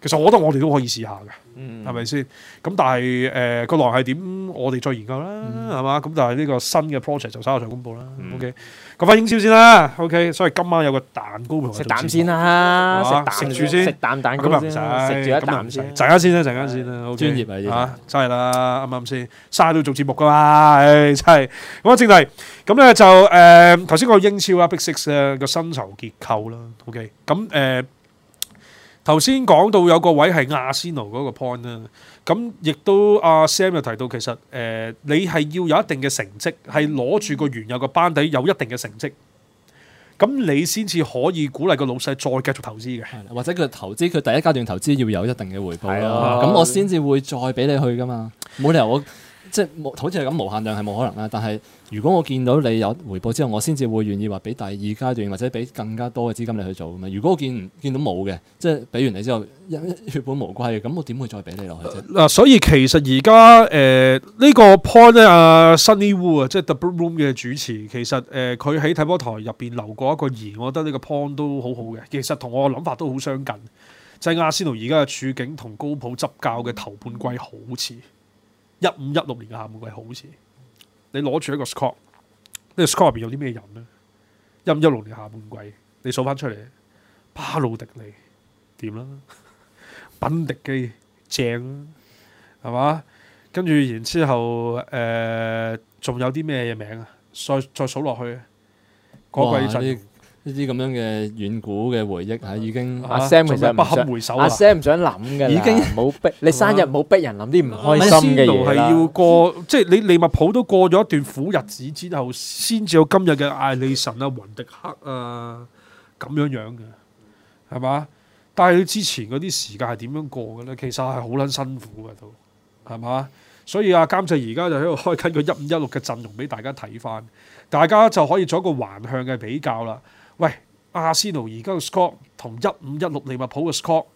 其實我覺得我哋都可以試下嘅。嗯，係咪先？咁但係，誒個來係點？我哋再研究啦，係嘛？咁但係呢個新嘅 project 就稍後再公布啦。OK，講翻英超先啦。OK，所以今晚有個蛋糕食蛋先啦，食蛋住先，食蛋蛋咁又唔使，食住一啖先。陣間先啦，陣間先啦。好專業係啊，真係啦，啱啱先？嘥都做節目㗎啦，唉，真係。咁啊，正題，咁咧就誒頭先個英超啦，Big Six 嘅薪酬結構啦。OK，咁誒。頭先講到有個位係阿仙奴嗰個 point 啦，咁亦都阿 Sam 又提到其實誒，你係要有一定嘅成績，係攞住個原有個班底有一定嘅成績，咁你先至可以鼓勵個老細再繼續投資嘅，或者佢投資佢第一階段投資要有一定嘅回報咯，咁的我先至會再俾你去噶嘛，冇理由我。即係好似係咁無限量係冇可能啦。但係如果我見到你有回報之後，我先至會願意話俾第二階段或者俾更加多嘅資金你去做。如果我見見到冇嘅，即係俾完你之後血本無歸咁我點會再俾你落去啫？嗱、呃，所以其實而家誒呢個 point 咧啊，Sunny Wu 啊，即係 Double Room 嘅主持，其實誒佢喺體波台入邊留過一個言。我覺得呢個 point 都好好嘅。其實同我諗法都好相近，就係阿仙奴而家嘅處境同高普執教嘅頭半季好似。一五一六年嘅下半季好似，你攞住一個 score，呢個 score 入邊有啲咩人呢？一五一六年下半季，你數翻出嚟，巴魯迪尼掂啦， 品迪基正啦、啊，係嘛？跟住然之後，誒、呃，仲有啲咩嘢名啊？再再數落去，嗰季陣。呢啲咁樣嘅遠古嘅回憶啊，已經阿 Sam 其實阿 Sam 唔想諗嘅啦，已經冇逼必吧你生日冇逼人諗啲唔開心嘅嘢係要過，嗯、即係你利物浦都過咗一段苦日子之後，先至有今日嘅艾利神啊、雲迪克啊咁樣樣嘅，係嘛？但係佢之前嗰啲時間係點樣過嘅呢？其實係好撚辛苦嘅都係嘛？所以阿、啊、監製而家就喺度開緊個一五一六嘅陣容俾大家睇翻，大家就可以做一個橫向嘅比較啦。喂，阿仙奴而家嘅 score 同一五一六利物浦嘅 score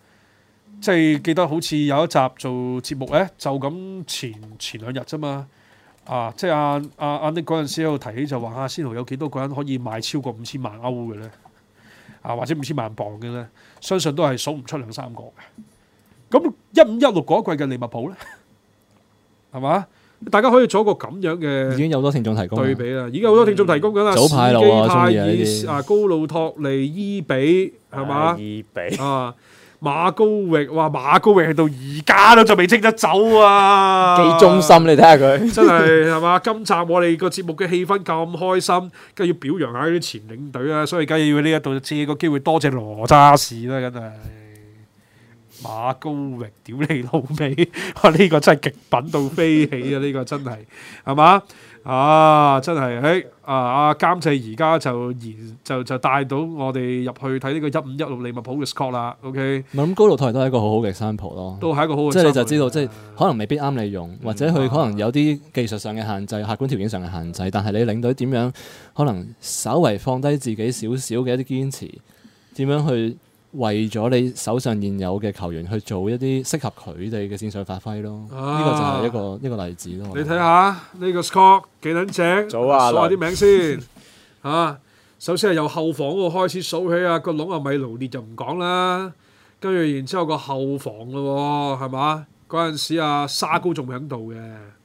即係記得好似有一集做節目咧，就咁前前兩日啫嘛，啊，即係阿阿阿 Nick 嗰陣時喺度提起就話阿仙奴有幾多個人可以賣超過五千萬歐嘅呢？啊，或者五千萬磅嘅呢？相信都係數唔出兩三個嘅。咁一五一六嗰一季嘅利物浦呢？係嘛？大家可以做一個咁樣嘅，已經有好多聽眾提供對比啦，嗯、已經有好多聽眾提供㗎啦。早排羅啊，高魯托利伊比係嘛？伊比啊，馬高域哇，馬高域係到而家都仲未清得走啊！幾忠心你睇下佢，真係係嘛？ 今集我哋個節目嘅氣氛咁開心，梗係要表揚下啲前領隊啊。所以梗係要呢一度借個機會多謝羅渣士啦，真係！馬高榮屌你老味，哇！呢、呢個真係極品到飛起啊！呢 個真係係嘛啊！真係，誒啊啊！監製而家就而就就帶到我哋入去睇呢個一五一六利物浦嘅 score 啦。OK，咁諗高路台都係一個好好嘅 sample 咯，都係一個好。即係你就知道，啊、即係可能未必啱你用，或者佢可能有啲技術上嘅限制、嗯啊、客觀條件上嘅限制。但係你領隊點樣，可能稍微放低自己少少嘅一啲堅持，點樣去？為咗你手上現有嘅球員去做一啲適合佢哋嘅線上發揮咯，呢、啊、個就係一個一個例子咯。你睇下呢個 score 幾撚正？啊、數下啲名先嚇、 啊。首先係由後防嗰個開始數起啊，個籠啊咪勞烈就唔講啦。跟住然之後個後防咯，係嘛？嗰陣時阿、啊、沙高仲喺度嘅，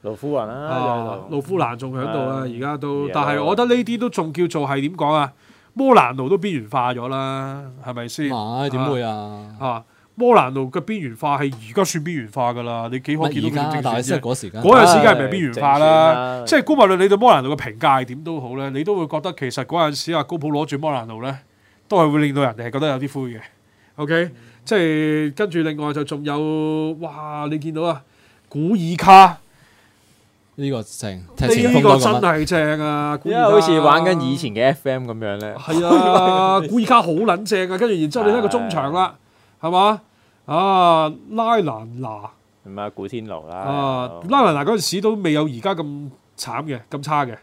盧夫蘭啊，啊盧夫蘭仲喺度啊，而家、嗯、都。但係我覺得呢啲都仲叫做係點講啊？摩蘭奴都邊緣化咗啦，係咪先？唔係點會啊？嚇、啊！摩蘭奴嘅邊緣化係而家算邊緣化噶啦，你幾可見到完整嘅？乜即係嗰時間，嗰陣時梗係唔係邊緣化啦？哎啊、即係估唔到你對摩蘭奴嘅評價點都好咧，你都會覺得其實嗰陣時啊，高普攞住摩蘭奴咧，都係會令到人哋係覺得有啲灰嘅。OK，、嗯、即係跟住另外就仲有哇！你見到啊，古爾卡。呢個正，呢個真係正啊！因為好似玩緊以前嘅 FM 咁樣咧，係啊，古爾卡好撚正啊！跟住、 啊、然之後咧，一個中場啦，係嘛？ 啊，拉蘭娜，咁啊，古天奴啦，啊，拉蘭娜嗰陣時都未有而家咁慘嘅，咁 差嘅，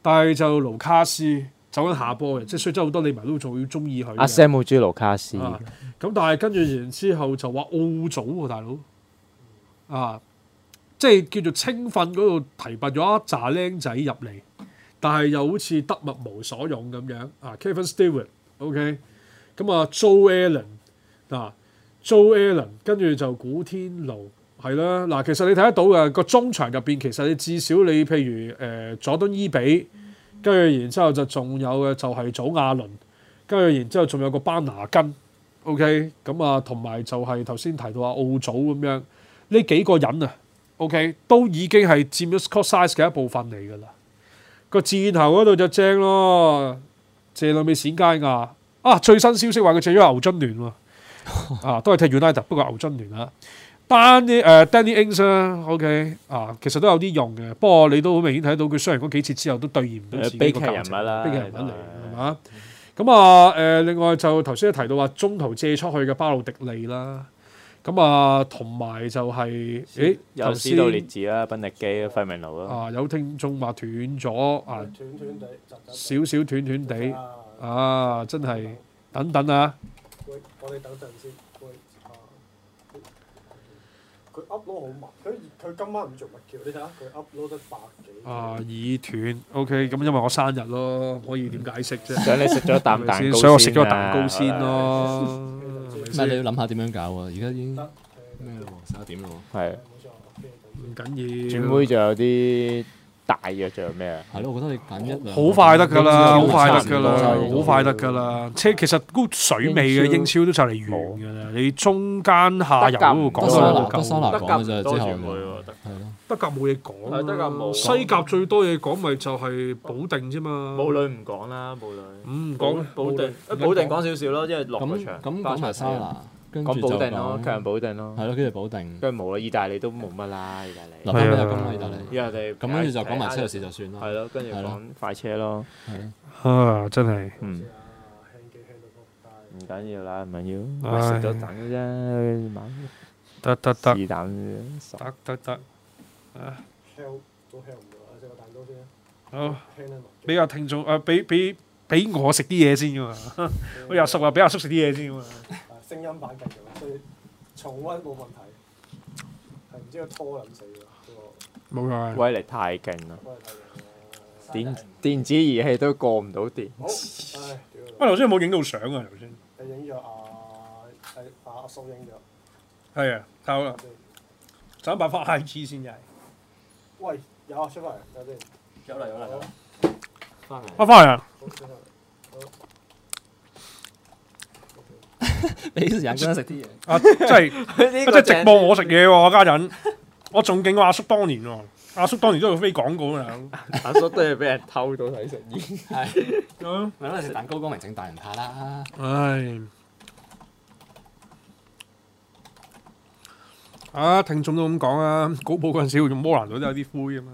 但係就盧卡斯走緊下波嘅，即係蘇州好多利迷都仲要中意佢。阿 Sir 好中意盧卡斯，咁、啊、但係跟住然之後就話澳組喎，大佬啊！啊。即係叫做青訓嗰度提拔咗一紮僆仔入嚟，但係又好似得物無所用咁樣。啊，Kevin Stewart，OK，、okay? 咁啊，Joe Allen 嗱、啊、Joe Allen，跟住就古天奴，係啦。嗱、啊，其實你睇得到嘅、那個中場入邊，其實你至少你譬如誒、呃、佐敦伊比，跟住然之後就仲有嘅就係祖亞倫，跟住然之後仲有個班拿根，OK，咁啊，同埋就係頭先提到阿奧祖咁樣呢幾個人啊。O.K. 都已經係佔咗 score size 嘅一部分嚟㗎啦。個箭頭嗰度就正咯。謝兩位閃街亞啊，最新消息話佢借咗牛津聯喎。啊，都係踢 United，不過牛津聯啊，單啲誒 Danny Ings 啦，O.K. 啊，其實都有啲用嘅。不過你都好明顯睇到佢傷完嗰幾次之後都兌現唔到。悲劇人物啦，悲劇人物嚟，係嘛？咁啊誒，另外就頭先提到話中途借出去嘅巴魯迪利啦。咁啊，同埋、嗯、就係、是，誒，頭先。由斯到列治啦，賓力基啊，費明奴啦。啊，有聽眾話斷咗啊，斷斷地，紮紮地少少斷斷地，啊，啊，真係，等等啊。喂，我哋等陣先。佢 upload 好密，佢今晚唔做乜嘢？你睇下佢 upload 得百幾？啊，已斷。OK，咁、嗯、因為我生日咯，可以點解釋啫？ 想你食咗一啖蛋糕，所以我食咗個蛋糕先咯。 你要諗下點樣搞啊？而家已經咩咯？十一點咯。嗯、係。唔緊要。轉杯就有啲。大約仲有咩啊？係咯，我覺得你揀一兩好快得㗎啦，好快得㗎啦，好快得㗎啦。車其實水尾嘅英超都就嚟完㗎啦。你中間下游嗰度講啊，德甲、德甲、德甲啫。之後，係咯。德甲冇嘢講。西甲最多嘢講咪就係保定啫嘛。冇壘唔講啦，冇壘。唔講保定，保定講少少咯，因為落嗰場。咁講埋德甲。講保定咯，強保定咯，係咯，跟住保定。跟住冇啦，意大利都冇乜啦，意大利。冧咩就咁啦，意大利。意大利。咁跟住就講埋車路士就算啦。係咯，跟住講快車咯。啊！真係。唔緊要啦，唔緊要食咗蛋嘅啫。得得得。是蛋嘅。得得得。好，俾個聽眾誒，俾俾俾我食啲嘢先㗎嘛！我阿叔又俾阿叔食啲嘢先㗎嘛！聲音版勁咗，所以重温冇問題。係唔知個拖撚死喎，個威力太勁啦。電電子儀器都過唔到電。好，喂！頭先有冇影到相啊？頭先，你影咗啊？係阿阿蘇影咗。係啊，好啦，想辦法開始先嘅。喂，有啊，出嚟，有啲，有嚟，有嚟，返返嚟啊！俾 人跟食啲嘢， 啊真係， 即係直播我食嘢喎家陣，我仲勁過 我阿叔當年，阿叔當年都要飛廣告咁阿叔都係俾人偷到睇食煙，係咁。可能食蛋糕，光明正大唔怕啦。唉，啊聽眾都咁講啊，古堡嗰陣時用摩蘭朵都有啲灰啊嘛，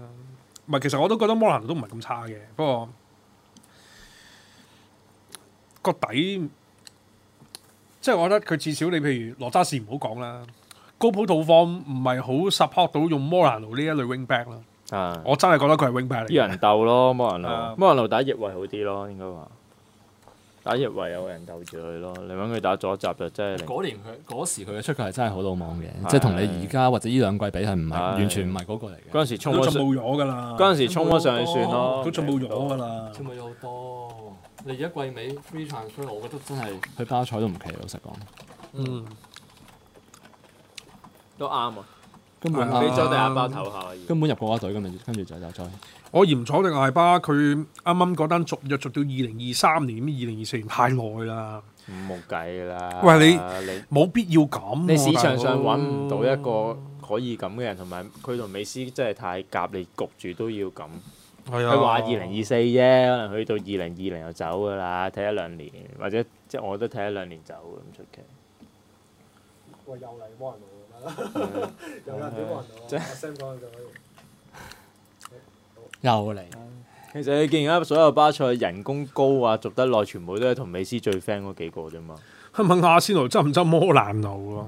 唔係，其實我都覺得摩蘭都唔係咁差嘅，不過個底。即係我覺得佢至少你譬如羅渣士唔好講啦，高普倒方唔係好 support 到用摩蘭奴呢一類 wingback 啦。我真係覺得佢係 wingback。啲人鬥咯，摩蘭奴，摩蘭奴打翼位好啲咯，應該話打翼位有人鬥住佢咯。你揾佢打左閘就真係。嗰年佢嗰時佢嘅出球係真係好魯莽嘅，即係同你而家或者呢兩季比係唔係完全唔係嗰個嚟嘅。嗰陣時衝咗上冇咗㗎啦。嗰陣時衝咗上算咯，嗰陣冇咗㗎啦，冇咗好多。你而家季尾 free 嘅場數，我覺得真係去巴塞都唔奇，老實講。嗯，都啱啊！根本你再第二包投下，根本入國家隊，跟住跟住就走咗。我嫌彩定捱巴，佢啱啱嗰單續約續到二零二三年，咁二零二四年太耐啦。冇計啦！喂，你你冇必要咁。你市場上揾唔到一個可以咁嘅人，同埋佢同美斯真係太夾，你焗住都要咁。佢話二零二四啫，可能去到二零二零又走噶啦，睇一兩年，或者即係我都睇一兩年走，唔出奇。哇！又嚟摩連奴，又有人點摩連奴？阿 Sam 講嘅就係又嚟。其實你見而家所有巴塞人工高啊，續得耐，全部都係同美斯最 friend 嗰幾個啫嘛。咁問下阿仙奴執唔執摩連奴啊？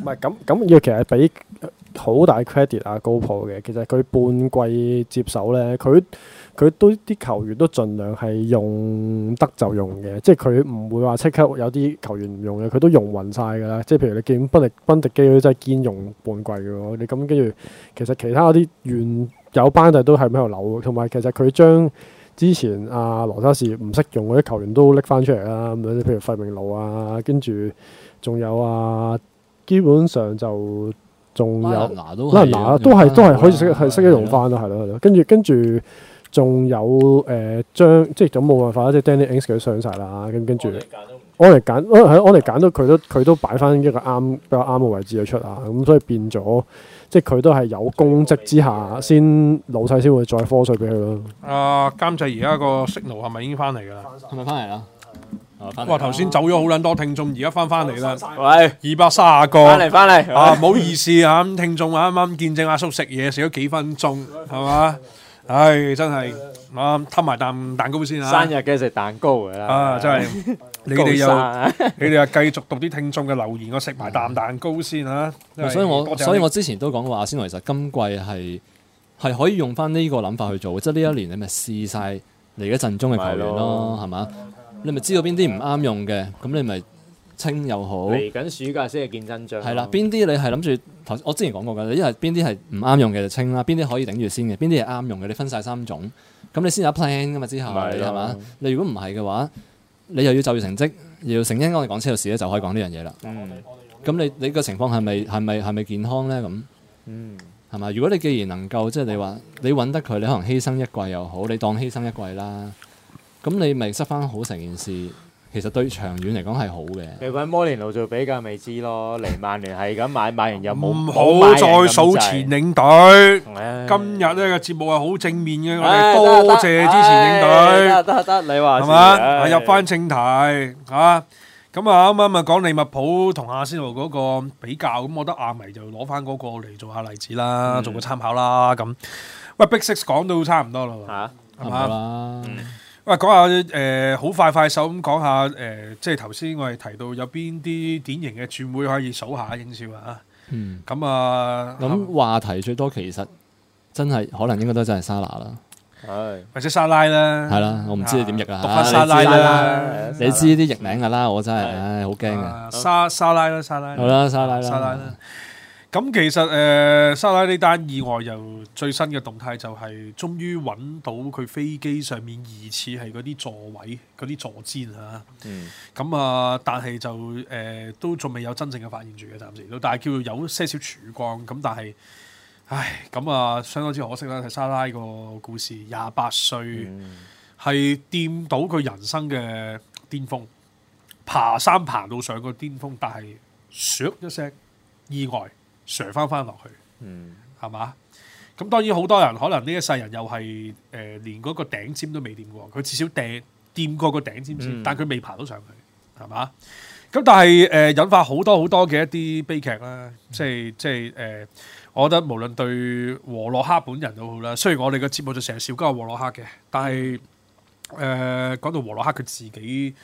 唔係咁咁要其實第一。好大 credit 啊！高普嘅其實佢半季接手咧，佢佢都啲球員都盡量係用得就用嘅，即係佢唔會話即刻有啲球員唔用嘅，佢都用勻晒㗎啦。即係譬如你見不力賓迪基嗰啲真係兼容半季嘅喎，你咁跟住其實其他啲原有班底都喺度扭，同埋其實佢將之前阿、啊、羅沙士唔識用嗰啲球員都拎翻出嚟啦咁樣，譬如費明奴啊，跟住仲有啊，基本上就。仲有，拉人嗱，都係，都係可以識，係識一用翻咯，係咯，係咯。跟住，跟住仲有誒，將即係咁冇辦法啦，即係 Danny Ings 佢都上晒啦。咁跟住，我嚟揀，我係嚟揀到佢都佢都擺翻一個啱比較啱嘅位置就出啊。咁所以變咗，即係佢都係有功績之下，先老細先會再科水俾佢咯。啊，監製，而家個 signal 係咪已經翻嚟噶啦？係咪翻嚟啊？哇！頭先走咗好撚多聽眾，而家翻翻嚟啦！喂，二百卅個翻嚟翻嚟啊！唔好意思啊，咁聽眾啊，啱啱見證阿叔食嘢食咗幾分鐘，係嘛？唉，真係啊，吞埋啖蛋糕先嚇！生日嘅食蛋糕㗎啦，啊真係！你哋又你哋又繼續讀啲聽眾嘅留言，我食埋啖蛋糕先嚇。所以我所以我之前都講話，先維實今季係係可以用翻呢個諗法去做，即係呢一年你咪試晒嚟緊陣中嘅球員咯，係嘛？你咪知，知道邊啲唔啱用嘅，咁你咪清又好。嚟緊暑假先係見真章。係啦，邊啲你係諗住頭？我之前講過噶，因為邊啲係唔啱用嘅就清啦，邊啲可以頂住先嘅，邊啲係啱用嘅，你分晒三種。咁你先有 plan 噶嘛？之後係嘛的？你如果唔係嘅話，你又要就業成績，又要成因。我哋講車路士咧，就可以講呢樣嘢啦。咁、嗯、你你個情況係咪係咪係咪健康咧？咁嗯係如果你既然能夠即係你話你揾得佢，你可能犧牲一季又好，你當犧牲一季啦。咁你咪執翻好成件事，其實對長遠嚟講係好嘅。你揾摩連奴做比較咪知咯，嚟曼聯係咁買買人又冇，唔好再數前領隊。今日呢個節目係好正面嘅，我哋多謝之前領隊。得得得，你話係嘛？入翻正題吓，咁啊啱啱咪講利物浦同阿仙奴嗰個比較，咁我覺得阿迷就攞翻嗰個嚟做下例子啦，做個參考啦。咁喂，Big Six 講到差唔多啦，係嘛？喂，講下誒，好、呃、快快手咁講下誒、呃，即係頭先我哋提到有邊啲典型嘅轉會可以數下，英超、嗯、啊，嗯，咁啊，咁話題最多其實真係可能應該都真係沙拿啦，係是或者沙拉啦，係啦，我唔知你點譯啊，讀翻沙拉啦，你知啲譯名噶啦，我真係，唉是，好驚嘅，沙沙拉啦，沙拉，好啦，沙拉啦，沙拉啦。咁其實誒、呃、沙拉呢單意外又最新嘅動態就係、是、終於揾到佢飛機上面疑似係嗰啲座位嗰啲坐墊嚇，咁、嗯、啊但係就誒都仲未有真正嘅發現住嘅暫時都，但係叫做有些少曙光咁，但係唉咁啊相當之可惜啦，睇沙拉個故事，廿八歲係掂、嗯、到佢人生嘅巔峰，爬山爬，爬到上個巔峰，但係咻一聲意外。s h a r 翻翻落去，嗯，係嘛？咁當然好多人可能呢一世人又係誒、呃、連嗰個頂尖都未掂過，佢至少掟掂過個頂尖先，嗯、但佢未爬到上去，係嘛？咁但係誒、呃、引發好多好多嘅一啲悲劇啦，即係即係誒，我覺得無論對和洛克本人都好啦。雖然我哋嘅節目就成日笑鳩阿沃洛克嘅，但係誒、呃、講到和洛克佢自己，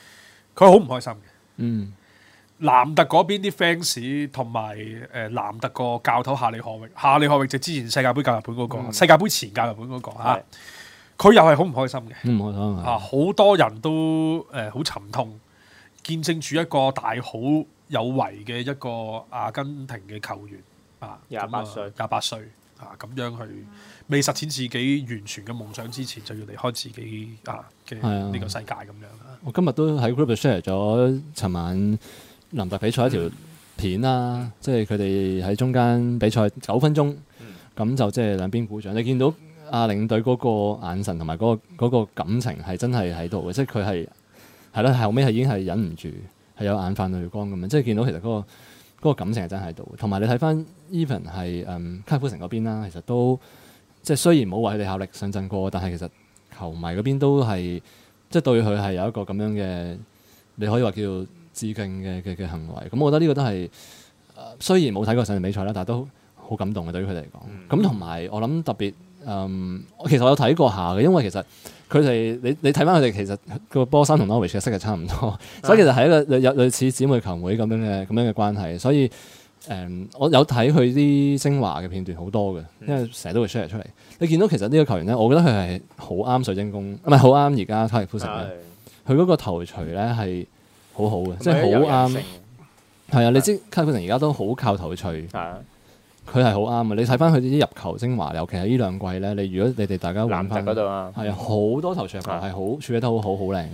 佢好唔開心嘅，嗯。南特嗰邊啲 fans 同埋誒南特個教頭夏利荷域，夏利荷域就之前世界杯教日本嗰、那個，嗯、世界杯前教日本嗰、那個吓，佢又係好唔開心嘅，唔開心啊！好多人都誒好、呃、沉痛，見證住一個大好有為嘅一個阿根廷嘅球員啊，廿八歲廿八歲啊，咁、啊、樣去未實踐自己完全嘅夢想之前，就要離開自己啊嘅呢個世界咁樣、啊啊。我今日都喺 group share 咗，尋晚。林特比賽一條片啦，嗯、即係佢哋喺中間比賽九分鐘，咁就、嗯、即係兩邊鼓掌。你見到阿領隊嗰個眼神同埋嗰個感情係真係喺度嘅，即係佢係係啦，後尾係已經係忍唔住，係有眼泛淚光咁樣。即係見到其實嗰、嗰個嗰個感情係真喺度。同埋你睇翻 even 係嗯卡夫城嗰邊啦，其實都即係雖然冇為佢哋效力上陣過，但係其實球迷嗰邊都係即係對佢係有一個咁樣嘅，你可以話叫致敬嘅嘅嘅行為，咁、嗯、我覺得呢個都係雖然冇睇過上次比賽啦，但係都好感動嘅對於佢哋嚟講。咁同埋我諗特別，嗯，其實我有睇過下嘅，因為其實佢哋你你睇翻佢哋其實個波衫同 Owage 嘅色係差唔多，嗯、所以其實係一個類類似姊妹球會咁樣嘅咁樣嘅關係。所以誒、嗯，我有睇佢啲精華嘅片段好多嘅，因為成日都會 share 出嚟。你見到其實呢個球員咧，我覺得佢係好啱水晶宮，唔係好啱而家卡列夫城。佢嗰個頭槌咧係。好好嘅，即係好啱。係啊，你知卡普人而家都好靠頭槌，佢係好啱啊。你睇翻佢啲入球精華，尤其係呢兩季咧。你如果你哋大家南特嗰度啊，係啊，好多頭槌係好處理得好好好靚。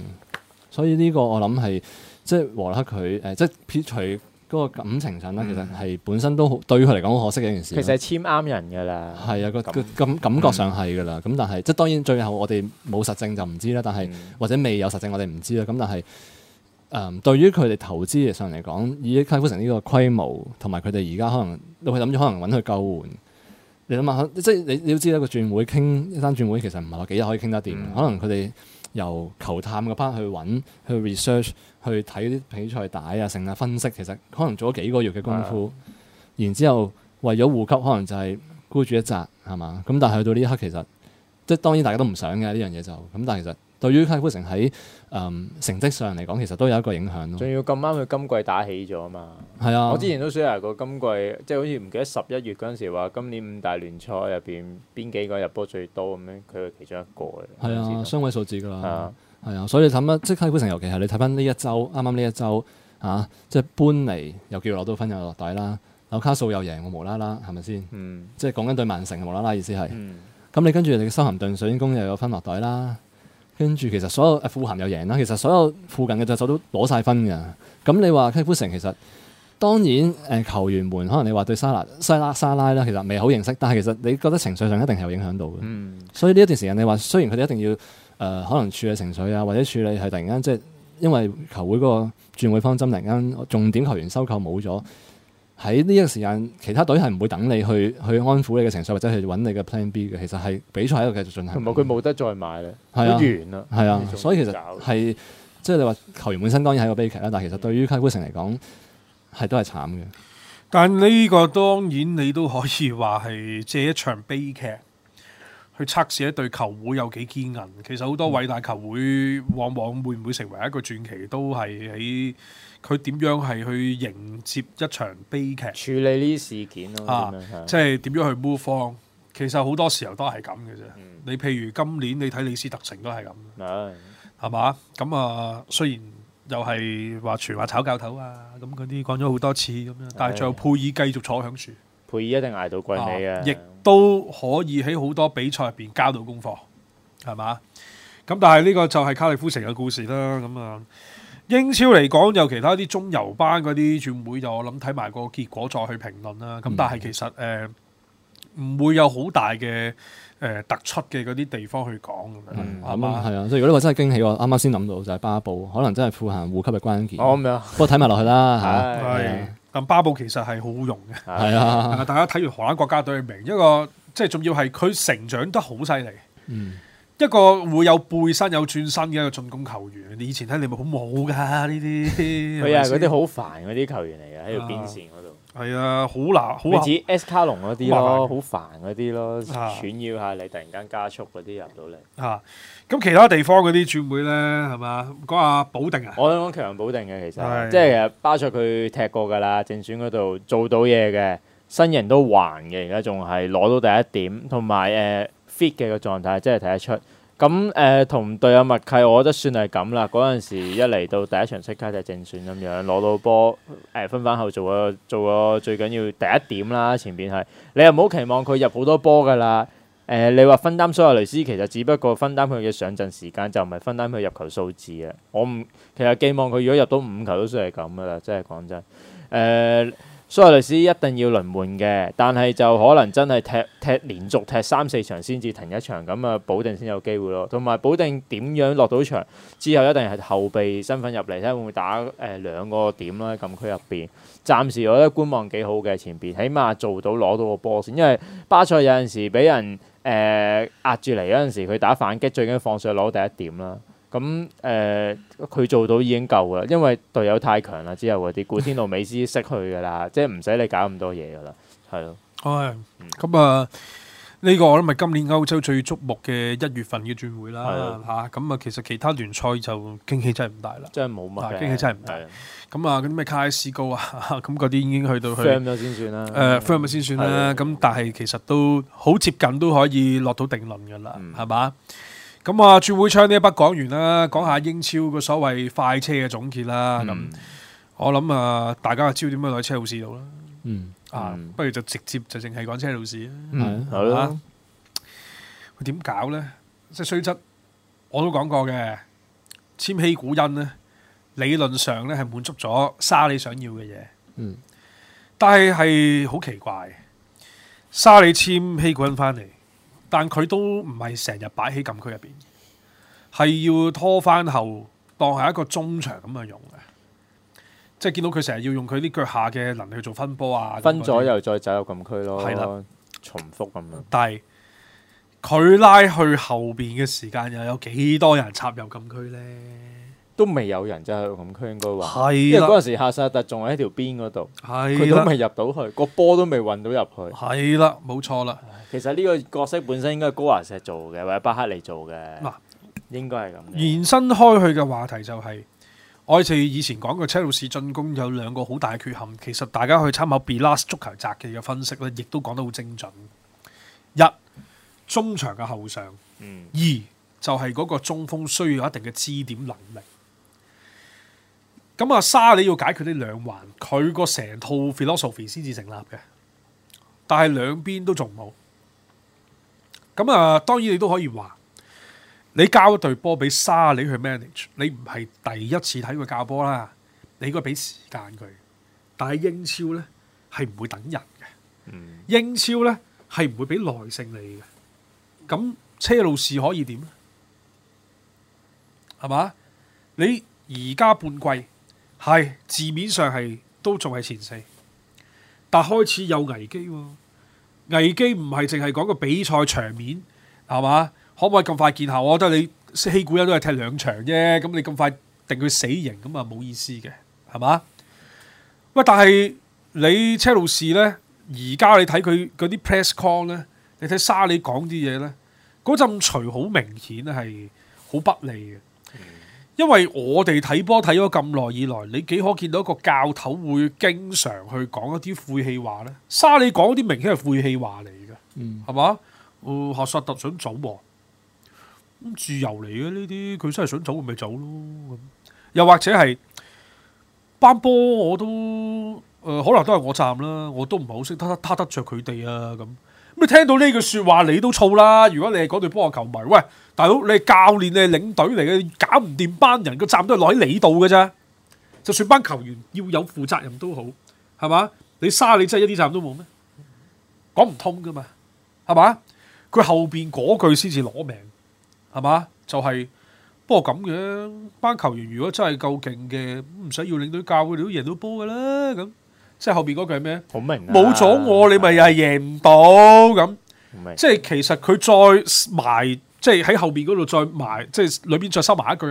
所以呢個我諗係即係和拉克佢誒，即係撇除嗰個感情上啦，其實係本身都好對於佢嚟講好可惜嘅一件事。其實係籤啱人㗎啦，係啊，個感感覺上係㗎啦。咁但係即係當然最後我哋冇實證就唔知啦。但係或者未有實證，我哋唔知啦。咁但係。誒，對於佢哋投資嘅上嚟講，以嘉富城呢個規模，同埋佢哋而家可能，佢諗住可能揾佢救援。你諗下，即係你你要知啦，個轉會傾一單轉會其實唔係話幾日可以傾得掂，可能佢哋由球探嗰班去揾去 research 去睇啲比賽帶啊成啊分析，其實可能做咗幾個月嘅功夫，然之後為咗護級，可能就係孤注一擲係嘛？咁但係去到呢一刻，其實即係當然大家都唔想嘅呢樣嘢就咁，但係其實。對於卡富城喺成績上嚟講，其實都有一個影響咯。仲要咁啱佢今季打起咗嘛？係啊！我之前都 share 過今季，即係好似唔記得十一月嗰陣時話，今年五大聯賽入邊邊幾個入波最多咁樣，佢係其中一個嘅。係啊，雙位數字㗎啦。係啊，所以你睇翻，即係卡富城，尤其係你睇翻呢一周，啱啱呢一周，嚇，即係搬嚟又叫攞到分又落袋啦，紐卡素又贏，我無啦啦係咪先？即係講緊對曼城係無啦啦意思係。嗯。咁你跟住你嘅修咸頓水工又有分落袋啦。跟住其實所有，誒富咸又贏啦。其實所有附近嘅對手都攞晒分㗎。咁你話基夫城其實當然，誒、呃、球員們可能你話對沙拉、西拉、沙拉啦，其實未好認識。但係其實你覺得情緒上一定係有影響到嘅。嗯、所以呢一段時間，你話雖然佢哋一定要誒、呃、可能處理情緒啊，或者處理係突然間即係、就是、因為球會個轉會方針突然間重點球員收購冇咗。喺呢一個時間，其他隊係唔會等你去去安撫你嘅情緒，或者去揾你嘅 Plan B 嘅。其實係比賽喺度繼續進行。佢冇得再買啦，好完啦。係啊，啊所以其實係即係你話球員本身當然係一個悲劇啦，但係其實對於卡布城嚟講係都係慘嘅。但呢個當然你都可以話係借一場悲劇，去測試一隊球會有幾堅韌。其實好多偉大球會往往會唔會成為一個傳奇，都係喺。佢點樣係去迎接一場悲劇？處理呢啲事件咯，啊，即係點樣去 move on？其實好多時候都係咁嘅啫。你譬如今年你睇李斯特城都係咁、嗯，係嘛？咁啊，雖然又係話傳話炒教頭啊，咁嗰啲講咗好多次咁樣，但係最後佩爾繼續坐響樹，佩爾一定捱到季尾嘅，亦都可以喺好多比賽入邊交到功課，係嘛？咁但係呢個就係卡利夫城嘅故事啦，咁啊。英超嚟講，有其他啲中游班嗰啲轉會，就我諗睇埋個結果再去評論啦。咁、嗯、但係其實誒，唔、呃、會有好大嘅誒突出嘅嗰啲地方去講咁樣係啊，所以如果呢個真係驚喜，我啱啱先諗到就係巴布，可能真係富咸護級嘅關鍵。哦、是不，是不過睇埋落去啦，係、啊。係、啊，但、啊啊、巴布其實係好用嘅，係啊。啊啊啊 大家睇完荷蘭國家隊，明一個即係仲要係佢成長得好犀利。嗯。一個會有背身、有轉身嘅一個進攻球員，你以前睇你咪好冇噶呢啲。佢又係，嗰啲好煩嗰啲球員嚟噶，喺度邊線嗰度。係啊，好難。你指 S 卡龍嗰啲咯，好煩嗰啲咯，攪擾下你突然間加速嗰啲入到嚟。嚇！咁其他地方嗰啲轉會咧係嘛？講下保定啊！我都講強保定嘅其實，即係巴塞佢踢過㗎啦，正選嗰度做到嘢嘅，新人都還嘅，而家仲係攞到第一點，同埋誒。fit 嘅個狀態，真係睇得出。咁誒同隊友默契，我覺得算係咁啦。嗰陣時一嚟到第一場即刻就正選咁樣攞到波，誒、呃、分翻後做個做個最緊要第一點啦。前邊係你又唔好期望佢入好多波㗎啦。誒、呃、你話分擔蘇亞雷斯，其實只不過分擔佢嘅上陣時間，就唔係分擔佢入球數字啊。我唔其實寄望佢如果入到五球都算係咁㗎啦。真係講真，誒、呃。蘇亞雷斯一定要輪換嘅，但係就可能真係踢踢連續踢三四場先至停一場咁啊，保定先有機會咯。同埋保定點樣落到場之後，一定係後備身份入嚟睇下會唔會打誒、呃、兩個點啦。禁區入邊暫時我覺得觀望幾好嘅，前邊起碼做到攞到個波先，因為巴塞有陣時俾人誒、呃、壓住嚟嗰陣時，佢打反擊最緊要放上去攞第一點啦。咁誒，佢、呃、做到已經夠啦，因為隊友太強啦，之後嗰啲古天樂、美斯識去噶啦， 即係唔使你搞咁多嘢噶啦，係咯。咁啊，呢、這個我諗係今年歐洲最矚目嘅一月份嘅轉會啦。嚇，咁啊，其實其他聯賽就驚喜真係唔大啦。真係冇乜驚喜真係唔大。咁是的 啊，嗰啲咩卡斯高啊，咁嗰啲已經去到去 firm 咗先算啦。誒 firm 咗先、嗯呃、算啦。咁是的、嗯、但係其實都好接近，都可以落到定論噶啦，係嘛？咁啊，轉會窗呢一筆講完啦，講下英超個所謂快車嘅總結啦。咁、嗯、我諗啊，大家嘅焦點都喺車路士度啦。嗯，啊，不如就直接就淨係講車路士啦。係、嗯啊、啦，佢點、啊、搞咧？即係雖則，我都講過嘅。簽希古恩咧，理論上咧係滿足咗沙里想要嘅嘢。嗯，但係係好奇怪，沙里簽希古恩翻嚟。但佢都唔係成日擺喺禁區入邊，係要拖返後當係一個中場咁樣用嘅，即係見到佢成日要用佢啲腳下嘅能力去做分波啊，分左右再走入禁區咯，係啦了，重複咁樣。但係佢拉去後邊嘅時間又有幾多人插入禁區咧？都未有人就係紅區應該話，因為嗰陣時夏薩特仲喺條邊嗰度，佢的都未入到去，個波都未運到入去。係啦，冇錯啦。其實呢個角色本身應該係高華石做嘅，或者巴克利做嘅。嗱、啊，應該係咁。延伸開去嘅話題就係、是，我似以前講過，車路士進攻有兩個好大嘅缺陷。其實大家去參考 BeLast 足球雜誌嘅分析咧，亦都講得好精準。一中場嘅後上，二就係、是、嗰個中鋒需要一定嘅支點能力。咁啊，沙里你要解決呢兩環，佢個成套 philosophy 先至成立嘅。但係兩邊都仲冇。咁啊，當然你都可以話，你交一隊波俾沙里去 age，你去 manage，你唔係第一次睇佢教波啦。你應該俾時間佢。但係英超咧係唔會等人嘅，嗯、英超咧係唔會俾耐性你嘅。咁車路士可以點咧？係咪？你而家半季？係字面上係都仲係前四，但開始有危機喎、哦。危機唔係淨係講個比賽場面係嘛？可唔可以咁快見效？我覺得你希古恩都係踢兩場啫，咁你咁快定佢死刑，咁啊，冇意思嘅係嘛？喂，但係你車路士呢？而家你睇佢嗰啲 press call 呢？你睇沙里講啲嘢呢？嗰陣除好明顯係好不利嘅。因為我哋睇波睇咗咁耐以來，你幾可見到一個教頭會經常去講一啲晦氣話呢？沙里講啲明顯係晦氣話嚟嘅，係嘛、嗯呃啊？嗯，哈薩特想走，走、啊，咁自由嚟嘅呢啲，佢真係想走咪走咯，又或者係班波我都誒、呃，可能都係我站啦，我都唔係好識，得他得着佢哋啊咁。你聽到呢句說話，你都燥啦。如果你係嗰隊波嘅球迷，喂。大佬，你係教練，你係領隊嚟嘅，搞唔掂班人，個責任都係落喺你度嘅啫。就算班球員要有負責任都好，係嘛？你沙你真係一啲責任都冇咩？講唔通噶嘛，係嘛？佢後邊嗰句先至攞命，係嘛？就係、是、不過咁樣，班球員如果真係夠勁嘅，唔使要領隊教佢哋都贏到波噶啦。咁即係後邊嗰句係咩？冇咗、啊、我，你咪又係贏唔到咁。即係其實佢再埋。即係喺後面嗰度再埋，即係裏邊再收埋一句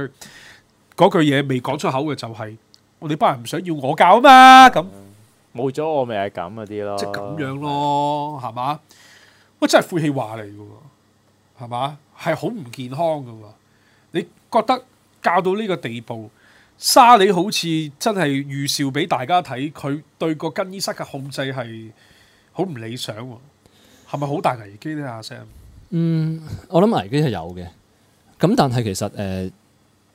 嗰句嘢，未講出口嘅就係、是、我哋班人唔想要我教啊嘛，咁冇咗我咪係咁嗰啲咯。即係咁樣咯，係嘛、嗯？喂，我真係晦氣話嚟噶，係嘛？係好唔健康噶。你覺得教到呢個地步，沙里好似真係預兆俾大家睇，佢對個更衣室嘅控制係好唔理想喎。係咪好大危機呢？阿、啊、Sam？嗯，我諗危機係有嘅，咁但係其實誒，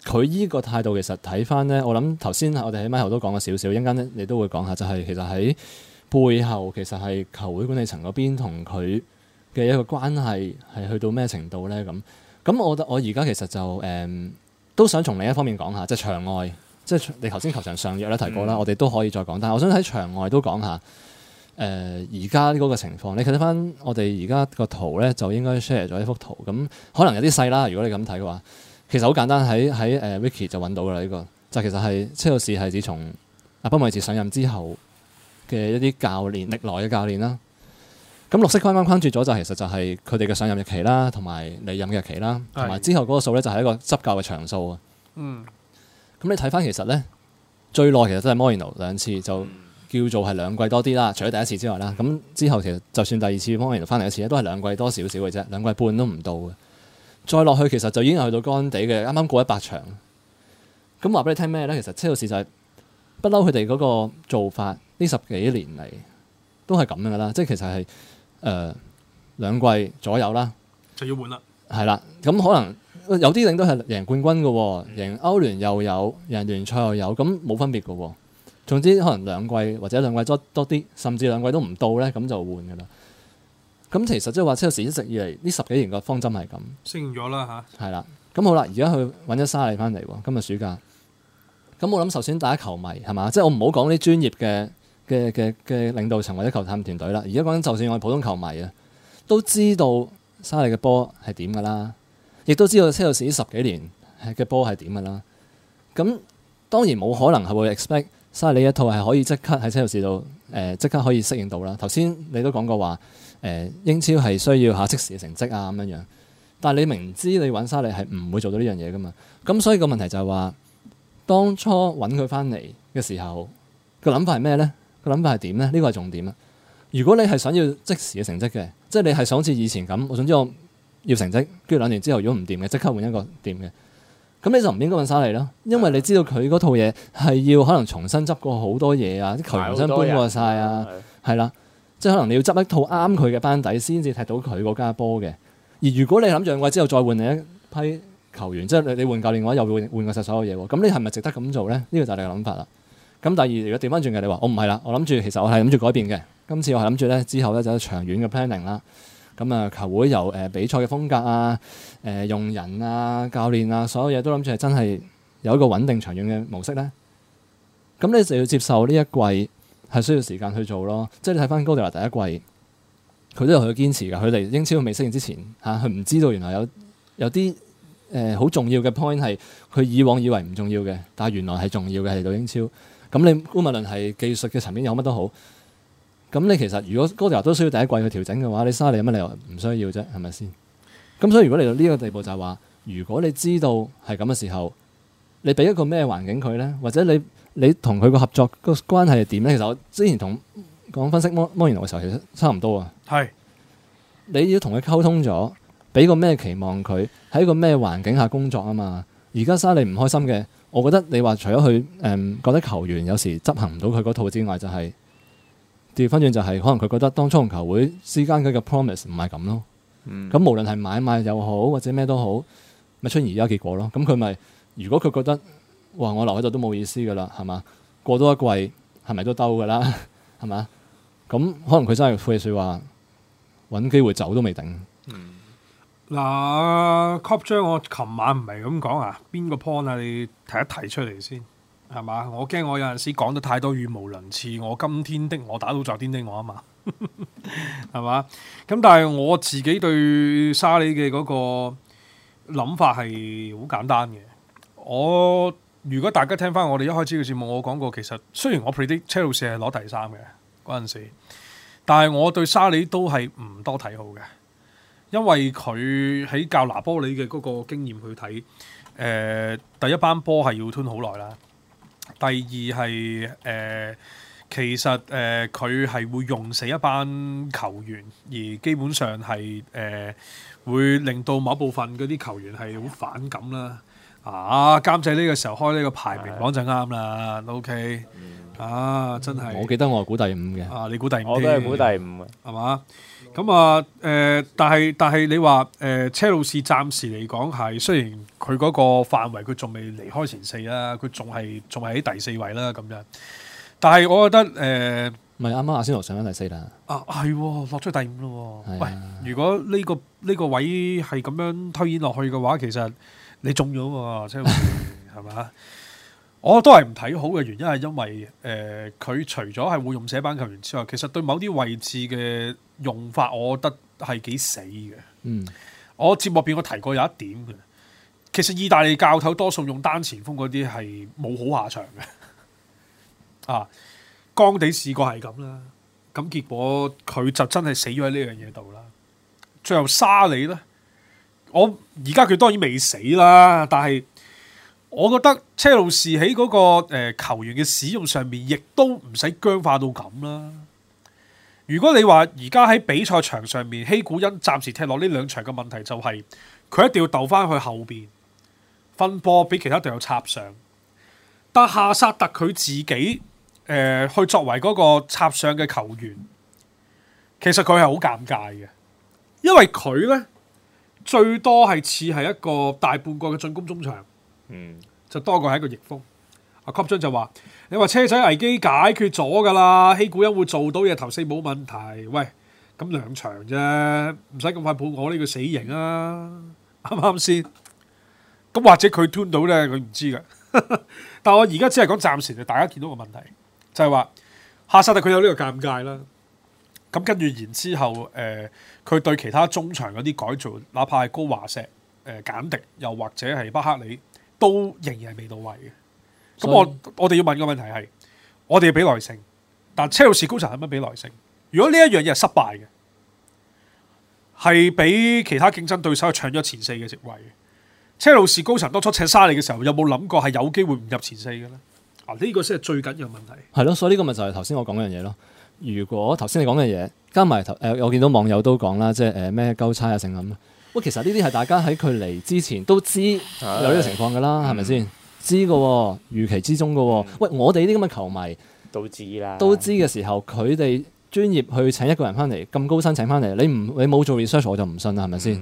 佢、呃、依個態度其實睇翻咧，我諗頭先我哋喺咪後都講咗少少，一陣間咧你都會講下，就係、是、其實喺背後其實係球會管理層嗰邊同佢嘅一個關係係去到咩程度咧？咁，咁我覺得我而家其實就誒、呃、都想從另一方面講下，即、就、係、是、場外，即、就、係、是、你頭先球場上約咧提過啦，嗯、我哋都可以再講，但係我想喺場外都講下。誒而家呢個情況，你睇翻我哋而家個圖咧，就應該 share 咗一幅圖。咁可能有啲細啦，如果你咁睇嘅話，其實好簡單。喺喺誒 Wiki 就揾到噶啦，呢、呢個就其實係車路士係指從阿波米治上任之後嘅一啲教練，歷來嘅教練啦。咁綠色框框框住咗，就其實就係佢哋嘅上任，期任日期啦，同埋離任嘅日期啦，同埋之後嗰個數咧就係一個執教嘅長數啊。咁、嗯、你睇翻其實咧，最耐其實都係 Mourinho 兩次就。叫做係兩季多啲啦，除咗第一次之外啦，咁、嗯、之後其實就算第二次幫佢翻嚟一次咧，都係兩季多少少嘅啫，兩季半都唔到嘅。再落去其實就已經去到乾地嘅，啱啱過一百場。咁話俾你聽咩呢？其實車路士就係不嬲，佢哋嗰個做法呢十幾年嚟都係咁樣噶啦，即係其實係誒、呃、兩季左右啦，就要換啦。係啦，咁可能有啲隊都係贏冠軍嘅，贏歐聯又有，贏聯賽又有，咁冇分別嘅喎。總之，可能兩季或者兩季多多啲，甚至兩季都唔到呢，咁就換噶啦。咁其實即係話，車路士一直以嚟呢十幾年個方針係咁升咗啦吓，係啦。咁好啦，而家去揾咗沙利翻嚟喎。今日暑假咁，我諗首先大家球迷係嘛，即係我唔好講啲專業嘅嘅嘅嘅領導層或者球探團隊啦。而家講緊，就算我係普通球迷啊，都知道沙利嘅波係點噶啦，亦都知道車路士十幾年嘅波係點噶啦。咁當然冇可能係會 expect。沙利一套係可以即刻喺車路士度，誒、呃、即刻可以適應到啦。頭先你都講過話，誒、呃、英超係需要下即時嘅成績啊咁樣樣。但係你明知你揾沙利係唔會做到呢樣嘢噶嘛，咁所以個問題就係話，當初揾佢返嚟嘅時候，個諗法係咩咧？個諗法係點咧？呢個係重點啊！如果你係想要即時嘅成績嘅，即係你係想似以前咁，我想知我要成績，跟住兩年之後如果唔掂嘅，即刻換一個掂嘅。咁你就唔應該揾曬嚟咯，因為你知道佢嗰套嘢係要可能重新執過好多嘢啊，啲球員重新搬過晒啊，係啦，即係的、就是、可能你要執一套啱佢嘅班底先至踢到佢嗰家波嘅。而如果你諗住換季之後再換另一批球員，即係你你換教練嘅話，又會換過曬所有嘢喎。咁你係咪值得咁做咧？呢個就係你嘅諗法啦。咁第二，如果調翻轉嘅你話，我唔係啦，我諗住其實我係諗住改變嘅。今次我係諗住咧，之後咧就有長遠嘅 planning 啦。咁啊，球會有誒、呃、比賽嘅風格啊、誒、呃、用人啊、教練啊，所有嘢都諗住係真係有一個穩定長遠嘅模式咧。咁你就要接受呢一季係需要時間去做咯。即係你睇翻高迪娜第一季，佢都有佢嘅堅持㗎。佢嚟英超未適應之前吓，佢、啊、唔知道原來有有啲誒好重要嘅 point 係佢以往以為唔重要嘅，但係原來係重要嘅嚟到英超。咁你姑勿論係技術嘅層面有乜都好。咁你其實如果高德都需要第一季去調整嘅話，你沙利有乜理由唔需要啫？係咪先？咁所以如果嚟到呢個地步就係話，如果你知道係咁嘅時候，你俾一個咩環境佢呢？或者你你同佢個合作個關係係點呢？其實我之前同講分析摩摩連奴嘅時候，其實差唔多啊。係是你要同佢溝通咗，俾個咩期望佢喺個咩環境下工作啊嘛？而家沙利唔開心嘅，我覺得你話除咗佢誒覺得球員有時執行唔到佢嗰套之外，就係、是。調翻轉就係可能佢覺得當初同球會之間佢嘅 promise 唔係咁咯，咁、嗯、無論係買賣又好或者咩都好，咪出現而家結果咯。咁佢咪如果佢覺得嘩我留喺度都冇意思㗎啦，係嘛？過多一季係咪都兜㗎啦，係嘛？咁可能佢真係會廢話，揾機會走都未定。嗱 c o 我琴晚唔係咁講啊，邊個 point 啊？你提一提出嚟先。係嘛？我驚我有陣時講得太多語無倫次。我今天的我打到昨天的我啊嘛，係 嘛？咁但係我自己對沙利嘅嗰個諗法係好簡單嘅。我如果大家聽翻我哋一開始嘅節目，我講過，其實雖然我 predict 車路士係攞第三嘅嗰陣時，但係我對沙利都係唔多睇好嘅，因為佢喺教拿波利嘅嗰個經驗去睇，誒、呃，第一班波係要吞好耐啦。第二係誒、呃，其實誒佢係會用死一班球員，而基本上係誒、呃、會令到某部分嗰啲球員係好反感啦、啊。啊，監製呢個時候開呢個排名榜就啱啦。係嘅。OK，啊，真係我記得我係估第五嘅。啊，你估第五，我都係估第五嘅，係嘛？咁啊，誒、嗯呃，但係但係你話，誒、呃，車路士暫時嚟講係，雖然佢嗰個範圍佢仲未離開前四啦，佢仲係仲喺第四位啦咁樣。但係我覺得誒，唔啱啱阿仙奴上緊第四啦，啊，係落咗第五咯。的喂，如果呢、這個呢、這個位係咁樣推演落去嘅話，其實你中咗喎、啊，車路士係咪？ 我都係唔睇好嘅原因係因為，誒、呃、佢除咗係會用這班球員之外，其實對某啲位置嘅用法，我覺得係幾死嘅。嗯，我節目邊我提過有一點嘅，其實意大利教頭多數用單前鋒嗰啲係冇好下場嘅。 啊，剛地試過係咁啦，咁結果佢就真係死咗喺呢樣嘢度啦。最後沙里咧，我而家佢當然未死啦，但係。我覺得車路士喺嗰、那個誒、呃、球員嘅使用上面，亦都唔使僵化到咁啦。如果你話而家喺比賽場上面，希古恩暫時踢落呢兩場嘅問題就係、是、佢一定要逗翻去後邊分波俾其他隊友插上，但夏薩特佢自己誒、呃、去作為嗰個插上嘅球員，其實佢係好尷尬嘅，因為佢呢，最多係似係一個大半個嘅進攻中場。嗯，就多過係一個逆風。阿吸津就話：你話車仔危機解決咗噶啦，希古恩會做到嘢頭四冇問題。喂，咁兩場啫，唔使咁快判我呢個死刑啊！啱啱先？咁或者佢 turn 到呢？佢唔知噶。但我而家只係講暫時，就大家見到個問題就係、是、話，哈薩特佢有呢個尷尬啦。咁跟住然之後，誒、呃，佢對其他中場嗰啲改造，哪怕係高華石、誒、呃、簡迪，又或者係巴克里。都仍然係未到位嘅，咁以我我哋要問個問題係，我哋要俾耐性，但車路士高層係乜俾耐性？如果呢一樣嘢係失敗嘅，係俾其他競爭對手係搶咗前四嘅席位嘅。車路士高層當初請沙尼嘅時候，有冇諗過係有機會唔入前四嘅咧？啊，呢、這個先係最緊要嘅問題。係咯，所以呢個咪就係頭先我講嘅樣嘢咯。如果頭先你講嘅嘢，加埋頭誒，我見到網友都講啦，即係誒咩交差叉性咁。喂，其實呢啲係大家喺佢嚟之前都知有呢個情況嘅啦，係咪先？知嘅預期之中嘅。嗯、喂，我哋呢啲咁嘅球迷都知啦，都知嘅時候，佢哋專業去請一個人翻嚟咁高薪請翻嚟，你唔你冇做 research 我就唔信啦，係咪先？咁、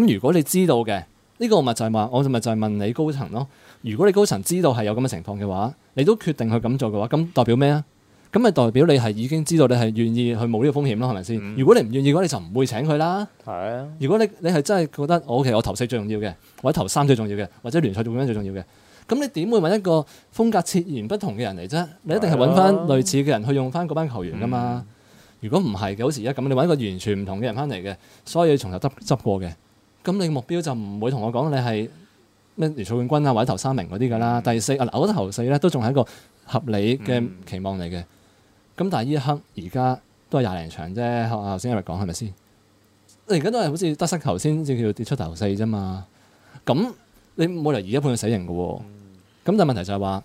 嗯、如果你知道嘅呢、呢個、就係，咪就係問我，咪就係問你高層咯。如果你高層知道係有咁嘅情況嘅話，你都決定去咁做嘅話，咁代表咩啊？咁咪代表你係已經知道你係願意去冒呢個風險咯，係咪先？嗯、如果你唔願意嘅話，你就唔會請佢啦。係是啊！如果你你係真係覺得我 OK，我頭四最重要嘅，或者頭三最重要嘅，或者聯賽冠軍最重要嘅，咁你點會揾一個風格截然不同嘅人嚟啫？你一定係揾翻類似嘅人去用翻嗰班球員噶嘛？嗯、如果唔係嘅，好似而家咁，你揾一個完全唔同嘅人翻嚟嘅，所有嘢從頭執執過嘅，咁你目標就唔會同我講你係咩聯賽冠軍啊，或者頭三名嗰啲噶啦，嗯、第四啊我覺得頭四咧都仲係一個合理嘅期望嚟嘅。咁但係呢一刻而家都係廿零場啫，學校先入嚟講係咪先？你而家都係好似得失球先至叫跌出頭四啫嘛。咁你冇理由而家判佢死刑嘅喎、哦。咁但係問題就係話，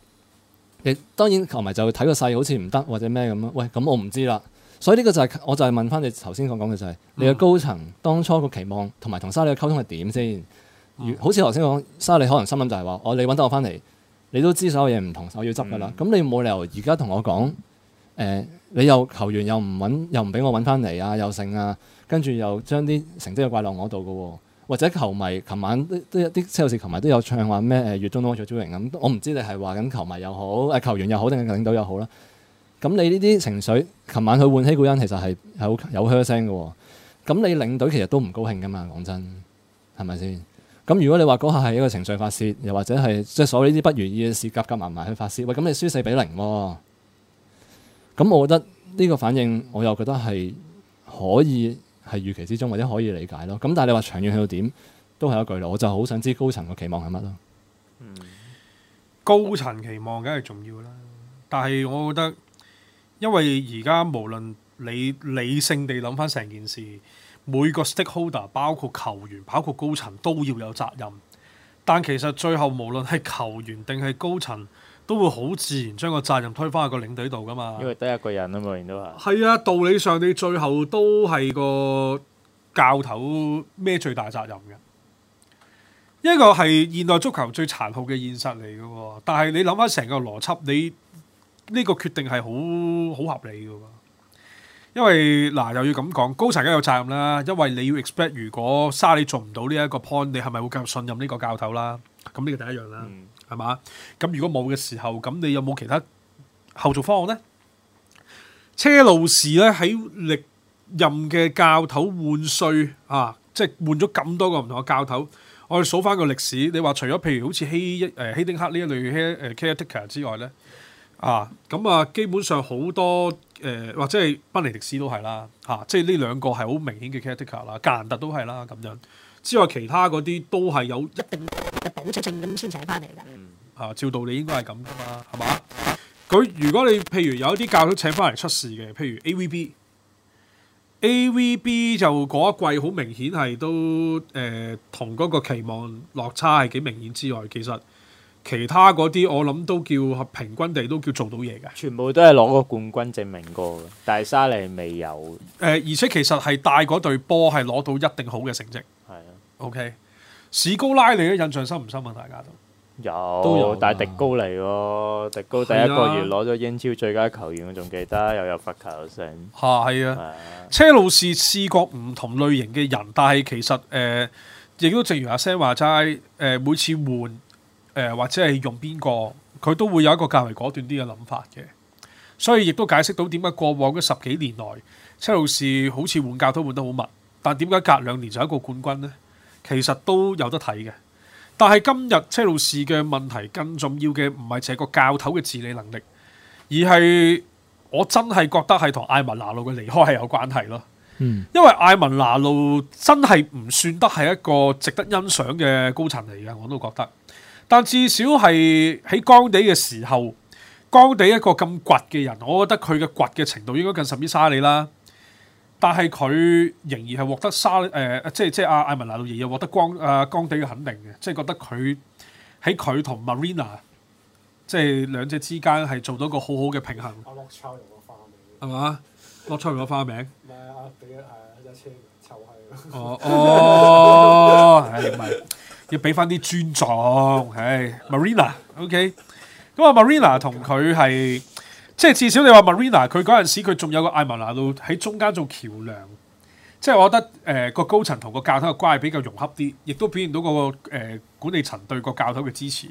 你當然同埋就睇個勢，好似唔得或者咩咁咯。喂，咁我唔知啦。所以呢個就係、是、我就係問翻你頭先講講嘅就係、是、你嘅高層、嗯、當初個期望同埋同沙利嘅溝通係點先？好似頭先講沙利可能心諗就係話，我你揾得我翻嚟，你都知所有嘢唔同，我要執嘅啦。咁、嗯、你冇理由而家同我講。誒，你又球員又唔揾，又唔俾我揾翻嚟啊，又勝啊，跟住又將啲成績又怪落我度嘅喎，或者球迷，琴晚都有啲車路士球迷都有唱話咩月中都開咗朱榮咁，我唔知你係話緊球迷又好，球員又好，定係領隊又好啦。咁你呢啲情緒，琴晚去換希古恩其實係有有靴聲嘅喎。咁你領隊其實都唔高興嘅嘛，講真，係咪先？咁如果你話嗰下係一個情緒發泄，又或者係即係所有呢啲不如意嘅事夾夾埋埋去發泄，喂，咁你輸四比零喎。咁我覺得呢個反應，我又覺得係可以係預期之中，或者可以理解咯。咁但係你話長遠去到點，都係一句咯。我就好想知高層個期望係乜咯。嗯，高層期望梗係重要啦，但係我覺得，因為而家無論你理性地諗翻成件事，每個 stakeholder 包括球員、包括高層都要有責任。但其實最後無論係球員定係高層。都會好自然將個責任推翻喺個領隊度噶嘛，因為得一個人啊嘛，人都係。係啊，道理上你最後都係個教頭咩最大責任嘅。呢個係現代足球最殘酷嘅現實嚟嘅喎，但係你諗翻成個邏輯，你呢個決定係好好合理嘅喎。因為嗱，又要咁講，高層梗有責任啦，因為你要 expect 如果沙你做唔到呢一個 point，你係咪會繼續信任呢個教頭啦？咁呢個第一樣啦。嗯係嘛？咁如果冇嘅時候，咁你有冇其他後續方案呢？車路士咧喺歷任嘅教頭換帥啊，即係換咗咁多個唔同嘅教頭。我哋數翻個歷史，你話除咗譬如好似希誒、呃、希丁克呢一類嘅 caretaker 之外咧啊，咁啊基本上好多誒或者係賓尼迪斯都係啦嚇、啊，即係呢兩個係好明顯嘅 caretaker 啦，格蘭特都係啦咁樣，之外其他嗰啲都係有一定。 保出盡咁先請翻嚟噶，吓、嗯啊、照道理應該係咁噶嘛，係嘛、嗯？佢如果你譬如有一啲教頭請翻嚟出事嘅，譬如 A V B，A V B 就嗰一季好明顯係都誒、呃、同嗰個期望落差係幾明顯之外，其實其他嗰啲我諗都叫平均地都叫做到嘢嘅，全部都係攞個冠軍證明過，但係沙利未有誒、呃，而且其實係帶嗰隊波係攞到一定好嘅成績，係是啊，OK。史高拉你嘅印象深唔深啊？大家都有，都有但係迪高嚟喎，迪高第一個月攞咗英超最佳球員，我仲、啊、記得，又有罰球勝。吓係啊，啊啊，車路士試過唔同類型嘅人，但係其實誒、亦、呃、都正如阿 Sam 話齋，誒、呃、每次換誒、呃、或者係用邊個，佢都會有一個較為果斷啲嘅諗法嘅，所以亦都解釋到點解過往嘅十幾年來，車路士好似換教都換得好密，但點解隔兩年就一個冠軍呢？其實都有得睇嘅，但係今日車路士嘅問題更重要嘅唔係凈係個教頭嘅治理能力，而係我真係覺得係同艾文拿路嘅離開係有關係咯。嗯，因為艾文拿路真係唔算得係一個值得欣賞嘅高層嚟嘅，我都覺得。但至少係喺干地嘅時候，干地一個咁掘嘅人，我覺得佢嘅掘嘅程度應該更甚於沙利啦。但係佢仍然係獲得沙誒、呃，即係即係阿艾文娜奴兒又獲得光啊、呃、光地嘅肯定嘅，即係覺得佢喺佢同 Marina 即係兩者之間係做到一個好好嘅平衡。阿洛超用個花名係嘛？洛個花名，咪阿俾一車臭氣咯。哦哦，係、哎、咪要俾翻啲尊重？係 Marina，OK。咁啊 ，Marina 同佢係。即係至少你話 Marina 佢嗰陣時，佢仲有個艾文拿路喺中間做橋樑，即係我覺得誒個、呃、高層同個教頭嘅關係比較融洽啲，亦都表現到個誒、呃、管理層對個教頭嘅支持。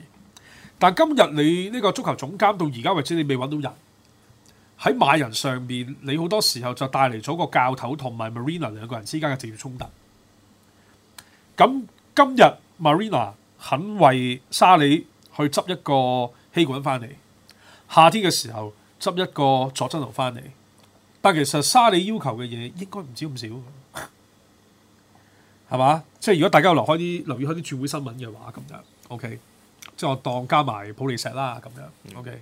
但今日你呢個足球總監到而家為止你未揾到人，喺買人上面你好多時候就帶嚟咗個教頭同埋 Marina 兩個人之間嘅直接衝突。咁今日 Marina 肯為沙利去執一個希滾返嚟，夏天嘅時候。執一個佐真奴翻嚟，但其實沙利要求嘅嘢應該唔少咁少，係嘛？即係如果大家有留開啲留意開啲轉會新聞嘅話，咁樣 OK，即係我當加埋普利石啦咁樣 OK。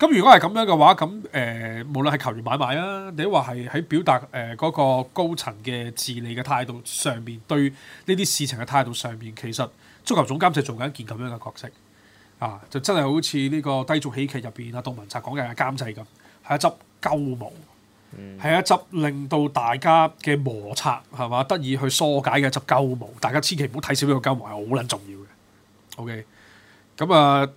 咁如果係咁樣嘅話，咁誒、呃，無論係球員買賣啊，你話係喺表達誒嗰、呃那個高層嘅治理嘅態度上面，對呢啲事情嘅態度上面，其實足球總監就做緊一件咁樣嘅角色。啊！就真係好似呢個低俗喜劇入邊啊，杜汶澤講嘅監製咁，係一執鳩毛，係、嗯、一執令到大家嘅摩擦係嘛，得以去疏解嘅一執鳩毛，大家千祈唔好睇少呢個鳩毛，係好撚重要嘅。OK，咁、嗯、啊，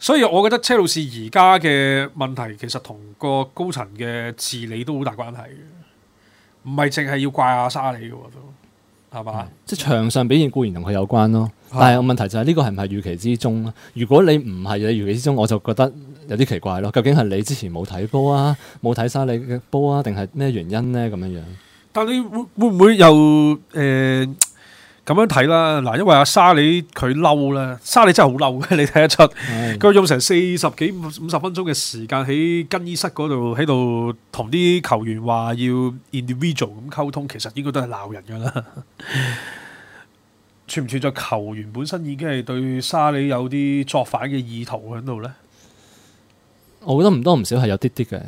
所以我覺得車路士而家嘅問題其實同個高層嘅治理都好大關係嘅，唔係淨係要怪阿沙里嘅喎都，係嘛、嗯？即係場上表現固然同佢有關咯。但係問題就係呢個係唔係預期之中咧？如果你唔係你預期之中，我就覺得有啲奇怪咯。究竟係你之前冇睇波啊，冇睇沙利嘅波啊，定係咩原因呢？咁樣樣，但係你會唔會又誒咁樣睇啦？嗱，因為阿沙利佢嬲咧，沙利真係好嬲嘅，你睇得出。佢是的 用成四十幾五十分鐘嘅時間喺更衣室嗰度，喺度同啲球員話要 individual 咁溝通，其實應該都係鬧人㗎啦。 存唔存在球員本身已經係對沙利有啲作反嘅意圖喺度咧？我覺得唔多唔少係有啲啲嘅，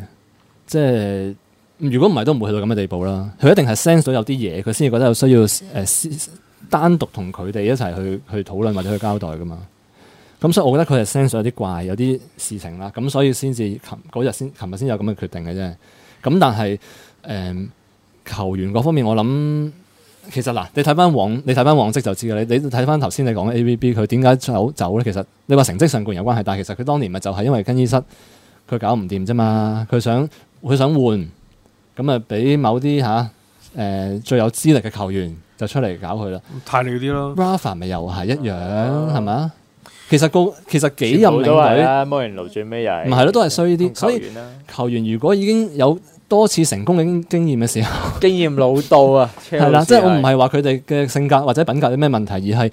即係如果唔係都唔會去到咁嘅地步啦。佢一定係 sense 到有啲嘢，佢先至覺得有需要誒、呃、單獨同佢哋一齊去去討論或者去交代噶嘛。咁所以，我覺得佢係 sense 到有啲怪有啲事情啦。咁所以先至嗰日先琴日先有咁嘅決定嘅啫。咁但係誒、呃、球員嗰方面我，我諗。其實嗱，你睇翻往，你睇翻往績就知嘅。你你睇翻頭先你講嘅 AVB，佢點解走走咧？其實你話成績上固然有關係，但係其實佢當年咪就係因為更衣室佢搞唔掂啫嘛。佢想佢想換，咁啊俾某啲吓誒最有資歷嘅球員就出嚟搞佢啦。太料啲咯，Rafa 咪又係一樣，係嘛、啊？其實個其實幾任領隊，摩連奴最尾又唔係咯，都係衰啲。球員啊、所以球員如果已經有。多次成功嘅經驗嘅時候，經驗老到啊 級，係啦的，即係我唔係話佢哋嘅性格或者品格有咩問題，而係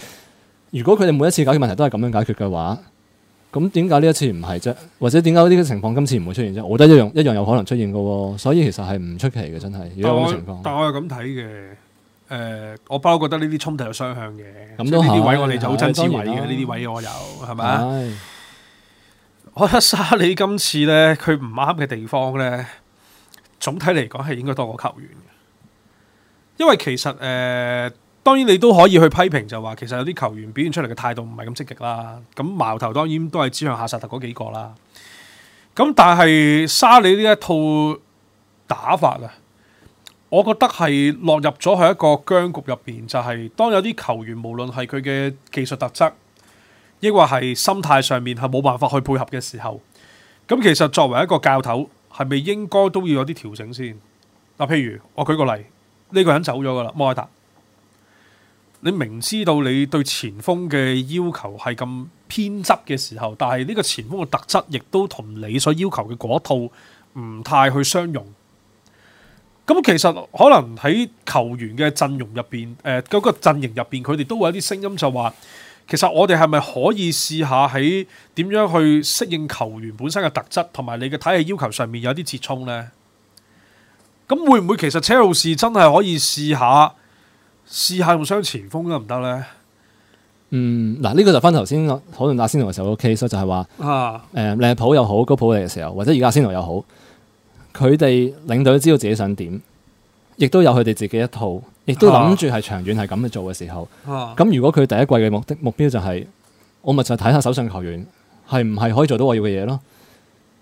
如果佢哋每一次解決問題都係咁樣解決嘅話，咁點解呢一次唔係啫？或者點解呢啲情況今次唔會出現啫？我覺得一樣一樣有可能出現嘅喎，所以其實係唔出奇嘅，真係如果咁嘅情況但，但我係咁睇嘅。誒、呃，我包覺得呢啲衝突有雙向嘅，咁都係啲位我哋就好親切位嘅，呢啲位我有係咪的 我覺得沙你今次咧，佢唔啱嘅地方咧。總體嚟講係應該多過球員，因為其實誒、呃，當然你都可以去批評就話，其實有啲球員表現出嚟嘅態度唔係咁積極啦。咁矛頭當然都係指向下薩特夏薩特嗰幾個啦。咁但係沙利呢一套打法啊，我覺得係落入咗係一個僵局入邊，就係、是、當有啲球員無論係佢嘅技術特質，亦或係心態上面係冇辦法去配合嘅時候，咁其實作為一個教頭。係咪應該都要有啲調整先？嗱、啊，譬如我舉個例，呢、這個人走咗噶啦，莫埃達。你明知道你對前鋒嘅要求係咁偏執嘅時候，但係呢個前鋒嘅特質亦都同你所要求嘅嗰套唔太去相容。咁其實可能喺球員嘅陣容入邊，誒、呃、嗰個陣營入邊，佢哋都會有啲聲音就話。其實我哋係咪可以試下喺點樣去適應球員本身嘅特質，同埋你嘅體系要求上面有啲折衷呢？咁會唔會其實車路士真係可以試下試下用雙前鋒得唔得呢？嗯，嗱、這、呢個就翻頭先討論阿仙奴嘅時候 OK 所以就係話誒，利物浦又、啊呃、好，高普嚟嘅時候，或者而家仙奴又好，佢哋領隊知道自己想點，亦都有佢哋自己一套。亦都諗住係長遠係咁去做嘅時候，咁如果佢第一季嘅目，目的目標就係、是，我咪就睇下手上球員係唔係可以做到我要嘅嘢咯。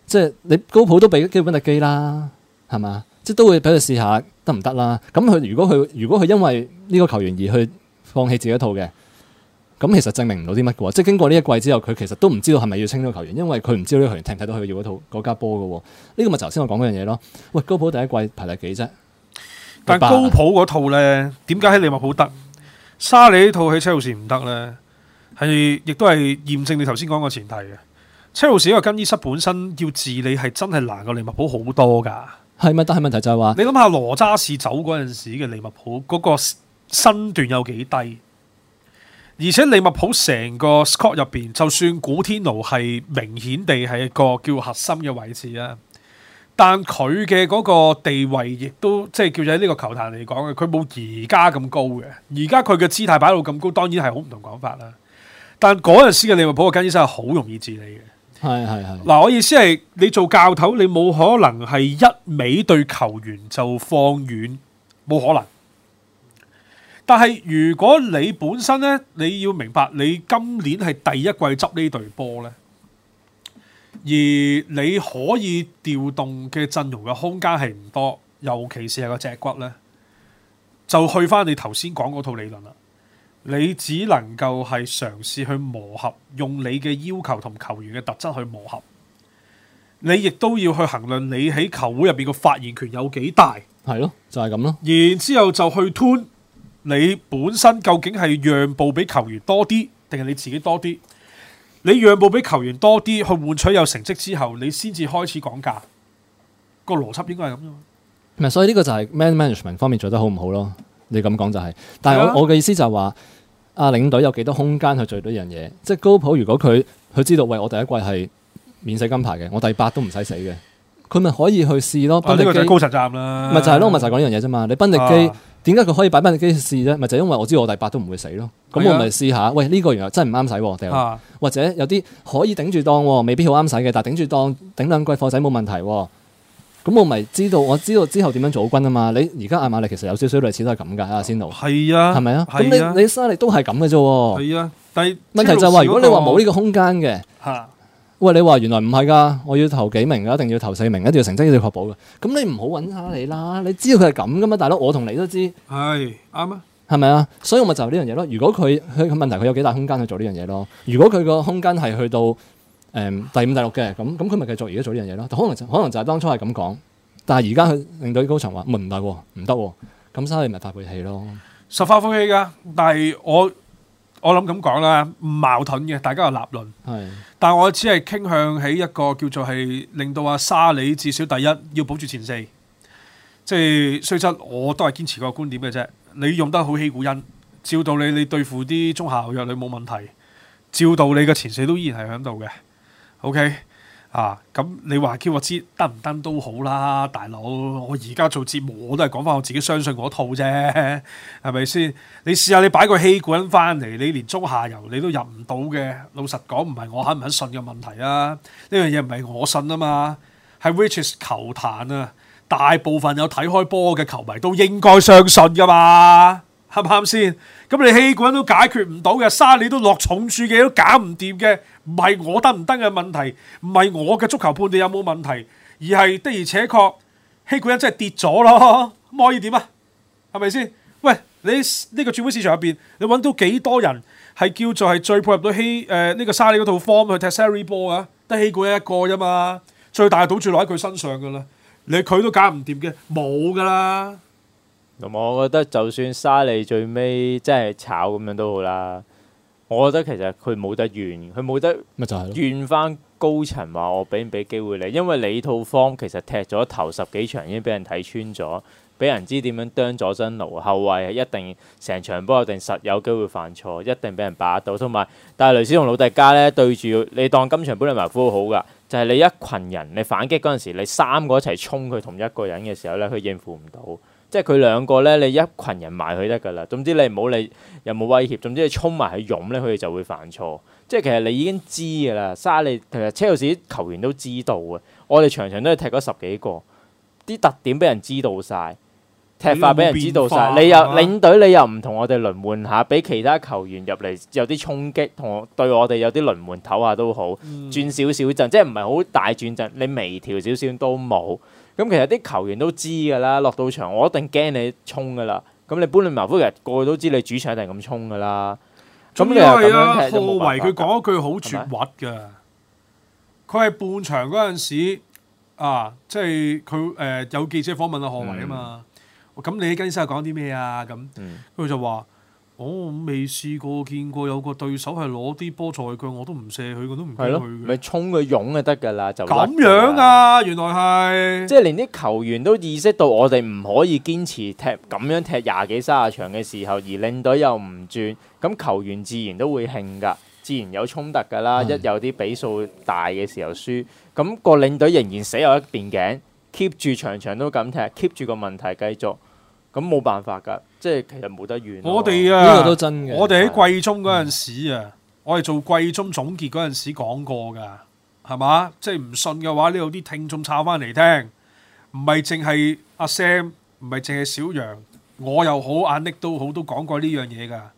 即係你高普都俾基本特基啦，係嘛，即係都會俾佢試下得唔得啦。咁佢如果佢如果佢因為呢個球員而去放棄自己一套嘅，咁其實證明唔到啲乜嘅喎。即係經過呢一季之後，佢其實都唔知道係咪要清呢個球員，因為佢唔知道呢個球員睇唔睇到佢要嗰套國家波嘅。呢、那個咪頭先我講嗰樣嘢咯。喂，高普第一季排第幾啫？但高普嗰套呢，點解喺利物浦得？沙利呢套喺車路士唔得呢？係亦都係驗證你頭先講個前提嘅。車路士嗰個更衣室本身要治理係真係難過利物浦好多噶，係咪？但係問題就係話，你諗下羅渣士走嗰陣時嘅利物浦嗰個身段有幾低？而且利物浦成個 scout 入邊，就算古天奴係明顯地係一個叫核心嘅位置啊。但佢嘅嗰個地位亦都即係叫做呢個球壇嚟講嘅，佢冇而家咁高嘅。而家佢嘅姿態擺到咁高，當然係好唔同講法啦。但嗰陣時嘅利物浦嘅更衣室係好容易治理嘅，係係係。嗱， 我意思係你做教頭，你冇可能係一味對球員就放遠，冇可能。但係如果你本身呢，你要明白你今年係第一季執呢隊波呢。而你可以調動嘅陣容嘅空間係唔多，尤其是係個脊骨呢，就去翻你頭先講嗰套理論啦。你只能夠係嘗試去磨合，用你嘅要求同球員嘅特質去磨合。你亦都要去衡量你喺球會入邊個發言權有幾大。係咯，就係咁咯。然之後就去吞，你本身究竟係讓步俾球員多啲，定係你自己多啲？你讓步俾球員多啲去換取有成績之後，你先至開始講價，個邏輯應該係咁樣。所以呢個就係 man management 方面做得好唔好咯？你咁講就係、是，但係我的我嘅意思就係話，阿、啊、領隊有幾多空間去做一樣嘢？即係高普如果佢佢知道，喂，我第一季係免死金牌嘅，我第八都唔使死嘅。佢咪可以去試咯，賓力機高實戰啦，咪就係咯，咪就係講呢樣嘢啫嘛。你賓力機點解佢可以擺賓力機去試啫？咪就係因為我知道我第八都唔會死咯，咁我咪試下。喂，呢個原來真係唔啱使，或者有啲可以頂住當，未必好啱使嘅，但係頂住當頂兩季貨仔冇問題。咁我咪知道，我知道之後點樣組軍啊嘛。你而家阿馬利其實有少少類似都係咁噶，阿仙奴。係啊，係咪啊？咁你你沙力都係咁嘅啫，係啊。但係問題就係話如果你話冇呢個空間嘅吓。喂，你話原來唔係噶，我要投幾名一定要投四名，一定要成績一定要確保噶。咁你唔好揾下你啦，你知道佢係咁噶嘛？大佬，我同你都知，係啱啊，係咪啊？所以我咪就呢樣嘢咯。如果佢佢問題，佢有幾大空間去做呢樣嘢咯？如果佢個空間係去到誒、呃、第五、第六嘅，咁咁佢咪繼續而家做呢樣嘢咯？可能就可能就係當初係咁講，但係而家佢令到啲高層話唔唔得，唔得，咁所以咪發脾氣咯。氣實發脾氣噶，但係我。我諗咁講啦，唔矛盾嘅，大家有立論。是的 但我只係傾向起一個叫做係令到阿沙你至少第一，要保住前四。即係雖則我都係堅持個觀點嘅啫。你用得好希古恩，照道理你，你對付啲中下弱你冇問題。照道理嘅前四都依然係響度嘅。OK。啊，咁、嗯、你話 k o 知得唔得都好啦，大佬，我而家做節目我都係講翻我自己相信嗰套啫，係咪先？你試下你擺個氣管翻嚟，你連中下游你都入唔到嘅，老實講唔係我肯唔肯信嘅問題啊。呢樣嘢唔係我信啊嘛，係 Witches 球壇啊，大部分有睇開波嘅球迷都應該相信㗎嘛。啱啱先？咁你希古恩都解決唔到嘅，沙里都落重注嘅，都搞唔掂嘅，唔係我得唔得嘅問題，唔係我嘅足球判斷有冇問題，而係的而且確希古恩真係跌咗咯，咁可以點啊？係咪先？喂，你呢、這個轉會市場入邊，你揾到幾多人係叫做係最配合到希誒呢、呃這個沙里嗰套 form 去踢 Sarri ball 啊？得希古恩一個啫嘛，最大嘅賭注落喺佢身上噶啦，你佢都搞唔掂嘅，冇噶啦。咁我覺得，就算沙利最尾即係炒咁樣都好啦。我覺得其實佢冇得怨，佢冇得怨翻高層話我俾唔俾機會你。因為你套方其實踢咗頭十幾場已經俾人睇穿咗，俾人知點樣啄咗身奴後衞一定成場波一定實有機會犯錯，一定俾人把握到。同埋戴雷斯同老迪加咧對住你當今場本定埋夫好噶，就係、是、你一群人你反擊嗰陣時，你三個一齊衝佢同一個人嘅時候咧，佢應付唔到。即係佢兩個呢，你一群人埋去得㗎啦。總之你唔好理有冇威脅，總之你衝埋去湧呢，佢哋就會犯錯。即係其實你已經知㗎啦，沙利其實車路士啲球員都知道啊。我哋場場都係踢嗰十幾個，啲特點俾人知道晒，踢法俾人知道晒。欸、你又領隊，嗎你又唔同我哋輪換下，俾其他球員入嚟有啲衝擊，同對我哋有啲輪換唞下都好，嗯、轉少少陣，即係唔係好大轉陣，你微調少少都冇。咁其實啲球員都知噶啦，落到場我一定驚你衝噶啦。咁你本聯埋呼其實個個都知你主場一定係咁衝噶啦。咁、嗯、又係啊，賀維佢講一句好絕核噶。佢係的半場嗰陣時啊，即係佢誒有記者訪問啊賀維啊嘛。咁的你喺更衣室講啲咩啊？咁，佢就話。我未試過見過有個對手係攞啲波在腳，我都唔射佢，我都唔驚佢，咪衝個勇就得㗎啦！就咁樣啊，原來係即係連啲球員都意識到我哋唔可以堅持踢咁樣踢廿幾三十場嘅時候，而領隊又唔轉，咁球員自然都會興㗎，自然有衝突㗎啦。一有啲比數大嘅時候輸，咁、嗯、個領隊仍然死有一邊頸，keep 住場場都咁踢，keep 住個問題繼續。咁冇辦法噶，即係其實冇得怨。我哋啊，呢個都真嘅。我哋喺季中嗰陣時啊，我哋做季中總結嗰陣時講過噶，係嘛？即係唔信嘅話，呢度啲聽眾插翻嚟聽，唔係淨係阿 Sam，唔係淨係小楊，我又好眼力都好，都講過呢樣嘢噶。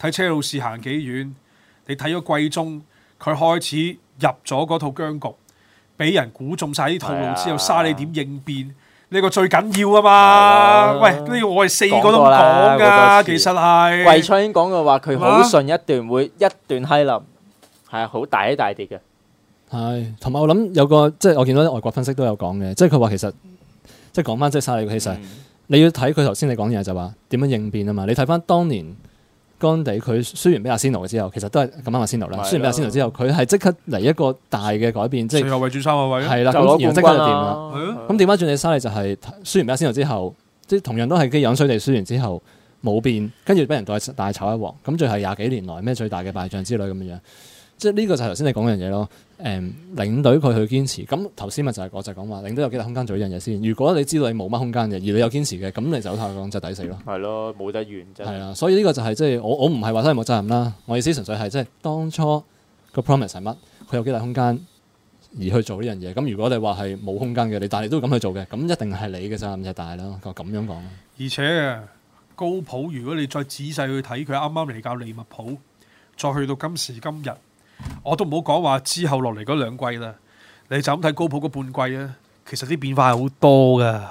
睇車路士行幾遠，你睇咗季中，佢開始入咗嗰套僵局，俾人估中晒啲套路之後，沙你點應變。 呢個最緊要啊嘛！的喂，呢個我哋四個都唔講㗎，其實係。魏翠英講嘅話，佢好順一段會的一段閪林，係啊，好大一大跌嘅。係，同埋我諗有個即係我見到啲外國分析都有講嘅，即係佢話其實即係講翻即係沙利，其實、嗯、你要睇佢頭先你講嘢就話點樣應變啊嘛！你睇翻當年。乾地佢輸完俾阿仙奴之後，其實都係咁啱阿仙奴啦。是的 輸完俾阿仙奴之後，佢係即刻嚟一個大嘅改變，即係。最、啊、後圍住三個位。係啦，咁即刻就掂啦？咁點翻轉你沙地就係、是、輸完俾阿仙奴之後，即係同樣都係基仰衰地輸完之後冇變，跟住俾人代大炒一鑊，咁最後廿幾年來咩最大嘅敗仗之類咁樣樣。即係呢個就係頭先你講嘅樣嘢咯。誒、嗯，領隊佢去堅持。咁頭先咪就係我就講話領隊有幾大空間做呢樣嘢先。如果你知道你冇乜空間嘅，而你有堅持嘅，咁你走咁樣講就抵死咯。係咯、嗯，冇得怨真係。係啊，所以呢個就係即係我我唔係話真係冇責任啦。我意思純粹係即係當初個 promise 係乜？佢有幾大空間而去做呢樣嘢？咁如果你話係冇空間嘅，你但係都咁去做嘅，咁一定係你嘅責任就大啦。咁樣講。而且高普，如果你再仔細去睇佢啱啱嚟教利物浦，再去到今時今日。我都唔好講話之後落嚟嗰兩季啦，你就咁睇高普嗰半季咧，其實啲變化係好多噶，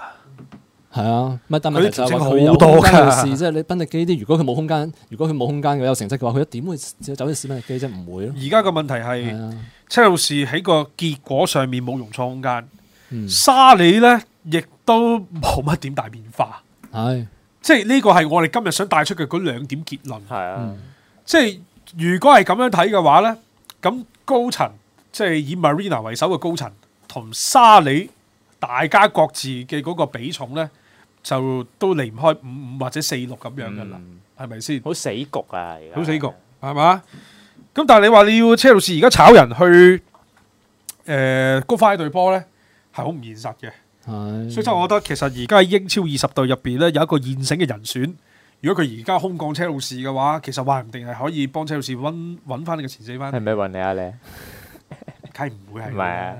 係啊乜都問題好多，即係你賓迪基啲，如果佢冇空間，如果佢冇空間佢有，有，有成績嘅話，佢一點會走去史賓迪基啫，唔會咯。而家嘅問題係，啊、車路士喺個結果上面冇容錯空間，嗯、沙利咧亦都冇乜點大變化，係、嗯、即係呢個係我哋今日想帶出嘅嗰兩點結論，係啊，嗯、即係如果係咁樣睇嘅話咧。咁高層即係以 Marina 為首嘅高層同沙里大家各自嘅嗰個比重呢，就都離唔開五五或者四六咁樣嘅啦，係咪先？好吧死局啊！好死局係嘛？咁、嗯、但係你話你要車路士而家炒人去誒、呃、搞返一隊波呢，係好唔現實嘅。嗯、所以真係我覺得其實而家喺英超二十隊入邊呢，有一個現成嘅人選。如果佢而家空降車路士嘅話，其實話唔定係可以幫車路士搵搵翻你嘅前四班？係咪搵你啊你？梗係唔會係啦，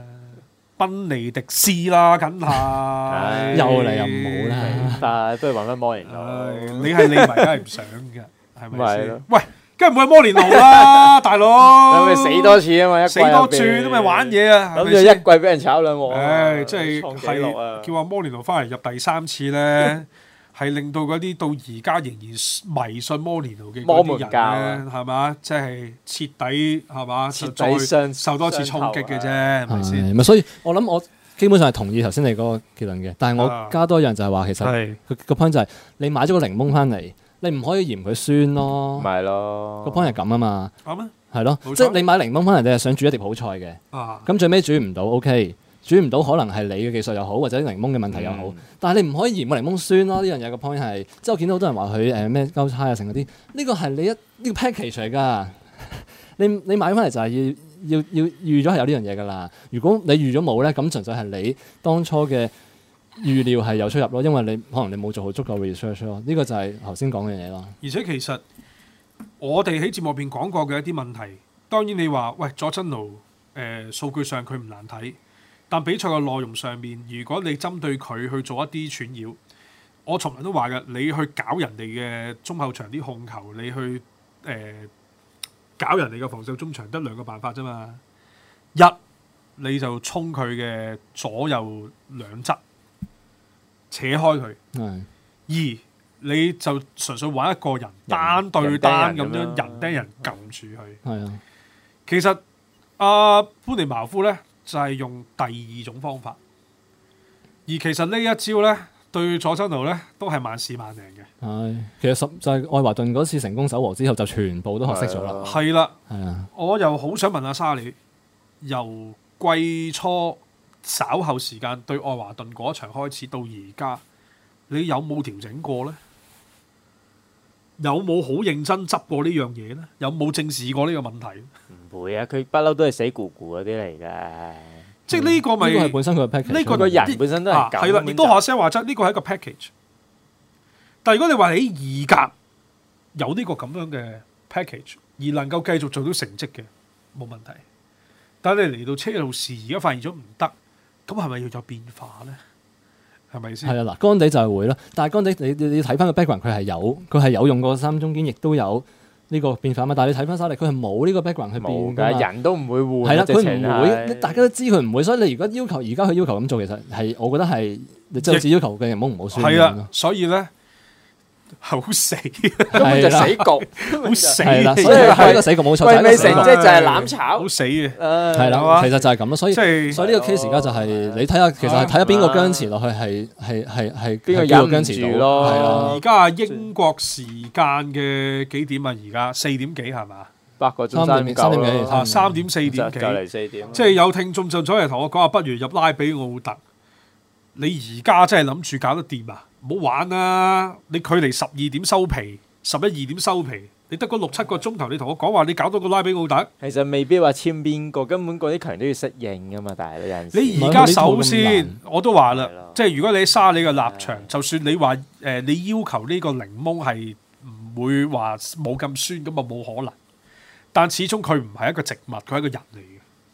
賓尼迪斯啦，梗係又嚟又唔好啦，但係都係搵翻摩連奴。你係你咪梗係唔想噶，係咪喂，梗係唔會摩連奴啦，大佬。死多次啊嘛，一季多處都未玩嘢啊，咁就一季俾人炒兩鑊。唉，即係創紀錄啊！叫阿摩連奴翻嚟入第三次咧。係令到嗰啲到而家仍然迷信摩連奴嘅嗰啲人咧，係嘛，即係徹底，係嘛，再受多次衝擊嘅啫，係咪先？所以，我諗我基本上係同意頭先你個結論嘅，但係我加多一樣就係話，其實個 point 就係你買咗個檸檬翻嚟，你唔可以嫌佢酸咯，咪咯，個 point 係咁啊嘛，啱咩？係咯，即係你買檸檬翻嚟，你係想煮一碟好菜嘅，咁最尾煮唔到，OK。轉唔到，可能係你嘅技術又好，或者啲檸檬嘅問題又好，嗯、但係你唔可以嫌個檸檬酸咯。呢樣嘢嘅 point 係，即係我見到好多人話佢誒咩交叉啊，成嗰啲，呢個係你一呢個 package 嚟噶。 你你買翻嚟就係要要要預咗係有呢樣嘢噶啦。如果你預咗冇咧，咁純粹係你當初嘅預料係有出入咯。因為你可能你冇做好足夠 research 咯。呢個就係頭先講嘅嘢咯。而且其實我哋喺節目入邊講過嘅一啲問題，當然你話喂佐真奴誒數據上佢唔難睇。但比賽嘅內容上面，如果你針對佢去做一啲串擾，我從來都話嘅，你去搞人哋嘅中後場啲控球，你去誒、呃、搞人哋嘅防守中場，得兩個辦法啫嘛。一，你就衝佢嘅左右兩側扯開佢；二，是的 你就純粹玩一個人單對單咁樣人盯人撳住佢。是的 其實阿、啊、潘尼茅夫呢。就係用第二種方法，而其實呢一招咧，對佐真奴咧都係萬事萬靈嘅。係、哎，其實十就係、是、愛華頓嗰次成功守和之後，就全部都學識咗啦。係啦，係啊，的的我又好想問阿沙莉，由季初稍後時間對愛華頓嗰場開始到而家，你有冇調整過咧？有冇好認真執過呢樣嘢咧？有冇正視過呢個問題？唔會啊！佢不嬲都係死咕咕嗰啲嚟嘅。嗯、即係呢個咪、就是、本身佢嘅 package？呢個個人本身都係係啦。亦都話聲話齋，呢個係一個 package。但係如果你話喺二甲有呢個咁樣嘅 package，而能夠繼續做到成績嘅冇問題。但係你嚟到車路士而家發現咗唔得，咁係咪要有變化咧？係咪先？係啊，嗱，乾地就係會咯。但係乾地，你你你睇翻個 background，佢係有，佢係有用過三中堅亦都有呢個變化嘛。但係你睇翻晒嚟，佢係冇呢個 background 去變。冇，人都唔會換。係啦，佢唔會，大家都知佢唔會。所以你如果要求而家佢要求咁做，其實係，我覺得係就只要求嘅人冇唔好需要，不要。係啊，所以咧。好死，根本就死局，好死啦！所以係一個死局，冇錯，即係就係攬炒，好死嘅，係啦，其實就係咁啦。所以所以呢個 case 而家就係你睇下，其實係睇下邊個僵持落去，係係係係邊個有僵持到。係啦，而家英國時間嘅幾點啊？而家四點幾係嘛？三個鐘三點九啦，三點四點幾就嚟四點。即係有聽眾就走嚟同我講話，不如入拉比奧特，你而家真係諗住搞得掂啊？唔好玩啦！你距離十二點收皮，十一二點收皮，你得嗰六七個鐘頭，你同我講話，你搞到個拉比奧特，其實未必話簽邊個，根本嗰啲強都要適應噶嘛。但係你而家首先都我都話啦，即係如果你沙你個立場，的就算你話誒、呃，你要求呢個檸檬係唔會話冇咁酸咁啊，冇可能。但始終佢唔係一個植物，佢係一個人嚟。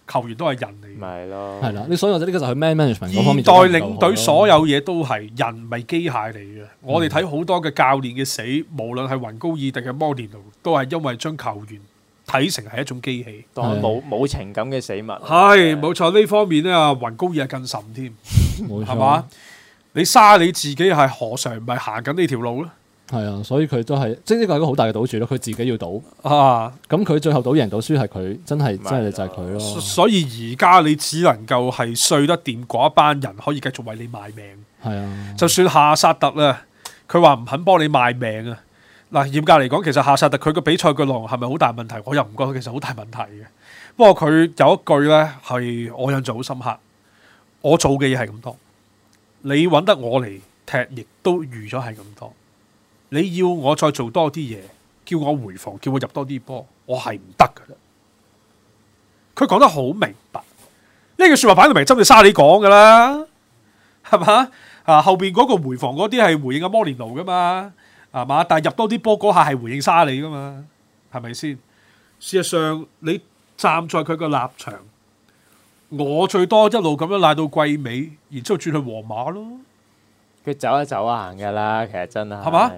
球員都係人嚟嘅，係咯，係啦，所以我哋呢個就係 man management 嗰方面，二代領隊所有嘢都係人，唔係機械嚟嘅。我哋睇好多嘅教練嘅死，無論係雲高爾定係摩連奴，都係因為將球員睇成係一種機器，冇冇情感嘅死物。係冇錯，呢方面咧，阿雲高爾係更甚添，係嘛？你沙你自己係何嘗唔係行緊呢條路咧？係啊，所以佢都係，即係呢個係一個好大嘅賭注咯。佢自己要賭啊，咁佢最後賭贏賭輸係佢，真係真係就係佢咯。所以而家你只能夠係碎得掂嗰一班人，可以繼續為你賣命。係啊，就算夏薩特咧，佢話唔肯幫你賣命啊。嗱，嚴格嚟講，其實夏薩特佢個比賽嘅狼係咪好大問題？我又唔覺得其實好大問題嘅。不過佢有一句咧，係我印象好深刻。我做嘅嘢係咁多，你揾得我嚟踢亦都預咗係咁多。你要我再做多啲嘢，叫我回防，叫我入多啲波，我係唔得噶啦。佢講得好明白，呢句說話擺到明，針對沙里講噶啦，係嘛啊？後邊嗰個回防嗰啲係回應阿、啊、摩連奴噶嘛，係嘛？但係入多啲波嗰下係回應沙里噶嘛，係咪先？事實上，你站在佢個立場，我最多一路咁樣賴到季尾，然之後轉去皇馬咯。佢走一走啊行噶啦，其實真係係嘛？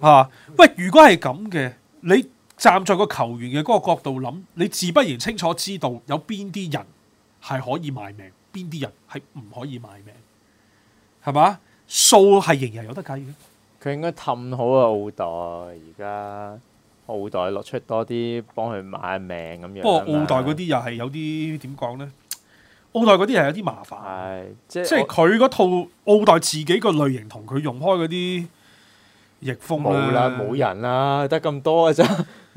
係嘛！喂，如果係咁嘅，你站在個球員嘅嗰個角度諗，你自不然清楚知道有邊啲人係可以賣命，邊啲人係唔可以賣命，係嘛？數係仍然有得計嘅。佢應該氹好啊！澳代，而家澳代落出多啲幫佢買命咁樣。不過澳代嗰啲又係有啲點講咧？澳代嗰啲係有啲麻煩，哎，即係佢嗰套澳代自己個類型同佢用開嗰啲逆風冇啦，冇人啦，得咁多嘅咋，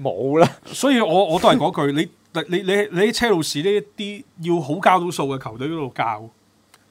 冇啦。所以我我都係嗰句， 你你你你，你車路士呢一啲要好交到數嘅球隊嗰度教。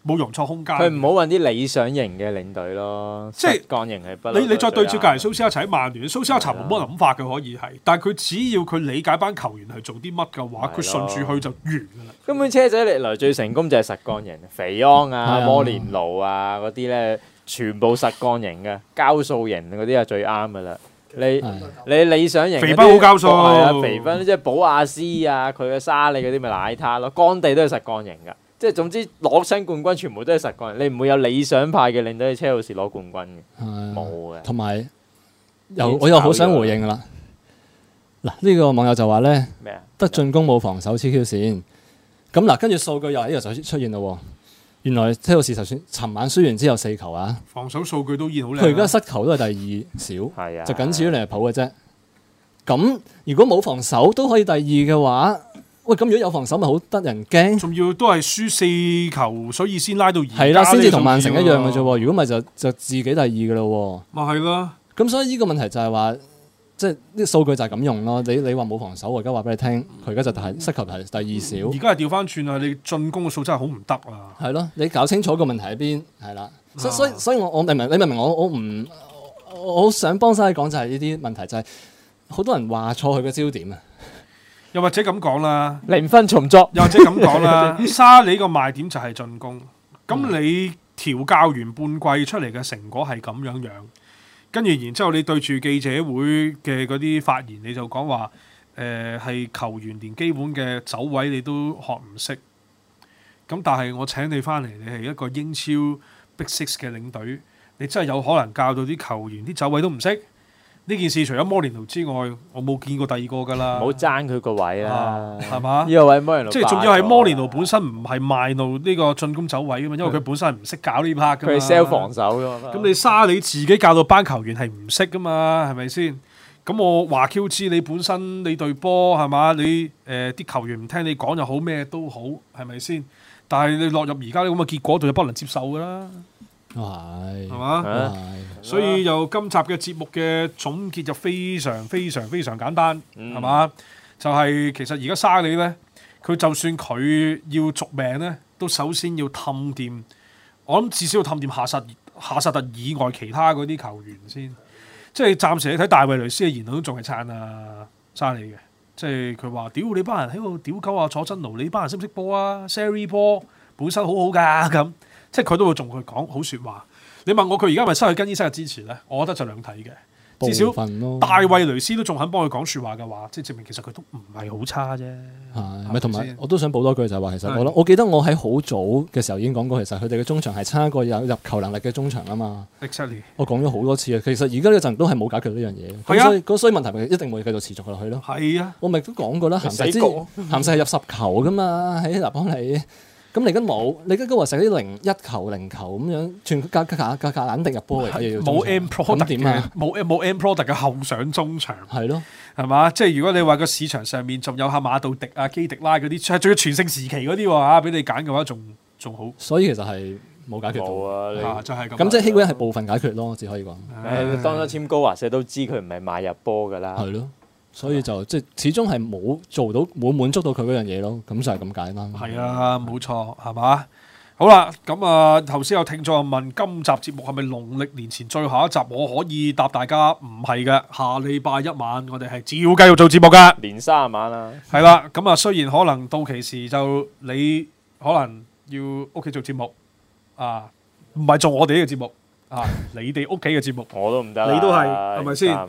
冇容錯空間。佢唔好揾啲理想型嘅領隊咯，即是，即係幹型係不你。你你再對住隔籬蘇斯一齊喺曼聯，蘇斯一查冇乜諗法，佢可以係，是的 但係佢只要佢理解班球員係做啲乜嘅話，佢的順住去就完啦。根本車仔歷來最成功就係實幹型，肥安啊、是的 摩連奴啊嗰啲咧，全部實幹型嘅，膠塑型嗰啲係最啱㗎啦。你是的 你理想型肥芬好膠塑啊，肥芬，即係保亞斯啊，佢嘅沙利嗰啲咪奶他咯，干地都係實幹型㗎。即係總之攞新冠軍，全部都係實幹，你唔會有理想派嘅令到你車路士攞冠軍嘅，冇嘅、啊。同埋又我又好想回應了啦。嗱，呢個網友就話咧，得進麼攻冇防守，黐 Q 線。咁嗱，跟住數據又係呢個首先出現咯。原來車路士就算尋晚雖然只有四球啊，防守數據都好靚。佢而家失球都係第二少， 啊、就僅次於利物浦嘅啫。咁如果冇防守都可以第二嘅話？喂，咁如果有防守咪好得人驚？仲要都係輸四球，所以先拉到二，係啦，先至同曼城一樣嘅啫。如果咪就就自己第二噶啦。咪係咯。咁所以呢個問題就係話，即係啲數據就係咁用咯。你你話冇防守，我而家話俾你聽，佢而家就係失球係第二少。而家係調翻轉啊！你進攻嘅素質好唔得啊！係咯，你搞清楚個問題喺邊係啦。所以，所以，所以我我明明？你明唔明我？我我唔我我想幫晒你講就係呢啲問題就係、是、好多人話錯佢嘅焦點啊。又或者咁講啦，零分重作。又或者咁講啦， 沙你個賣點就係進攻。咁 你調教完半季出嚟嘅成果係咁樣樣，跟住然之後你對住記者會嘅嗰啲發言，你就講話誒，係、呃、球員連基本嘅走位你都學唔識。咁但係我請你翻嚟，你係一個英超 Big Six 嘅領隊，你真係有可能教到啲球員啲走位都唔識？呢件事除咗摩連奴之外，我冇見過第二個噶啦，啊啊。冇爭佢個位啊，係嘛？呢位摩即係仲要係摩連奴本身唔係賣路呢個進攻走位啊嘛，因為佢本身係唔識搞呢 part。佢係 sell 防守咁。你沙利自己教到班球員係唔識噶嘛？係咪先？咁我話 Q 知你本身你隊波係嘛？你誒啲球、呃、球員唔聽你講又好咩都好係咪先？但係你落入而家呢咁嘅結果度就不能接受噶啦。係，係嘛？吧吧所以由今集嘅節目嘅總結就非常非常非常簡單，係嘛？嗯、就係其實而家沙利呢，佢就算佢要續命呢，都首先要氹掂。我諗至少要氹掂夏薩夏薩特以外其他嗰啲球員先。即係暫時你睇大衛雷斯嘅言論都仲係撐阿沙利嘅。即係佢話屌你班人喺度屌狗啊坐真奴，你班人識唔識波啊？Sarri 波本身好好噶咁。即係佢都會仲會講好説話。你問我佢而家咪失去跟醫生嘅支持咧？我覺得就兩睇嘅。至少大衛雷斯都仲肯幫佢講説話嘅話，即係證明其實佢都唔係好差啫。係咪？同埋我都想補多句就係話，其實我的我記得我喺好早嘅時候已經講過，其實佢哋嘅中場係差過入入球能力嘅中場啊嘛。Exactly. 我講咗好多次啊。其實而家呢陣都係冇解決到呢樣嘢。所以問題咪一定會繼續持續落去咯。係啊的，我咪都講過啦。咸錫之咸錫係入十球噶嘛？喺拿坡里。咁嚟緊冇，你啲高華社啲零一球零球咁樣，全格格價價揀定入波嚟嘅，冇 M product 咁點啊？冇冇 M product 嘅後上中場，係是咯，係嘛？即係如果你話個市場上面仲有下馬杜迪啊、基迪拉嗰啲，係仲要全盛時期嗰啲喎嚇，俾你揀嘅話，仲仲好。所以其實係冇解決到啊，啊，就係、是、咁了。咁即係希望係部分解決咯，只可以講。誒唉，當初簽高華社都知佢唔係買入波㗎啦，係咯。所以就即係始終係冇做到冇滿足到佢嗰樣嘢咯，咁就係咁簡單。係啊，冇錯，係嘛。好啦，咁、嗯、啊，頭先有聽眾問，今集節目係咪農曆年前最後一集？我可以答大家，唔係嘅，下禮拜一晚我哋係照繼續做節目㗎，年三十晚啊。係啦，咁、嗯、啊，嗯、雖然可能到期時就你可能要屋企做節目啊，唔係做我哋呢個節目啊， 你哋屋企嘅節目，我都唔得，你都係係咪先？啊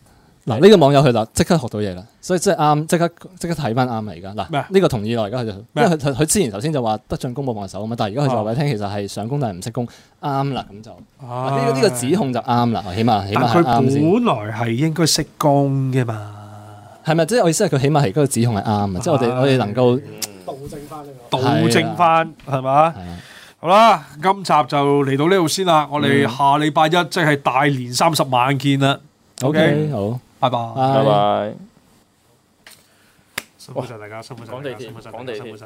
嗱，呢個網友佢啦，即刻學到嘢啦，所以即係啱，即刻即刻睇翻啱而家嗱，呢個同意咯，而家佢就，佢之前頭先就話得進攻冇防守啊嘛，但係而家佢就話俾你聽，其實係上攻但係唔識攻，啱啦咁就。呢個呢個指控就啱啦，起碼起碼係本來係應該識攻嘅嘛，係咪？即係我意思係佢起碼係嗰個指控係啱啊，即係我哋我哋能夠糾正翻，糾正翻係咪？好啦，今集就嚟到呢度先啦，我哋下禮拜一即係大年三十晚見啦。OK，好。拜拜，拜拜。辛苦曬大家，辛苦曬大家，辛苦曬。